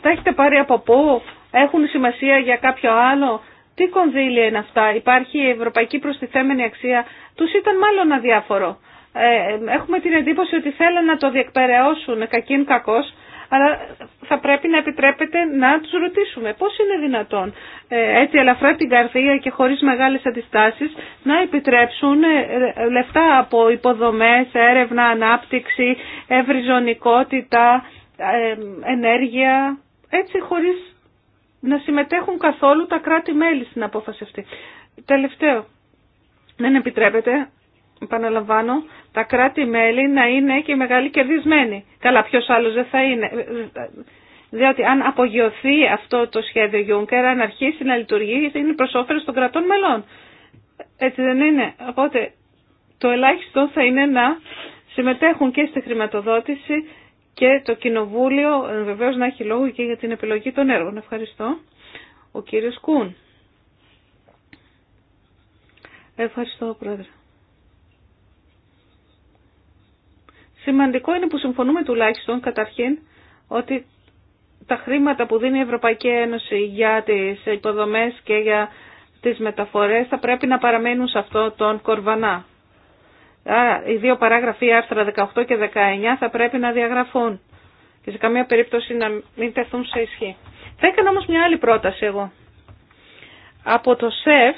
Τα έχετε πάρει από πού, έχουν σημασία για κάποιο άλλο, τι κονδύλια είναι αυτά, υπάρχει η ευρωπαϊκή προστιθέμενη αξία, τους ήταν μάλλον αδιάφορο. Ε, έχουμε την εντύπωση ότι θέλουν να το διεκπαιρεώσουν κακήν κακός, αλλά θα πρέπει να επιτρέπεται να τους ρωτήσουμε πώς είναι δυνατόν ε, έτσι ελαφρά την καρδία και χωρίς μεγάλες αντιστάσεις να επιτρέψουν ε, λεφτά από υποδομές, έρευνα, ανάπτυξη, ευρυζωνικότητα, ενέργεια, έτσι χωρίς να συμμετέχουν καθόλου τα κράτη-μέλη στην απόφαση αυτή. Τελευταίο, δεν επιτρέπεται, επαναλαμβάνω, τα κράτη-μέλη να είναι και οι μεγάλοι κερδισμένοι. Καλά, ποιο άλλο δεν θα είναι. Διότι αν απογειωθεί αυτό το σχέδιο Juncker, αν αρχίσει να λειτουργεί, είναι προ όφελος των κρατών μελών. Έτσι δεν είναι. Οπότε το ελάχιστο θα είναι να συμμετέχουν και στη χρηματοδότηση και το Κοινοβούλιο ε, βεβαίως να έχει λόγο και για την επιλογή των έργων. Ευχαριστώ. Ο κύριος Κούν. Ευχαριστώ, Πρόεδρε. Σημαντικό είναι που συμφωνούμε τουλάχιστον καταρχήν ότι τα χρήματα που δίνει η Ευρωπαϊκή Ένωση για τις υποδομές και για τις μεταφορές θα πρέπει να παραμένουν σε αυτό τον κορβανά. Άρα οι δύο παράγραφοι άρθρα 18 και 19 θα πρέπει να διαγραφούν και σε καμία περίπτωση να μην τεθούν σε ισχύ. Θα έκανα όμως μια άλλη πρόταση εγώ. Από το ΣΕΦ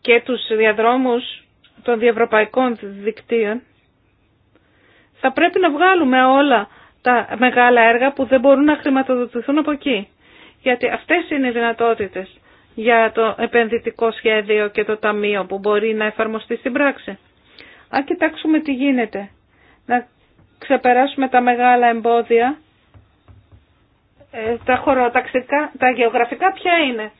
και τους διαδρόμους των διευρωπαϊκών δικτύων θα πρέπει να βγάλουμε όλα τα μεγάλα έργα που δεν μπορούν να χρηματοδοτηθούν από εκεί. Γιατί αυτές είναι οι δυνατότητες για το επενδυτικό σχέδιο και το ταμείο που μπορεί να εφαρμοστεί στην πράξη. Αν κοιτάξουμε τι γίνεται, να ξεπεράσουμε τα μεγάλα εμπόδια, ε, τα χωροταξικά, τα γεωγραφικά ποια είναι.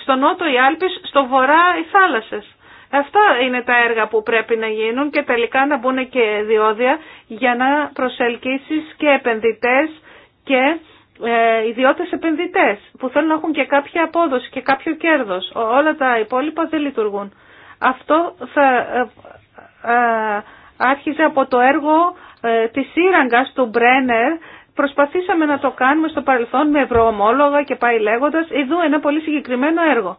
Στο νότο οι Άλπεις, στο βορρά οι θάλασσες. Αυτά είναι τα έργα που πρέπει να γίνουν και τελικά να μπουν και διόδια για να προσελκύσεις και επενδυτές και ε, ιδιώτες επενδυτές που θέλουν να έχουν και κάποια απόδοση και κάποιο κέρδος. Όλα τα υπόλοιπα δεν λειτουργούν. Αυτό θα ε, ε, άρχιζε από το έργο ε, της σύραγγας του Μπρένερ. Προσπαθήσαμε να το κάνουμε στο παρελθόν με ευρωομόλογα και πάει λέγοντας ειδού ένα πολύ συγκεκριμένο έργο».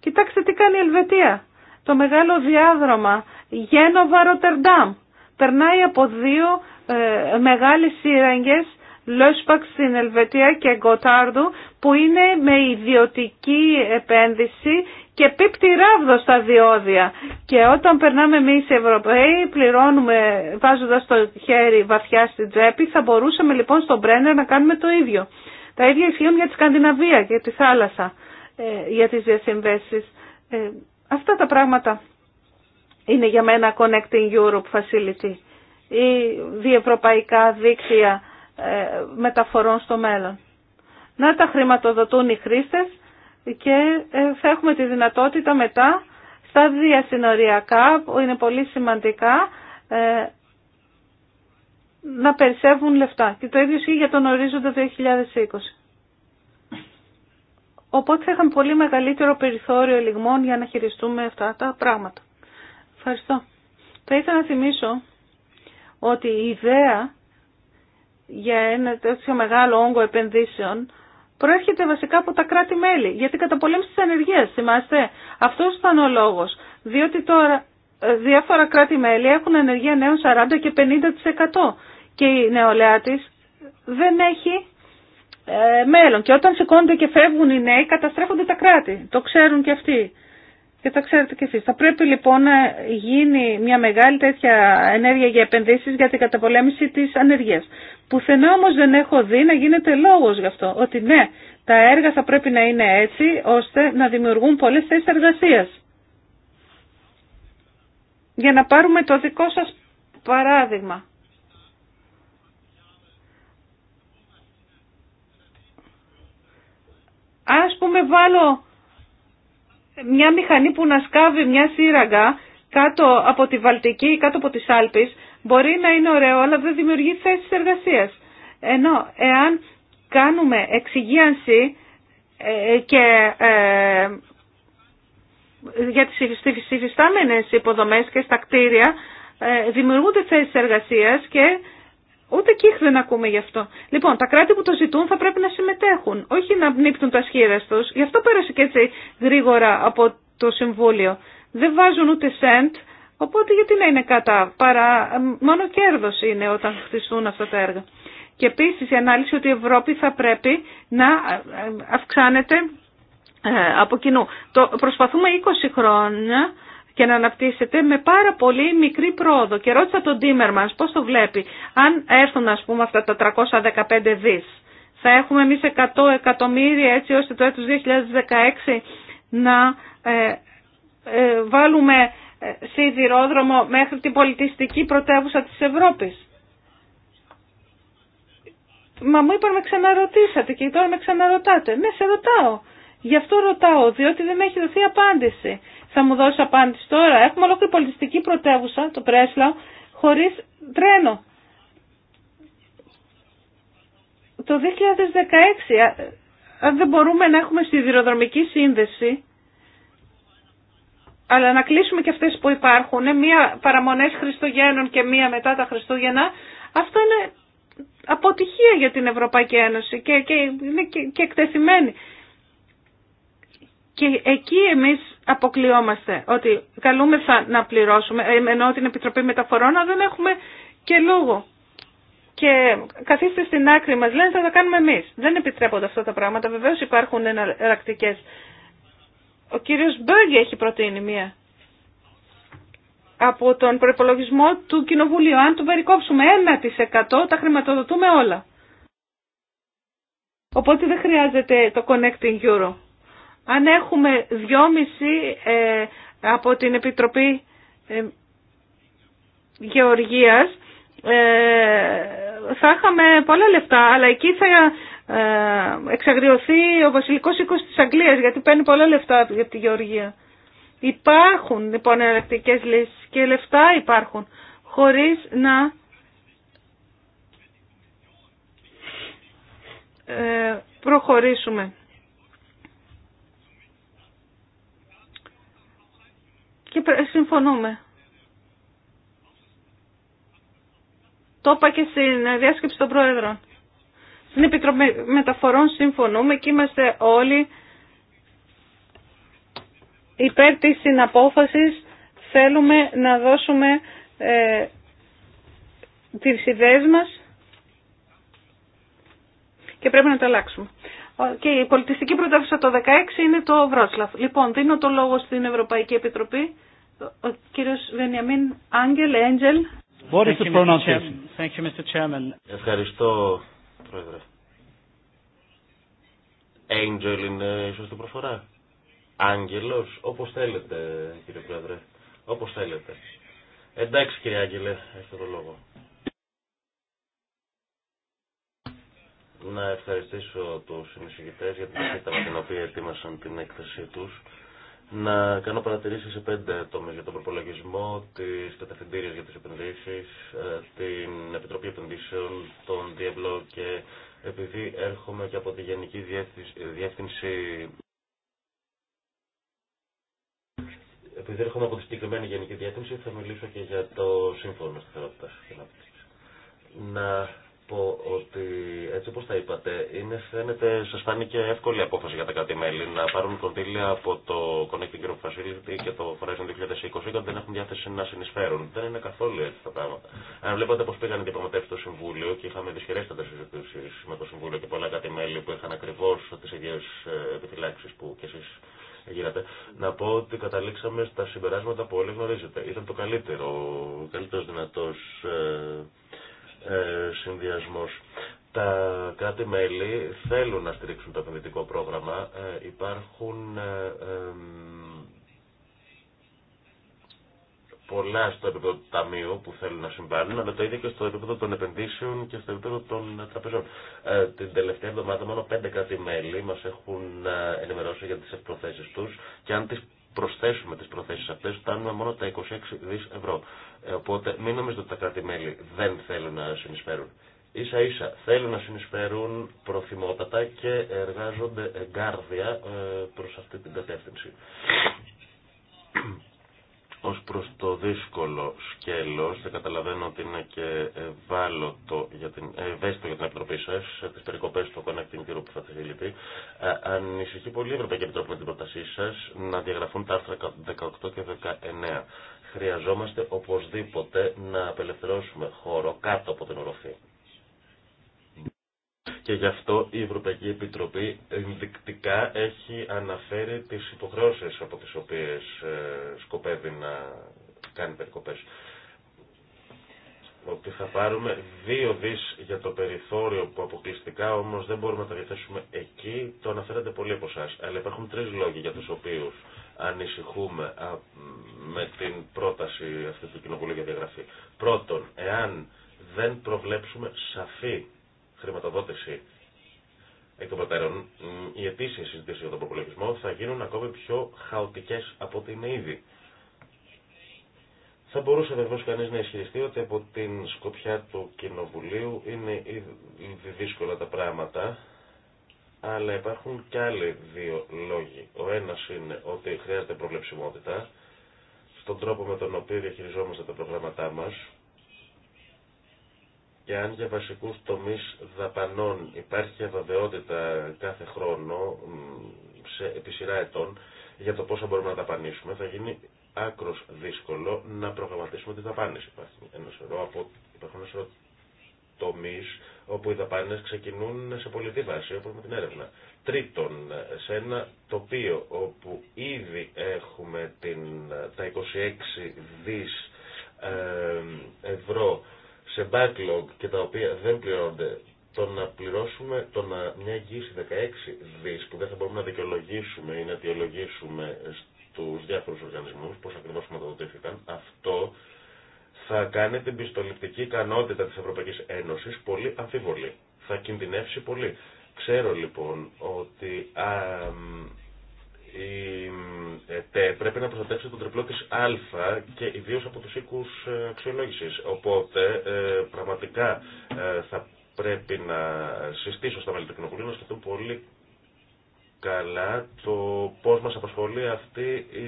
Κοιτάξτε τι κάνει η Ελβετία. Το μεγάλο διάδρομα Γένοβα-Ροτερντάμ περνάει από δύο ε, μεγάλες σύραγγες Λόσπαξ στην Ελβετία και Γκοτάρδου που είναι με ιδιωτική επένδυση και πίπτει ράβδο στα διόδια. Και όταν περνάμε εμεί οι Ευρωπαίοι, πληρώνουμε βάζοντα το χέρι βαθιά στην τσέπη, θα μπορούσαμε λοιπόν στον Μπρένερ να κάνουμε το ίδιο. Τα ίδια ισχύουν για τη Σκανδιναβία και τη θάλασσα ε, για τις διασυμβέσεις. Ε, αυτά τα πράγματα είναι για μένα Connecting Europe Facility ή διευρωπαϊκά δίκτυα ε, μεταφορών στο μέλλον να τα χρηματοδοτούν οι χρήστες και ε, θα έχουμε τη δυνατότητα μετά στα διασυνοριακά που είναι πολύ σημαντικά ε, να περισσεύουν λεφτά. Και το ίδιο ισχύει για τον ορίζοντα 2020. Οπότε θα είχαμε πολύ μεγαλύτερο περιθώριο λιγμών για να χειριστούμε αυτά τα πράγματα. Ευχαριστώ. Θα ήθελα να θυμίσω ότι η ιδέα για ένα τέτοιο μεγάλο όγκο επενδύσεων προέρχεται βασικά από τα κράτη-μέλη. Γιατί καταπολέμηση τη ανεργίας, θυμάστε, αυτός ήταν ο λόγος. Διότι τώρα ε, διάφορα κράτη-μέλη έχουν ανεργία νέων 40 και 50% και η νεολαία τη δεν έχει ε, μέλλον. Και όταν σηκώνονται και φεύγουν οι νέοι, καταστρέφονται τα κράτη. Το ξέρουν και αυτοί. Και τα ξέρετε κι εσείς. Θα πρέπει λοιπόν να γίνει μια μεγάλη τέτοια ενέργεια για επενδύσεις για την καταπολέμηση της ανεργίας. Πουθενά όμως δεν έχω δει να γίνεται λόγος γι' αυτό. Ότι ναι, τα έργα θα πρέπει να είναι έτσι ώστε να δημιουργούν πολλές θέσεις εργασίας. Για να πάρουμε το δικό σας παράδειγμα. Ας πούμε βάλω μια μηχανή που να σκάβει μια σύραγγα κάτω από τη Βαλτική ή κάτω από τις Άλπεις μπορεί να είναι ωραίο αλλά δεν δημιουργεί θέσεις εργασίας. Ενώ εάν κάνουμε εξυγίανση ε, και ε, για τις υφιστάμενες υποδομές και στα κτίρια ε, δημιουργούνται θέσεις εργασίας και Ούτε κύχ δεν ακούμε γι' αυτό. Λοιπόν, τα κράτη που το ζητούν θα πρέπει να συμμετέχουν, όχι να πνίπτουν τα σχήρα του. Γι' αυτό πέρασε και έτσι γρήγορα από το Συμβούλιο. Δεν βάζουν ούτε σεντ, οπότε γιατί να είναι κατά. Παρά, μόνο κέρδο είναι όταν χτιστούν αυτά τα έργα. Και επίση η ανάλυση ότι η Ευρώπη θα πρέπει να ε, αυξάνεται ε, από κοινού. Το προσπαθούμε 20 χρόνια και να αναπτύσσεται με πάρα πολύ μικρή πρόοδο. Και ρώτησα τον μας πώς το βλέπει. Αν έρθουν ας πούμε αυτά τα 315 δις, θα έχουμε εμείς 100 εκατομμύρια έτσι ώστε το έτος 2016 να ε, ε, βάλουμε ε, σιδηρόδρομο μέχρι την πολιτιστική πρωτεύουσα της Ευρώπης. Μα μου είπαν με ξαναρωτήσατε και τώρα με ξαναρωτάτε. Ναι, σε ρωτάω. Γι' αυτό ρωτάω, διότι δεν με έχει δοθεί απάντηση θα μου δώσει απάντηση τώρα. Έχουμε ολόκληρη πολιτιστική πρωτεύουσα, το Πρέσλαο, χωρίς τρένο. Το 2016, αν δεν μπορούμε να έχουμε σιδηροδρομική σύνδεση, αλλά να κλείσουμε και αυτές που υπάρχουν, μία παραμονές Χριστουγέννων και μία μετά τα Χριστούγεννα, αυτό είναι αποτυχία για την Ευρωπαϊκή Ένωση και, και είναι και, και εκτεθειμένη. Και εκεί εμείς αποκλειόμαστε ότι καλούμεθα να πληρώσουμε, ε, ενώ την Επιτροπή Μεταφορών δεν έχουμε και λόγο. Και καθίστε στην άκρη μας, λένε θα τα κάνουμε εμείς. Δεν επιτρέπονται αυτά τα πράγματα, βεβαίως υπάρχουν εναλλακτικέ. Ο κύριος Μπέργκ έχει προτείνει μία από τον προπολογισμό του Κοινοβουλίου. Αν του περικόψουμε 1% τα χρηματοδοτούμε όλα. Οπότε δεν χρειάζεται το Connecting Euro. Αν έχουμε δυόμιση ε, από την Επιτροπή ε, Γεωργίας, ε, θα είχαμε πολλά λεφτά, αλλά εκεί θα εξαγριωθεί ο βασιλικός οίκος της Αγγλίας, γιατί παίρνει πολλά λεφτά για τη Γεωργία. Υπάρχουν λοιπόν λες λύσεις και λεφτά υπάρχουν, χωρίς να... προχωρήσουμε. και συμφωνούμε. Το είπα και στην διάσκεψη των Πρόεδρων. Στην Επιτροπή Μεταφορών συμφωνούμε και είμαστε όλοι υπέρ της συναπόφασης θέλουμε να δώσουμε ε, τις ιδέες μας και πρέπει να τα αλλάξουμε. Και η πολιτιστική πρωτεύουσα το 16 είναι το Βρόσλαφ Λοιπόν, δίνω το λόγο στην Ευρωπαϊκή Επιτροπή. Ο κύριος Βενιαμίν Άγγελ, Έγγελ. Ευχαριστώ, Πρόεδρε. Angel είναι η σωστή προφορά. Άγγελος, όπως θέλετε, κύριε Πρόεδρε. Όπως θέλετε. Εντάξει, κύριε Άγγελε, έχετε το λόγο. Να ευχαριστήσω τους συνεισηγητές για την ταχύτητα με την οποία ετοίμασαν την έκθεσή τους να κάνω παρατηρήσεις σε πέντε τομεί για τον προπολογισμό, τις κατευθυντήριε για τις επενδύσεις, ε, την Επιτροπή Επενδύσεων, τον Διευλό και επειδή έρχομαι και από τη Γενική Διεύθυνση επειδή έρχομαι από τη συγκεκριμένη Γενική Διεύθυνση θα μιλήσω και για το Σύμφωνο Σταθερότητας και Να πω ότι έτσι όπως τα είπατε, είναι, φαίνεται, σας φάνηκε εύκολη απόφαση για τα κράτη-μέλη να πάρουν κονδύλια από το Connecting Group Facility και το Horizon 2020 όταν δεν έχουν διάθεση να συνεισφέρουν. Δεν είναι καθόλου έτσι τα πράγματα. Αν βλέπατε πώς πήγαν οι διαπραγματεύσεις στο Συμβούλιο και είχαμε δυσχερέστατες συζητήσεις με το Συμβούλιο και πολλά κράτη-μέλη που είχαν ακριβώ τι ίδιες ε, επιφυλάξεις που κι εσείς Γίνεται. Να πω ότι καταλήξαμε στα συμπεράσματα που όλοι γνωρίζετε. Ήταν το καλύτερο, ο καλύτερος δυνατός ε, ε, συνδυασμός. Τα κράτη-μέλη θέλουν να στηρίξουν το επενδυτικό πρόγραμμα. Ε, υπάρχουν ε, πολλά στο επίπεδο του Ταμείου που θέλουν να συμβάλλουν, αλλά το ίδιο και στο επίπεδο των επενδύσεων και στο επίπεδο των τραπεζών. Ε, την τελευταία εβδομάδα μόνο πέντε κράτη-μέλη μα έχουν ενημερώσει για τι εκπροθέσεις του και αν τις προσθέσουμε τις προθέσεις αυτές φτάνουμε μόνο τα 26 δις ευρώ. Ε, οπότε μην νομίζετε ότι τα κράτη-μέλη δεν θέλουν να συνεισφέρουν. Ίσα ίσα θέλουν να συνεισφέρουν προθυμότατα και εργάζονται εγκάρδια ε, προς αυτή την κατεύθυνση. Ως προς το δύσκολο σκέλος, δεν καταλαβαίνω ότι είναι και ευάλωτο για την, ε, ευαίσθητο για την Επιτροπή σας, ε, τις περικοπές του Connecting Europe που θα θελείτε. Ε, ανησυχεί πολύ η Ευρωπαϊκή Επιτροπή με την πρότασή σας να διαγραφούν τα άρθρα 18 και 19. Χρειαζόμαστε οπωσδήποτε να απελευθερώσουμε χώρο κάτω από την οροφή και γι' αυτό η Ευρωπαϊκή Επιτροπή ενδεικτικά έχει αναφέρει τις υποχρεώσεις από τις οποίες ε, σκοπεύει να κάνει περικοπές. Ότι θα πάρουμε δύο δις για το περιθώριο που αποκλειστικά όμως δεν μπορούμε να τα διαθέσουμε εκεί, το αναφέρατε πολύ από εσά. Αλλά υπάρχουν τρεις λόγοι για τους οποίους ανησυχούμε με την πρόταση αυτή του κοινοβουλίου για διαγραφή. Πρώτον, εάν δεν προβλέψουμε σαφή χρηματοδότηση εκ των προτέρων, οι αιτήσει συζητήσει για τον προπολογισμό θα γίνουν ακόμη πιο χαοτικέ από ό,τι είναι ήδη. Θα μπορούσε βεβαίω κανεί να ισχυριστεί ότι από την σκοπιά του Κοινοβουλίου είναι ήδη δύσκολα τα πράγματα, αλλά υπάρχουν και άλλοι δύο λόγοι. Ο ένα είναι ότι χρειάζεται προβλεψιμότητα στον τρόπο με τον οποίο διαχειριζόμαστε τα προγράμματά μα και αν για βασικούς τομείς δαπανών υπάρχει αβεβαιότητα κάθε χρόνο σε επί σειρά ετών για το πόσα μπορούμε να δαπανίσουμε, θα γίνει άκρος δύσκολο να προγραμματίσουμε τη δαπάνες. Υπάρχει ένα σωρό από, υπάρχουν ένα σωρό τομείς όπου οι δαπάνες ξεκινούν σε πολιτή βάση, όπως με την έρευνα. Τρίτον, σε ένα τοπίο όπου ήδη έχουμε την, τα 26 δις ε, ευρώ σε backlog και τα οποία δεν πληρώνονται, το να πληρώσουμε το να, μια εγγύηση 16 δις που δεν θα μπορούμε να δικαιολογήσουμε ή να αιτιολογήσουμε στους διάφορους οργανισμούς, πώς ακριβώς χρηματοδοτήθηκαν, αυτό θα κάνει την πιστοληπτική ικανότητα της Ευρωπαϊκής Ένωσης πολύ αμφίβολη. Θα κινδυνεύσει πολύ. Ξέρω λοιπόν ότι α, η ΕΤΕ πρέπει να προστατεύσει τον τριπλό της Α και ιδίως από τους οίκους ε, αξιολόγησης. Οπότε ε, πραγματικά ε, θα πρέπει να συστήσω στα μέλη του να σκεφτούν πολύ καλά το πώς μας απασχολεί αυτή η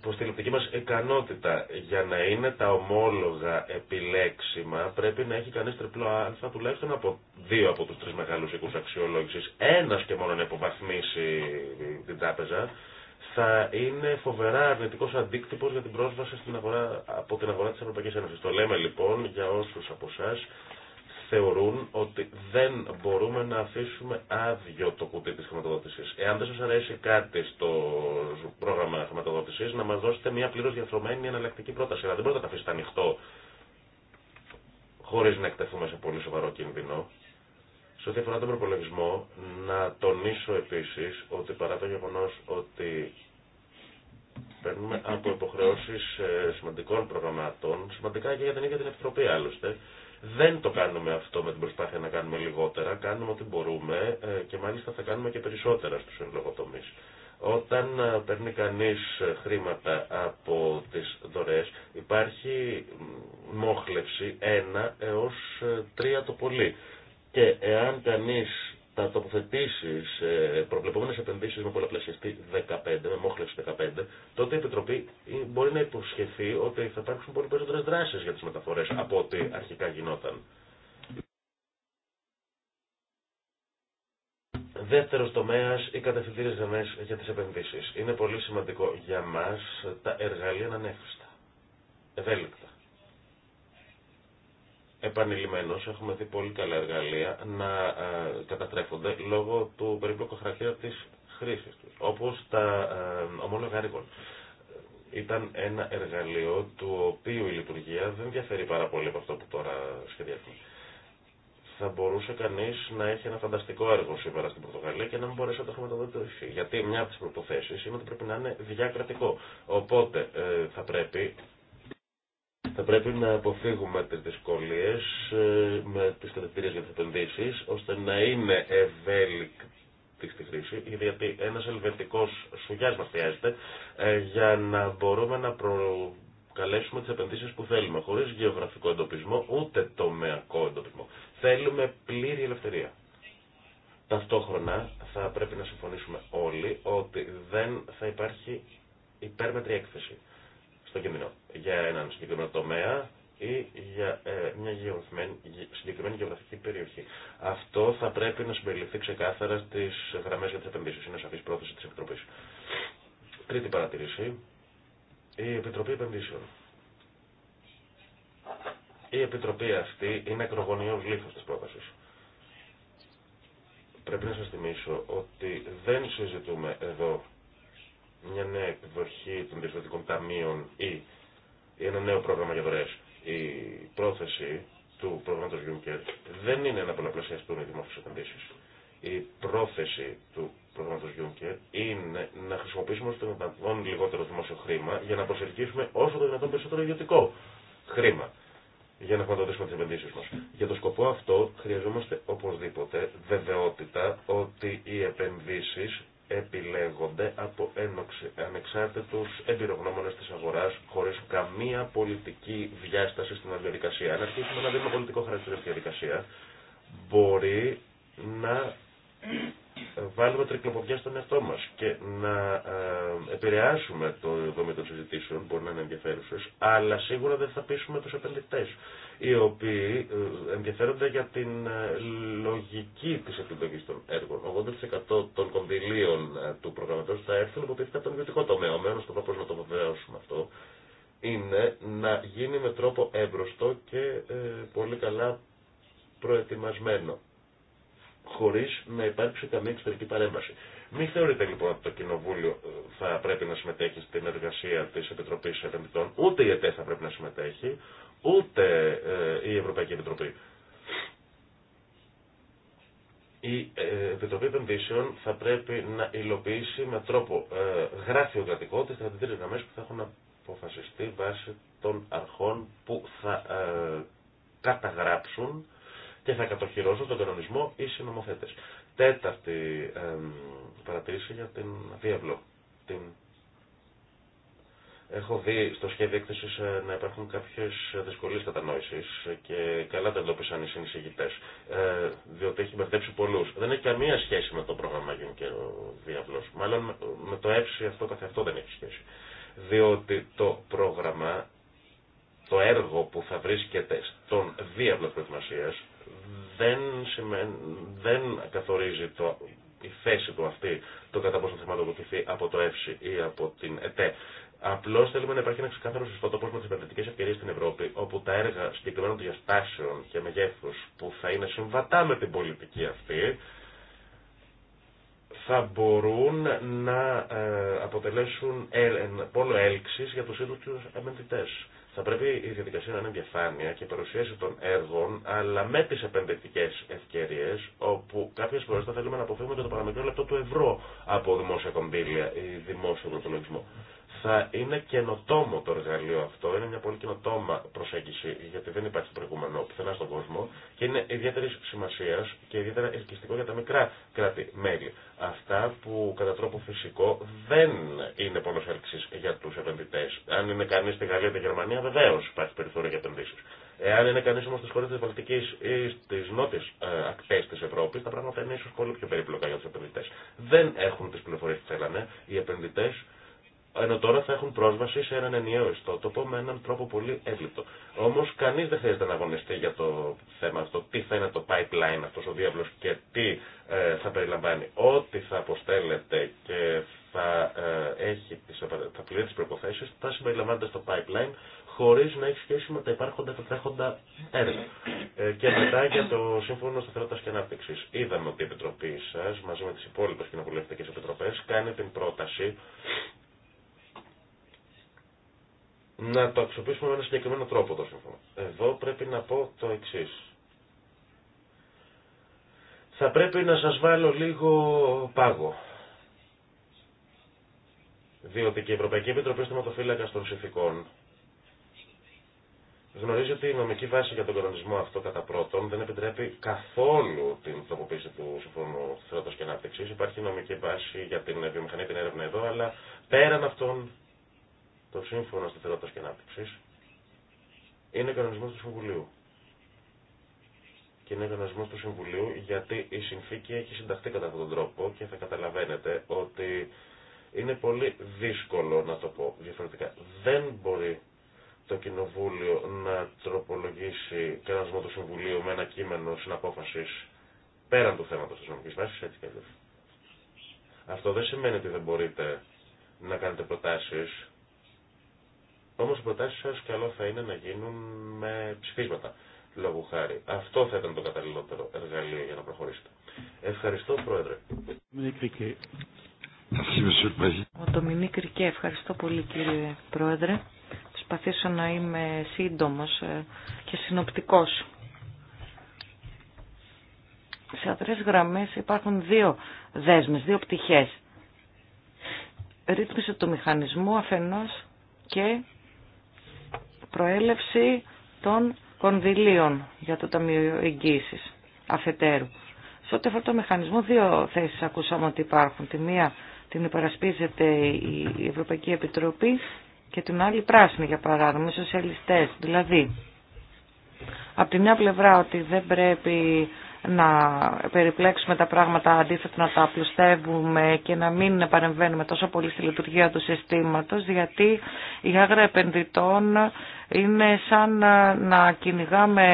πως την οπτική μας ικανότητα για να είναι τα ομόλογα επιλέξιμα πρέπει να έχει κανείς τριπλό α τουλάχιστον από δύο από τους τρεις μεγάλους οίκους αξιολόγησης. Ένας και μόνο να υποβαθμίσει την τράπεζα θα είναι φοβερά αρνητικό αντίκτυπο για την πρόσβαση στην αγορά, από την αγορά τη ΕΕ. Το λέμε λοιπόν για όσου από εσά θεωρούν ότι δεν μπορούμε να αφήσουμε άδειο το κουτί της χρηματοδότησης. Εάν δεν σας αρέσει κάτι στο πρόγραμμα χρηματοδότησης, να μας δώσετε μια πλήρως διαφρωμένη εναλλακτική πρόταση. Αλλά δεν μπορείτε να τα αφήσετε ανοιχτό, χωρίς να εκτεθούμε σε πολύ σοβαρό κίνδυνο. Σε ό,τι αφορά τον προπολογισμό, να τονίσω επίσης ότι παρά το γεγονό ότι παίρνουμε από υποχρεώσει ε, σημαντικών προγραμμάτων, σημαντικά και για την ίδια την Επιτροπή άλλωστε, δεν το κάνουμε αυτό με την προσπάθεια να κάνουμε λιγότερα, κάνουμε ό,τι μπορούμε ε, και μάλιστα θα κάνουμε και περισσότερα στους ευλογοτομείς. Όταν ε, παίρνει κανείς ε, χρήματα από τις δωρεές υπάρχει μόχλευση 1 έως 3 το πολύ. Και εάν κανείς τα τοποθετήσει ε, προβλεπόμενες προβλεπόμενε επενδύσει με πολλαπλασιαστή 15, με μόχλευση 15, τότε η Επιτροπή μπορεί να υποσχεθεί ότι θα υπάρξουν πολύ περισσότερε δράσει για τι μεταφορέ από ό,τι αρχικά γινόταν. Δεύτερο τομέα, οι κατευθυντήριε γραμμέ για τι επενδύσει. Είναι πολύ σημαντικό για μα τα εργαλεία να είναι ευέλικτα επανειλημμένω έχουμε δει πολύ καλά εργαλεία να ε, κατατρέφονται λόγω του περίπλοκου χαρακτήρα τη χρήση του. Όπω τα ε, ομόλογα ρήγων. Ήταν ένα εργαλείο του οποίου η λειτουργία δεν διαφέρει πάρα πολύ από αυτό που τώρα σχεδιάζουμε. Θα μπορούσε κανεί να έχει ένα φανταστικό έργο σήμερα στην Πορτογαλία και να μην μπορέσει να το χρηματοδοτήσει. Γιατί μια από τι προποθέσει είναι ότι πρέπει να είναι διακρατικό. Οπότε ε, θα πρέπει θα πρέπει να αποφύγουμε τις δυσκολίες ε, με τις κατευθυντήρες για τις επενδύσεις, ώστε να είναι ευέλικτη στη χρήση, γιατί ένας ελβετικός σουγιάς μας χρειάζεται, ε, για να μπορούμε να προκαλέσουμε τις επενδύσεις που θέλουμε, χωρίς γεωγραφικό εντοπισμό, ούτε τομεακό εντοπισμό. Θέλουμε πλήρη ελευθερία. Ταυτόχρονα θα πρέπει να συμφωνήσουμε όλοι ότι δεν θα υπάρχει υπέρμετρη έκθεση στο κείμενο για έναν συγκεκριμένο τομέα ή για ε, μια συγκεκριμένη γεωγραφική περιοχή. Αυτό θα πρέπει να συμπεριληφθεί ξεκάθαρα στι γραμμέ για τι επενδύσει. Είναι σαφή πρόθεση τη Επιτροπή. Τρίτη παρατηρήση. Η Επιτροπή Επενδύσεων. Η Επιτροπή αυτή είναι ακρογωνιαίο λίθο τη πρόταση. Πρέπει να σα θυμίσω ότι δεν συζητούμε εδώ μια νέα εκδοχή των διευθυντικών ταμείων ή ένα νέο πρόγραμμα για δωρεές. Η πρόθεση του προγράμματος Juncker δεν είναι να πολλαπλασιαστούν οι δημόσιες επενδύσεις. Η πρόθεση του προγράμματος Juncker είναι να χρησιμοποιήσουμε όσο το δυνατόν λιγότερο δημόσιο χρήμα για να προσελκύσουμε όσο το δυνατόν περισσότερο ιδιωτικό χρήμα για να χρηματοδοτήσουμε τι επενδύσεις μας. Για το σκοπό αυτό χρειαζόμαστε οπωσδήποτε βεβαιότητα ότι οι επενδύσει επιλέγονται από ένοξη, ανεξάρτητους εμπειρογνώμονες της αγοράς χωρίς καμία πολιτική διάσταση στην διαδικασία. Αν αρχίσουμε να δίνουμε πολιτικό χαρακτήρα στη διαδικασία, μπορεί να ε, βάλουμε τρικλοποδιά στον εαυτό μα και να ε, επηρεάσουμε το δομή των συζητήσεων, μπορεί να είναι ενδιαφέρουσε, αλλά σίγουρα δεν θα πείσουμε του επενδυτέ, οι οποίοι ε, ενδιαφέρονται για την λογική τη επιλογή των έργων. 80% των κονδυλίων του προγραμματό θα έρθουν υποτίθεται από τον ιδιωτικό τομέα. Ο μόνος τρόπο να το βεβαιώσουμε αυτό είναι να γίνει με τρόπο έμπροστο και πολύ καλά προετοιμασμένο χωρί να υπάρξει καμία εξωτερική παρέμβαση. Μην θεωρείτε λοιπόν ότι το Κοινοβούλιο ε, θα πρέπει να συμμετέχει στην εργασία τη Επιτροπή Επενδυτών, ούτε η ΕΤΕ θα πρέπει να συμμετέχει, ούτε ε, η Ευρωπαϊκή Επιτροπή. Η ε, Επιτροπή Επενδύσεων θα πρέπει να υλοποιήσει με τρόπο γράφειο κρατικό τι στρατηγικέ γραμμέ που θα έχουν αποφασιστεί βάσει των αρχών που θα καταγράψουν και θα κατοχυρώσουν τον κανονισμό οι συνομοθέτες. Τέταρτη παρατήρηση για την διαβλό. Την... Έχω δει στο σχέδιο έκθεση ε, να υπάρχουν κάποιε δυσκολίε κατανόηση και καλά τα εντόπισαν οι συνεισηγητέ, ε, διότι έχει μπερδέψει πολλού. Δεν έχει καμία σχέση με το πρόγραμμα και ο διαβλός. Μάλλον με το έψη αυτό καθεαυτό δεν έχει σχέση. Διότι το πρόγραμμα το έργο που θα βρίσκεται στον διάβλο προετοιμασία δεν, δεν καθορίζει το, η θέση του αυτή το κατά πόσο θα χρηματοδοτηθεί από το ΕΦΣΙ ή από την ΕΤΕ. Απλώ θέλουμε να υπάρχει ένα ξεκάθαρο ιστότοπο με τι επενδυτικέ ευκαιρίε στην Ευρώπη, όπου τα έργα συγκεκριμένων διαστάσεων και μεγέθου που θα είναι συμβατά με την πολιτική αυτή, θα μπορούν να ε, αποτελέσουν πόλο έλξη για του ίδιου του επενδυτέ. Θα πρέπει η διαδικασία να είναι διαφάνεια και παρουσίαση των έργων, αλλά με τι επενδυτικέ ευκαιρίε, όπου κάποιε φορέ θα θέλουμε να αποφύγουμε και το παραμικρό λεπτό του ευρώ από δημόσια κονδύλια ή δημόσιο προπολογισμό θα είναι καινοτόμο το εργαλείο αυτό. Είναι μια πολύ καινοτόμα προσέγγιση, γιατί δεν υπάρχει προηγούμενο πουθενά στον κόσμο και είναι ιδιαίτερη σημασία και ιδιαίτερα ελκυστικό για τα μικρά κράτη-μέλη. Αυτά που κατά τρόπο φυσικό δεν είναι έλξη για του επενδυτέ. Αν είναι κανεί στη Γαλλία ή τη Γερμανία, βεβαίω υπάρχει περιθώριο για επενδύσει. Εάν είναι κανεί όμω στι χώρε τη Βαλτική ή στι νότιε ε, ακτέ τη Ευρώπη, τα πράγματα είναι ίσω πολύ πιο περίπλοκα για του επενδυτέ. Δεν έχουν τι πληροφορίε που θέλανε. Οι επενδυτέ ενώ τώρα θα έχουν πρόσβαση σε έναν ενιαίο ιστότοπο με έναν τρόπο πολύ εύληπτο. Όμω κανεί δεν χρειάζεται να αγωνιστεί για το θέμα αυτό, τι θα είναι το pipeline αυτό ο διάβλο και τι ε, θα περιλαμβάνει. Ό,τι θα αποστέλλεται και θα, ε, έχει, τις πληρεί τι προποθέσει θα συμπεριλαμβάνεται στο pipeline χωρί να έχει σχέση με τα υπάρχοντα και τρέχοντα έργα. Ε, και μετά για το Σύμφωνο Σταθερότητα και Ανάπτυξη. Είδαμε ότι η Επιτροπή σα, μαζί με τι υπόλοιπε κοινοβουλευτικέ επιτροπέ, κάνει την πρόταση να το αξιοποιήσουμε με ένα συγκεκριμένο τρόπο το σύμφωνο. Εδώ πρέπει να πω το εξή. Θα πρέπει να σας βάλω λίγο πάγο. Διότι και η Ευρωπαϊκή Επιτροπή Στοματοφύλακας των Συνθηκών γνωρίζει ότι η νομική βάση για τον κανονισμό αυτό κατά πρώτον δεν επιτρέπει καθόλου την τροποποίηση του Συμφώνου Θεώτος και Ανάπτυξης. Υπάρχει νομική βάση για την βιομηχανία την έρευνα εδώ, αλλά πέραν αυτών το Σύμφωνο σταθερότητα και ανάπτυξη είναι κανονισμό του Συμβουλίου. Και είναι κανονισμό του Συμβουλίου γιατί η συνθήκη έχει συνταχθεί κατά αυτόν τον τρόπο και θα καταλαβαίνετε ότι είναι πολύ δύσκολο να το πω διαφορετικά. Δεν μπορεί το Κοινοβούλιο να τροπολογήσει κανονισμό του Συμβουλίου με ένα κείμενο συναπόφαση πέραν του θέματος τη νομική βάσης, έτσι και Αυτό δεν σημαίνει ότι δεν μπορείτε να κάνετε προτάσεις Όμω οι προτάσεις σας καλό θα είναι να γίνουν με ψηφίσματα λόγου χάρη. Αυτό θα ήταν το καταλληλότερο εργαλείο για να προχωρήσετε. Ευχαριστώ, Πρόεδρε. Ο Ντομινί Κρικέ, ευχαριστώ πολύ κύριε Πρόεδρε. Προσπαθήσω να είμαι σύντομος ε, και συνοπτικός. Σε αδρές γραμμές υπάρχουν δύο δέσμες, δύο πτυχές. Ρύθμιση του μηχανισμού αφενός και προέλευση των κονδυλίων για το Ταμείο Εγγύησης αφετέρου. Σε ό,τι αφορά το μηχανισμό, δύο θέσεις ακούσαμε ότι υπάρχουν. Τη μία την υπερασπίζεται η Ευρωπαϊκή Επιτροπή και την άλλη πράσινη, για παράδειγμα, οι σοσιαλιστές. Δηλαδή, από τη μια πλευρά ότι δεν πρέπει να περιπλέξουμε τα πράγματα αντίθετα να τα απλουστεύουμε και να μην παρεμβαίνουμε τόσο πολύ στη λειτουργία του συστήματος γιατί η άγρα επενδυτών είναι σαν να κυνηγάμε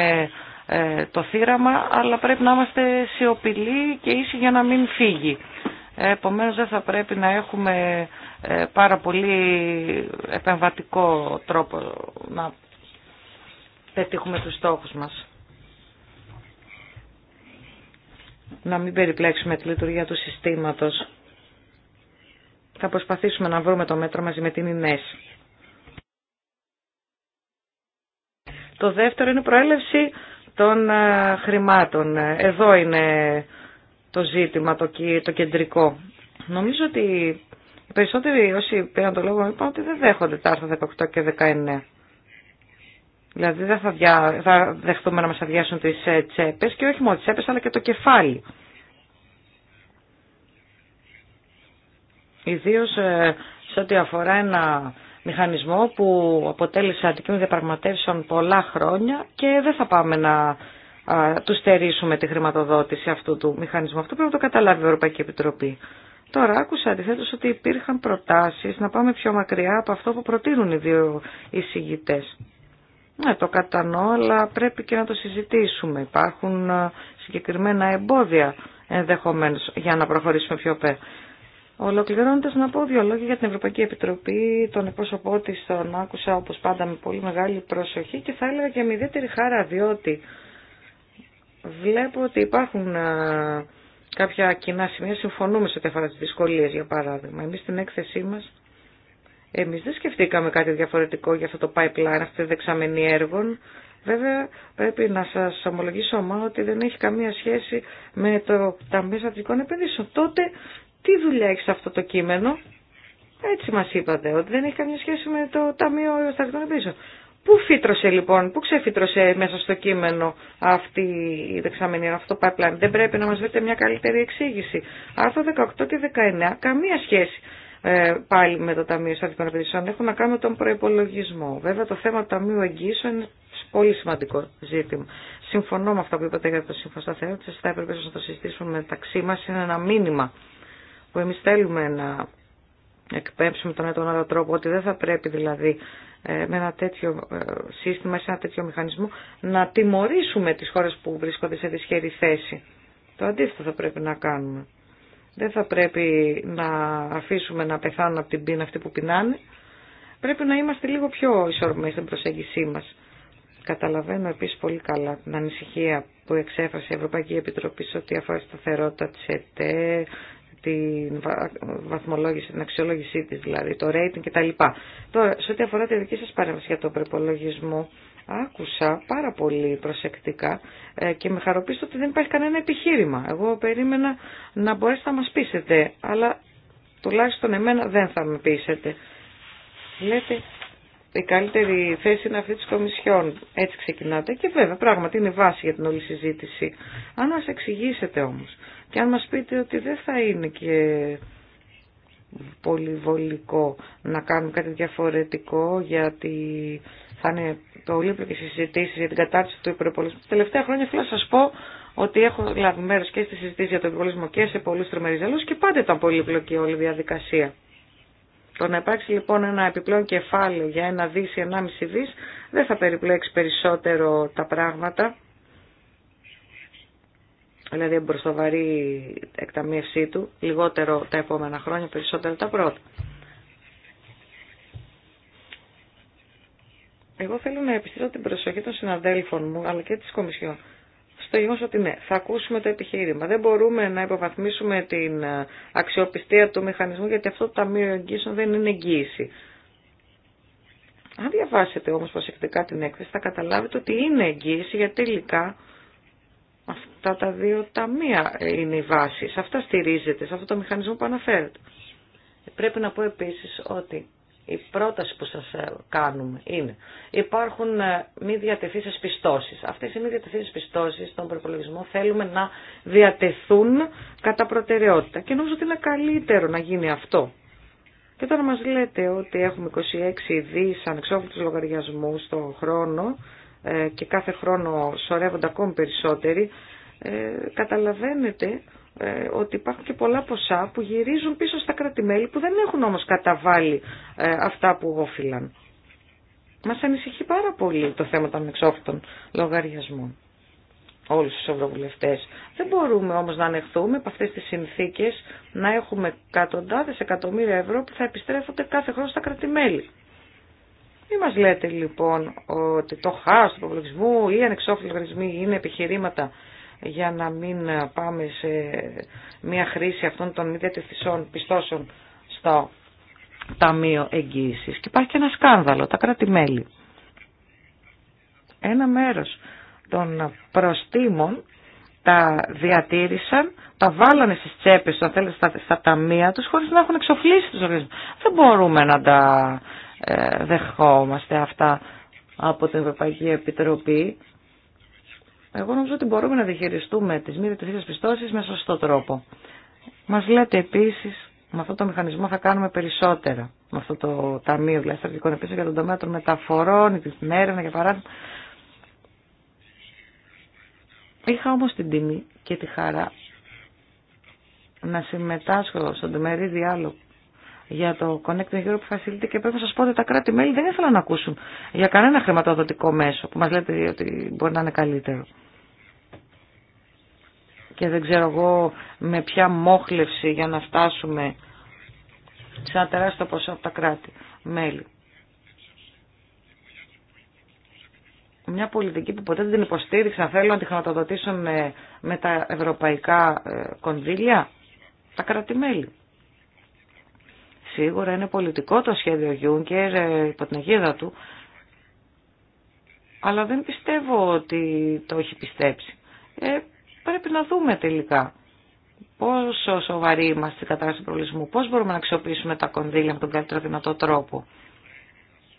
ε, το θύραμα αλλά πρέπει να είμαστε σιωπηλοί και ίσοι για να μην φύγει. Ε, επομένως δεν θα πρέπει να έχουμε ε, πάρα πολύ επεμβατικό τρόπο να πετύχουμε τους στόχους μας. να μην περιπλέξουμε τη λειτουργία του συστήματος. Θα προσπαθήσουμε να βρούμε το μέτρο μαζί με την Ινές. Το δεύτερο είναι η προέλευση των ε, χρημάτων. Εδώ είναι το ζήτημα, το κεντρικό. Νομίζω ότι οι περισσότεροι όσοι πήραν το λόγο είπαν ότι δεν δέχονται τα άρθρα 18 και 19. Δηλαδή δεν θα, δια... θα δεχτούμε να μας αδειάσουν τις ε, τσέπες και όχι μόνο τις τσέπες αλλά και το κεφάλι. Ιδίως ε, σε ό,τι αφορά ένα μηχανισμό που αποτέλεσε αντικείμενο διαπραγματεύσεων πολλά χρόνια και δεν θα πάμε να του στερήσουμε τη χρηματοδότηση αυτού του μηχανισμού. Αυτό πρέπει να το καταλάβει η Ευρωπαϊκή Επιτροπή. Τώρα άκουσα αντιθέτω ότι υπήρχαν προτάσεις να πάμε πιο μακριά από αυτό που προτείνουν οι δύο εισηγητές. Ναι, το κατανοώ, αλλά πρέπει και να το συζητήσουμε. Υπάρχουν ε, συγκεκριμένα εμπόδια ενδεχομένως για να προχωρήσουμε πιο πέρα. Ολοκληρώνοντα να πω δύο λόγια για την Ευρωπαϊκή Επιτροπή, τον εκπρόσωπό τη τον άκουσα όπω πάντα με πολύ μεγάλη προσοχή και θα έλεγα και με ιδιαίτερη χάρα διότι βλέπω ότι υπάρχουν ε, κάποια κοινά σημεία, συμφωνούμε σε ό,τι αφορά τι δυσκολίε για παράδειγμα. Εμεί στην έκθεσή μα εμείς δεν σκεφτήκαμε κάτι διαφορετικό για αυτό το pipeline, αυτή τη δεξαμενή έργων. Βέβαια πρέπει να σας ομολογήσω μόνο ότι δεν έχει καμία σχέση με το Ταμείο Στατικών Επενδύσεων. Τότε τι δουλειά έχει σε αυτό το κείμενο. Έτσι μας είπατε ότι δεν έχει καμία σχέση με το Ταμείο Στατικών Επενδύσεων. Πού φύτρωσε λοιπόν, πού ξεφύτρωσε μέσα στο κείμενο αυτή η δεξαμενή, αυτό το pipeline. Δεν πρέπει να μας βρείτε μια καλύτερη εξήγηση. Άρθρο 18 και 19, καμία σχέση ε, πάλι με το Ταμείο Στατικών Επενδύσεων έχουν να κάνουν τον προπολογισμό. Βέβαια το θέμα του Ταμείου Εγγύσεων είναι πολύ σημαντικό ζήτημα. Συμφωνώ με αυτά που είπατε για το Σύμφωνο Σταθερότητα. Θα έπρεπε να το συζητήσουμε μεταξύ μα. Είναι ένα μήνυμα που εμεί θέλουμε να εκπέμψουμε τον ένα τον άλλο τρόπο, ότι δεν θα πρέπει δηλαδή ε, με ένα τέτοιο ε, σύστημα, σε ένα τέτοιο μηχανισμό, να τιμωρήσουμε τις χώρες που βρίσκονται σε δυσχερή θέση. Το αντίθετο θα πρέπει να κάνουμε. Δεν θα πρέπει να αφήσουμε να πεθάνουν από την πίνα αυτοί που πεινάνε. Πρέπει να είμαστε λίγο πιο ισορροπημένοι στην προσέγγισή μας. Καταλαβαίνω επίσης πολύ καλά την ανησυχία που εξέφρασε η Ευρωπαϊκή Επιτροπή σε ό,τι αφορά τη σταθερότητα της ΕΤΕ, την βαθμολόγηση, την αξιολόγησή της δηλαδή, το rating κτλ. Τώρα, σε ό,τι αφορά τη δική σας παρέμβαση για τον προπολογισμό, Άκουσα πάρα πολύ προσεκτικά ε, και με χαροποίησε ότι δεν υπάρχει κανένα επιχείρημα. Εγώ περίμενα να μπορέσετε να μας πείσετε, αλλά τουλάχιστον εμένα δεν θα με πείσετε. Λέτε, η καλύτερη θέση είναι αυτή της Κομισιόν. Έτσι ξεκινάτε και βέβαια πράγματι είναι βάση για την όλη συζήτηση. Αν μας εξηγήσετε όμως και αν μας πείτε ότι δεν θα είναι και πολυβολικό να κάνουμε κάτι διαφορετικό γιατί θα είναι το Λίπρο και συζητήσει για την κατάρτιση του υπερπολισμού. Τα τελευταία χρόνια θέλω να σα πω ότι έχω λάβει μέρο και στη συζήτηση για τον υπερπολισμό και σε πολλού τρομερεί και πάντα ήταν πολύπλοκη όλη η διαδικασία. Το να υπάρξει λοιπόν ένα επιπλέον κεφάλαιο για ένα δι ή ένα μισή δι δεν θα περιπλέξει περισσότερο τα πράγματα. Δηλαδή μπροστοβαρή εκταμίευσή του, λιγότερο τα επόμενα χρόνια, περισσότερο τα πρώτα. Εγώ θέλω να επιστήσω την προσοχή των συναδέλφων μου, αλλά και της Κομισιόν, στο γεγονό ότι ναι, θα ακούσουμε το επιχείρημα. Δεν μπορούμε να υποβαθμίσουμε την ε, αξιοπιστία του μηχανισμού, γιατί αυτό το Ταμείο Εγγύσεων δεν είναι εγγύηση. Αν διαβάσετε όμως προσεκτικά την έκθεση, θα καταλάβετε ότι είναι εγγύηση, γιατί τελικά αυτά τα δύο ταμεία είναι η βάση. αυτά στηρίζεται, σε αυτό το μηχανισμό που αναφέρεται. Ε, πρέπει να πω επίσης ότι η πρόταση που σας ε, κάνουμε είναι υπάρχουν ε, μη διατεθήσεις πιστώσεις. Αυτές οι μη διατεθήσεις πιστώσεις στον προπολογισμό θέλουμε να διατεθούν κατά προτεραιότητα και νομίζω ότι είναι καλύτερο να γίνει αυτό. Και τώρα μας λέτε ότι έχουμε 26 δις ανεξόφλητους λογαριασμούς στον χρόνο ε, και κάθε χρόνο σωρεύονται ακόμη περισσότεροι. καταλαβαίνετε ε, ότι υπάρχουν και πολλά ποσά που γυρίζουν πίσω στα κρατημέλη που δεν έχουν όμως καταβάλει ε, αυτά που όφυλαν. Μας ανησυχεί πάρα πολύ το θέμα των εξόφυτων λογαριασμών. Όλους τους ευρωβουλευτές. Δεν μπορούμε όμως να ανεχθούμε από αυτές τις συνθήκες να έχουμε εκατοντάδες εκατομμύρια ευρώ που θα επιστρέφονται κάθε χρόνο στα κρατημέλη. Μην μας λέτε λοιπόν ότι το χάος του προβληματισμού ή ανεξόφλοι λογαριασμοί είναι επιχειρήματα για να μην πάμε σε μια χρήση αυτών των μη πιστώσεων στο Ταμείο Εγγύησης. Και υπάρχει και ένα σκάνδαλο, τα κράτη-μέλη. Ένα μέρος των προστήμων τα διατήρησαν, τα βάλανε στις τσέπες, αν θέλετε, στα, στα ταμεία τους, χωρίς να έχουν εξοφλήσει τους οργανισμούς. Δεν μπορούμε να τα ε, δεχόμαστε αυτά από την Ευρωπαϊκή Επιτροπή. Εγώ νομίζω ότι μπορούμε να διαχειριστούμε τις μη διατηρήσεις πιστώσεις με σωστό τρόπο. Μας λέτε επίσης, με αυτό το μηχανισμό θα κάνουμε περισσότερα. Με αυτό το Ταμείο δηλαδή, Επίσης για τον τομέα των μεταφορών, την έρευνα για παράδειγμα. Είχα όμως την τιμή και τη χαρά να συμμετάσχω στον τομερή διάλογο για το Connecting Europe Facility και πρέπει να σας πω ότι τα κράτη-μέλη δεν ήθελαν να ακούσουν για κανένα χρηματοδοτικό μέσο που μας λέτε ότι μπορεί να είναι καλύτερο. Και δεν ξέρω εγώ με ποια μόχλευση για να φτάσουμε σε ένα τεράστιο ποσό από τα κράτη-μέλη. Μια πολιτική που ποτέ δεν την υποστήριξαν, θέλουν να τη χρηματοδοτήσουν με, με τα ευρωπαϊκά ε, κονδύλια, τα κράτη-μέλη. Σίγουρα είναι πολιτικό το σχέδιο Γιούγκερ ε, υπό την αγίδα του, αλλά δεν πιστεύω ότι το έχει πιστέψει. Ε, πρέπει να δούμε τελικά πόσο σοβαροί είμαστε στην κατάσταση προβλησμού, πώς μπορούμε να αξιοποιήσουμε τα κονδύλια με τον καλύτερο δυνατό τρόπο.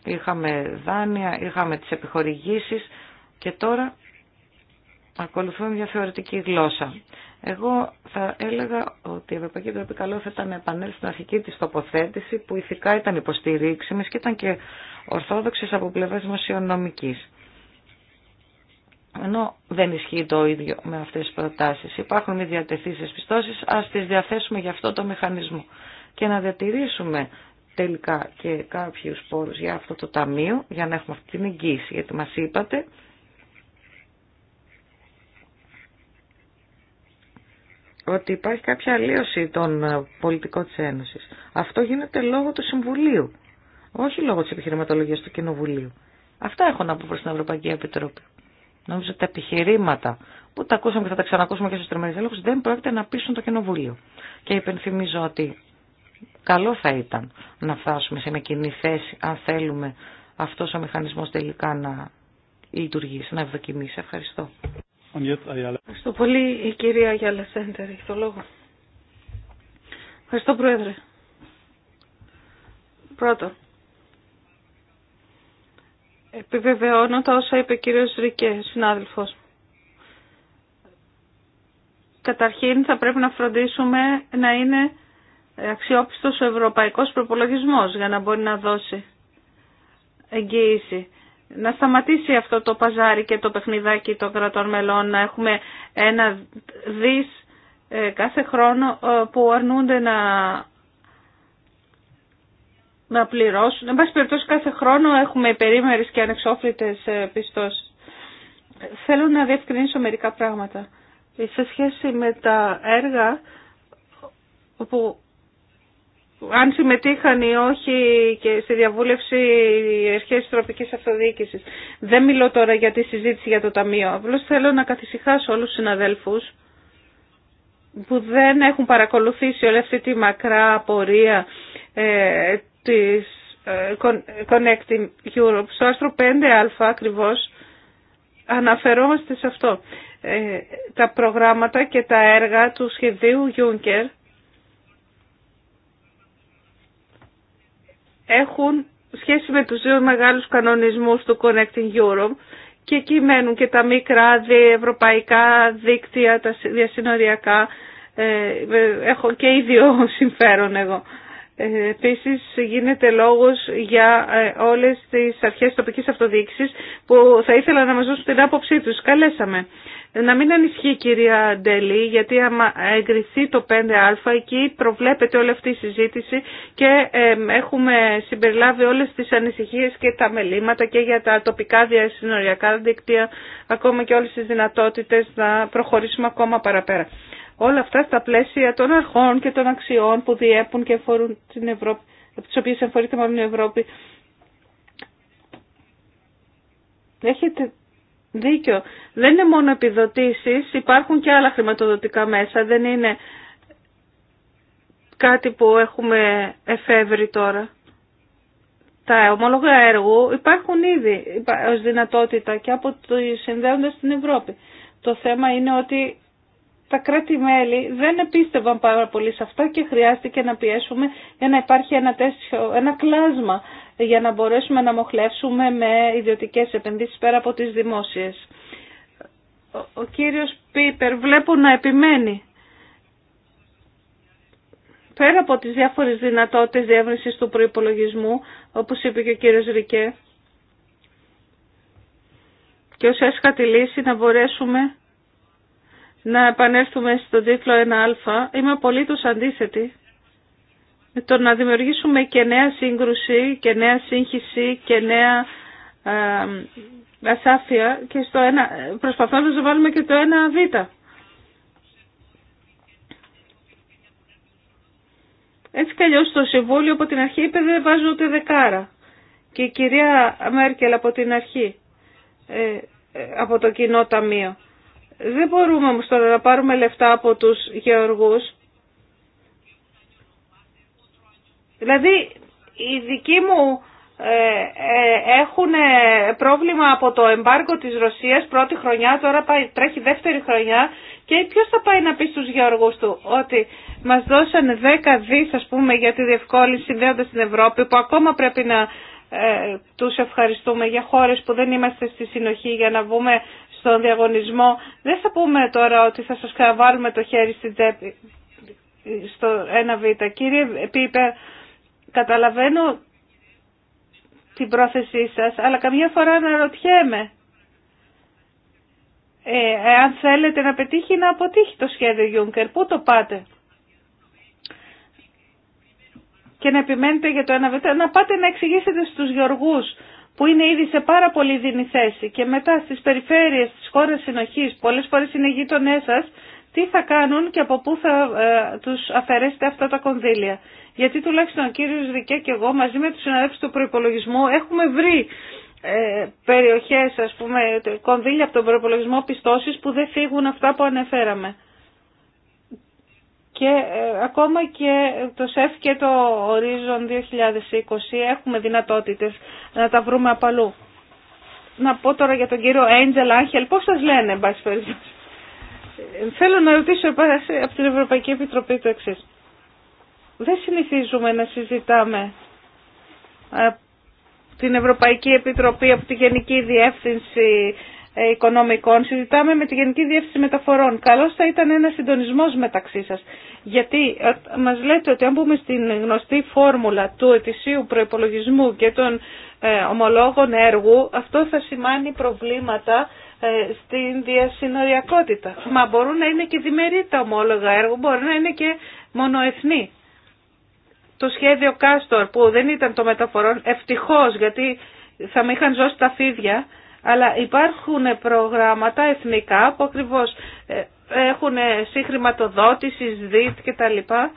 Είχαμε δάνεια, είχαμε τις επιχορηγήσεις και τώρα ακολουθούν μια θεωρητική γλώσσα. Εγώ θα έλεγα ότι η Ευρωπαϊκή Επιτροπή καλό θα ήταν να επανέλθει στην αρχική της τοποθέτηση που ηθικά ήταν υποστηρίξιμη και ήταν και ορθόδοξες από πλευράς δημοσιονομικής. Ενώ δεν ισχύει το ίδιο με αυτές τις προτάσεις. Υπάρχουν μη διατεθήσεις πιστώσει ας τις διαθέσουμε για αυτό το μηχανισμό και να διατηρήσουμε τελικά και κάποιους πόρους για αυτό το ταμείο, για να έχουμε αυτή την εγγύηση, γιατί μα είπατε ότι υπάρχει κάποια αλλίωση των ε, πολιτικών της Ένωσης. Αυτό γίνεται λόγω του Συμβουλίου, όχι λόγω της επιχειρηματολογίας του Κοινοβουλίου. Αυτά έχω να πω προς την Ευρωπαϊκή Επιτροπή. Νομίζω ότι τα επιχειρήματα που τα ακούσαμε και θα τα ξανακούσουμε και στους τριμερείς έλεγχους δεν πρόκειται να πείσουν το Κοινοβούλιο. Και υπενθυμίζω ότι καλό θα ήταν να φτάσουμε σε μια κοινή θέση αν θέλουμε αυτός ο μηχανισμός τελικά να λειτουργήσει, να ευδοκιμήσει. Ευχαριστώ. Ευχαριστώ πολύ η κυρία Γιάλα Σέντερ. Έχει το λόγο. Ευχαριστώ Πρόεδρε. Πρώτο. Επιβεβαιώνω τα όσα είπε ο κύριος Ρικέ, συνάδελφος. Καταρχήν θα πρέπει να φροντίσουμε να είναι αξιόπιστος ο ευρωπαϊκός προπολογισμός για να μπορεί να δώσει εγγύηση να σταματήσει αυτό το παζάρι και το παιχνιδάκι των κρατών μελών, να έχουμε ένα δις ε, κάθε χρόνο ε, που αρνούνται να, να πληρώσουν. Εν πάση περιπτώσει κάθε χρόνο έχουμε περίμερες και ανεξόφλητες ε, πιστώσεις. Θέλω να διευκρινίσω μερικά πράγματα. Σε σχέση με τα έργα που αν συμμετείχαν ή όχι και στη διαβούλευση οι αρχέ τη τροπική αυτοδιοίκηση. Δεν μιλώ τώρα για τη συζήτηση για το Ταμείο. Απλώ θέλω να καθησυχάσω όλου του συναδέλφου που δεν έχουν παρακολουθήσει όλη αυτή τη μακρά πορεία ε, της ε, Connecting Europe. Στο άρθρο 5α ακριβώ. αναφερόμαστε σε αυτό. Ε, τα προγράμματα και τα έργα του σχεδίου Juncker έχουν σχέση με τους δύο μεγάλους κανονισμούς του Connecting Europe και εκεί μένουν και τα μικρά διευρωπαϊκά δίκτυα, τα διασυνοριακά. Ε, έχω και ίδιο συμφέρον εγώ. Επίσης γίνεται λόγος για ε, όλες τις αρχές τοπικής αυτοδιοίκησης που θα ήθελα να μας δώσουν την άποψή τους. Καλέσαμε. Να μην ανησυχεί κυρία Ντελή γιατί άμα εγκριθεί το 5α εκεί προβλέπεται όλη αυτή η συζήτηση και ε, έχουμε συμπεριλάβει όλες τις ανησυχίες και τα μελήματα και για τα τοπικά διασυνοριακά δικτύα ακόμα και όλες τις δυνατότητες να προχωρήσουμε ακόμα παραπέρα. Όλα αυτά στα πλαίσια των αρχών και των αξιών που διέπουν και αφορούν την Ευρώπη, από τις οποίες εμφορείται μόνο η Ευρώπη. Έχετε δίκιο. Δεν είναι μόνο επιδοτήσεις, υπάρχουν και άλλα χρηματοδοτικά μέσα. Δεν είναι κάτι που έχουμε εφεύρει τώρα. Τα ομόλογα έργου υπάρχουν ήδη ως δυνατότητα και από τους συνδέοντας στην Ευρώπη. Το θέμα είναι ότι τα κράτη-μέλη δεν επίστευαν πάρα πολύ σε αυτά και χρειάστηκε να πιέσουμε για να υπάρχει ένα, κλάσμα για να μπορέσουμε να μοχλεύσουμε με ιδιωτικές επενδύσεις πέρα από τις δημόσιες. Ο, ο κύριος Πίπερ βλέπω να επιμένει πέρα από τις διάφορες δυνατότητες διεύρυνσης του προϋπολογισμού, όπως είπε και ο κύριος Ρικέ, και ως έσχατη λύση να μπορέσουμε να επανέλθουμε στον τίτλο 1α, είμαι απολύτω αντίθετη με το να δημιουργήσουμε και νέα σύγκρουση και νέα σύγχυση και νέα ε, ασάφεια και στο ένα, προσπαθώντας να βάλουμε και το ένα β Έτσι κι το Συμβούλιο από την αρχή είπε δεν βάζω ούτε δεκάρα. Και η κυρία Μέρκελ από την αρχή, ε, ε, από το κοινό ταμείο. Δεν μπορούμε όμως τώρα να πάρουμε λεφτά από τους γεωργούς. Δηλαδή, οι δικοί μου ε, ε, έχουν ε, πρόβλημα από το εμπάργκο της Ρωσίας πρώτη χρονιά, τώρα πάει, τρέχει δεύτερη χρονιά και ποιος θα πάει να πει στους γεωργούς του ότι μας δώσαν 10 δις ας πούμε για τη διευκόλυνση συνδέοντας την Ευρώπη που ακόμα πρέπει να ε, τους ευχαριστούμε για χώρες που δεν είμαστε στη συνοχή για να βούμε στον διαγωνισμό, δεν θα πούμε τώρα ότι θα σας καβάρουμε το χέρι στην τσέπη στο 1β. Κύριε Πίπερ. καταλαβαίνω την πρόθεσή σας, αλλά καμιά φορά αναρωτιέμαι ε, αν θέλετε να πετύχει να αποτύχει το σχέδιο Juncker, πού το πάτε. Και να επιμένετε για το 1β, να πάτε να εξηγήσετε στους γεωργούς που είναι ήδη σε πάρα πολύ δίνη θέση και μετά στις περιφέρειες της χώρας συνοχής, πολλές φορές είναι γείτονέ σα, τι θα κάνουν και από πού θα ε, τους αφαιρέσετε αυτά τα κονδύλια. Γιατί τουλάχιστον ο κύριος Δικέ και εγώ μαζί με τους συναδέλφους του προϋπολογισμού έχουμε βρει ε, περιοχές, ας πούμε, κονδύλια από τον προϋπολογισμό πιστώσεις που δεν φύγουν αυτά που ανεφέραμε και ε, ακόμα και το ΣΕΦ και το ορίζον 2020 έχουμε δυνατότητες να τα βρούμε απαλού Να πω τώρα για τον κύριο Έντζελ Άγχελ, πώς σας λένε, εν πάση περιπτώσει. Θέλω να ρωτήσω από την Ευρωπαϊκή Επιτροπή το εξή. Δεν συνηθίζουμε να συζητάμε ε, την Ευρωπαϊκή Επιτροπή από τη Γενική Διεύθυνση ε, οικονομικών συζητάμε με τη Γενική Διεύθυνση Μεταφορών. Καλό θα ήταν ένα συντονισμό μεταξύ σα. Γιατί ε, μα λέτε ότι αν μπούμε στην γνωστή φόρμουλα του ετησίου προπολογισμού και των ε, ομολόγων έργου, αυτό θα σημάνει προβλήματα στην διασυνοριακότητα. Μα μπορούν να είναι και διμερεί τα ομόλογα έργου, μπορεί να είναι και μονοεθνή. Το σχέδιο Κάστορ που δεν ήταν το μεταφορών, ευτυχώ γιατί θα με είχαν ζώσει τα φίδια αλλά υπάρχουν προγράμματα εθνικά που ακριβώς ε, έχουν ε, συγχρηματοδότηση, ΣΔΙΤ και τα λοιπά.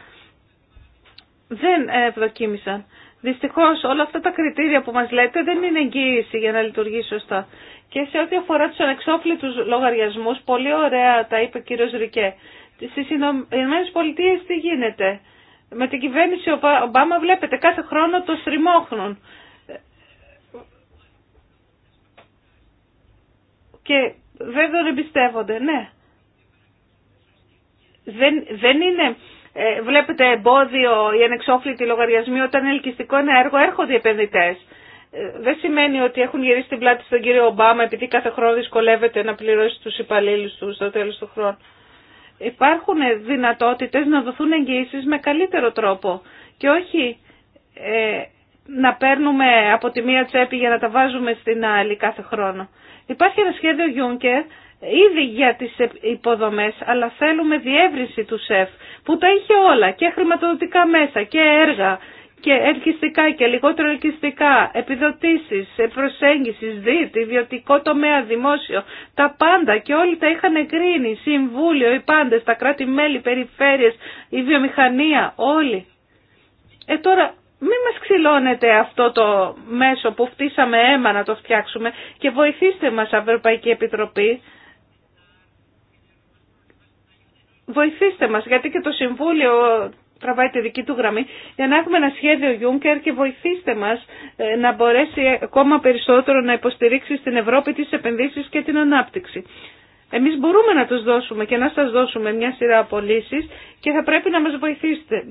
Δεν ευδοκίμησαν. Δυστυχώς όλα αυτά τα κριτήρια που μας λέτε δεν είναι εγγύηση για να λειτουργεί σωστά. Και σε ό,τι αφορά τους ανεξόφλητους λογαριασμούς, πολύ ωραία τα είπε ο κύριος Ρικέ. Στις ΗΠΑ Πολιτείες τι γίνεται. Με την κυβέρνηση Ομπάμα βλέπετε κάθε χρόνο το στριμώχνουν. και βέβαια δεν πιστεύονται, εμπιστεύονται, ναι. Δεν, δεν είναι, ε, βλέπετε, εμπόδιο ή ανεξόφλητοι λογαριασμοί όταν είναι ελκυστικό ένα έργο έρχονται οι επενδυτέ. Ε, δεν σημαίνει ότι έχουν γυρίσει την πλάτη στον κύριο Ομπάμα επειδή κάθε χρόνο δυσκολεύεται να πληρώσει τους υπαλλήλου του στο τέλο του χρόνου. Υπάρχουν δυνατότητε να δοθούν εγγυήσει με καλύτερο τρόπο και όχι ε, να παίρνουμε από τη μία τσέπη για να τα βάζουμε στην άλλη κάθε χρόνο. Υπάρχει ένα σχέδιο Juncker ήδη για τις υποδομές, αλλά θέλουμε διεύρυνση του ΣΕΦ, που τα είχε όλα, και χρηματοδοτικά μέσα, και έργα, και ελκυστικά και λιγότερο ελκυστικά, επιδοτήσεις, προσέγγισης, ΔΙΤ, ιδιωτικό τομέα, δημόσιο, τα πάντα και όλοι τα είχαν εγκρίνει, συμβούλιο, οι πάντες, τα κράτη-μέλη, περιφέρειες, η βιομηχανία, όλοι. Ε τώρα μην μας ξυλώνετε αυτό το μέσο που φτύσαμε αίμα να το φτιάξουμε και βοηθήστε μας, Ευρωπαϊκή Επιτροπή. Βοηθήστε μας, γιατί και το Συμβούλιο τραβάει τη δική του γραμμή, για να έχουμε ένα σχέδιο Juncker και βοηθήστε μας ε, να μπορέσει ακόμα περισσότερο να υποστηρίξει στην Ευρώπη τις επενδύσεις και την ανάπτυξη. Εμείς μπορούμε να τους δώσουμε και να σας δώσουμε μια σειρά απολύσεις και θα πρέπει να μας βοηθήσετε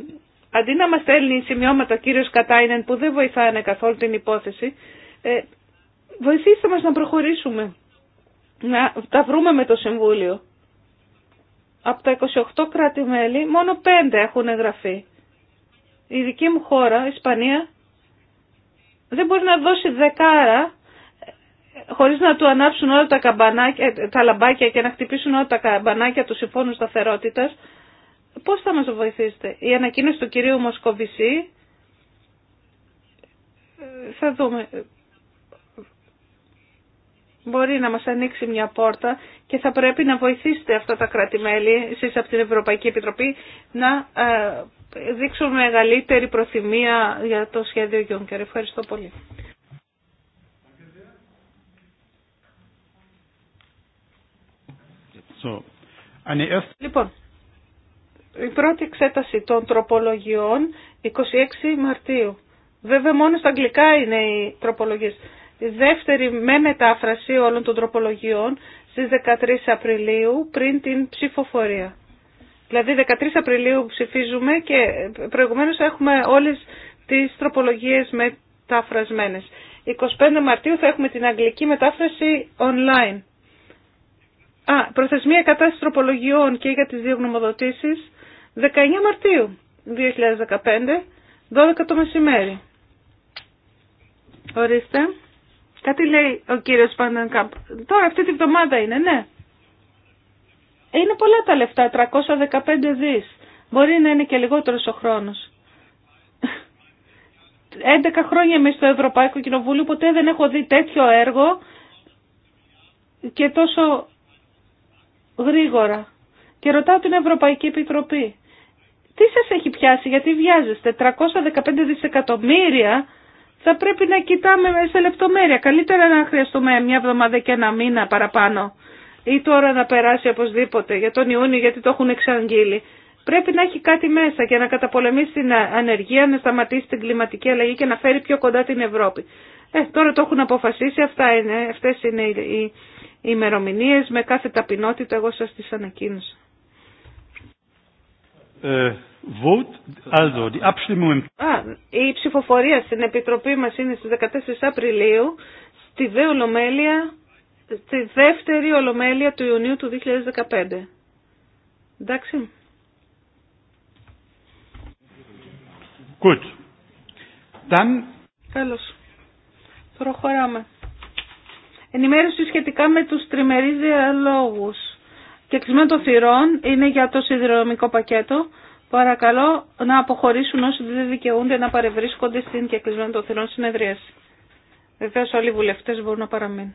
αντί να μας στέλνει σημειώματα ο κύριος Κατάινεν που δεν βοηθάνε καθόλου την υπόθεση, ε, βοηθήστε μας να προχωρήσουμε, να τα βρούμε με το Συμβούλιο. Από τα 28 κράτη-μέλη, μόνο 5 έχουν εγγραφεί. Η δική μου χώρα, η Ισπανία, δεν μπορεί να δώσει δεκάρα ε, χωρίς να του ανάψουν όλα τα, καμπανάκια, ε, τα λαμπάκια και να χτυπήσουν όλα τα καμπανάκια του συμφώνου σταθερότητας πώς θα μας βοηθήσετε. Η ανακοίνωση του κυρίου Μοσκοβισή θα δούμε. Μπορεί να μας ανοίξει μια πόρτα και θα πρέπει να βοηθήσετε αυτά τα κράτη-μέλη, εσείς από την Ευρωπαϊκή Επιτροπή, να ε, δείξουν μεγαλύτερη προθυμία για το σχέδιο Γιούνκερ. Ευχαριστώ πολύ. Λοιπόν, η πρώτη εξέταση των τροπολογιών 26 Μαρτίου. Βέβαια μόνο στα αγγλικά είναι οι τροπολογίες. Η δεύτερη με μετάφραση όλων των τροπολογιών στις 13 Απριλίου πριν την ψηφοφορία. Δηλαδή 13 Απριλίου ψηφίζουμε και προηγουμένως έχουμε όλες τις τροπολογίες μεταφρασμένες. 25 Μαρτίου θα έχουμε την αγγλική μετάφραση online. Α, προθεσμία κατάσταση τροπολογιών και για τις δύο γνωμοδοτήσεις 19 Μαρτίου 2015, 12 το μεσημέρι. Ορίστε. Κάτι λέει ο κύριος Παντανκάμπ. Τώρα αυτή τη βδομάδα είναι, ναι. Είναι πολλά τα λεφτά, 315 δις. Μπορεί να είναι και λιγότερος ο χρόνος. 11 χρόνια είμαι στο Ευρωπαϊκό Κοινοβούλιο, ποτέ δεν έχω δει τέτοιο έργο και τόσο γρήγορα. Και ρωτάω την Ευρωπαϊκή Επιτροπή. Τι σας έχει πιάσει, γιατί βιάζεστε, 315 δισεκατομμύρια θα πρέπει να κοιτάμε σε λεπτομέρεια. Καλύτερα να χρειαστούμε μια εβδομάδα και ένα μήνα παραπάνω ή τώρα να περάσει οπωσδήποτε για τον Ιούνιο γιατί το έχουν εξαγγείλει. Πρέπει να έχει κάτι μέσα για να καταπολεμήσει την ανεργία, να σταματήσει την κλιματική αλλαγή και να φέρει πιο κοντά την Ευρώπη. Ε, τώρα το έχουν αποφασίσει, αυτά είναι, αυτές είναι οι ημερομηνίε με κάθε ταπεινότητα εγώ σας τις ανακοίνωσα. Ε, vote, also, η ψηφοφορία στην Επιτροπή μας είναι στις 14 Απριλίου, στη δε ολομέλεια, στη δεύτερη ολομέλεια του Ιουνίου του 2015. Εντάξει. Gut. Dann... Προχωράμε. Ενημέρωση σχετικά με τους τριμερείς διαλόγους και κλεισμένο των θυρών είναι για το σιδηροδρομικό πακέτο. Παρακαλώ να αποχωρήσουν όσοι δεν δικαιούνται να παρευρίσκονται στην και των θυρών συνεδρίαση. Βεβαίω όλοι οι βουλευτέ μπορούν να παραμείνουν.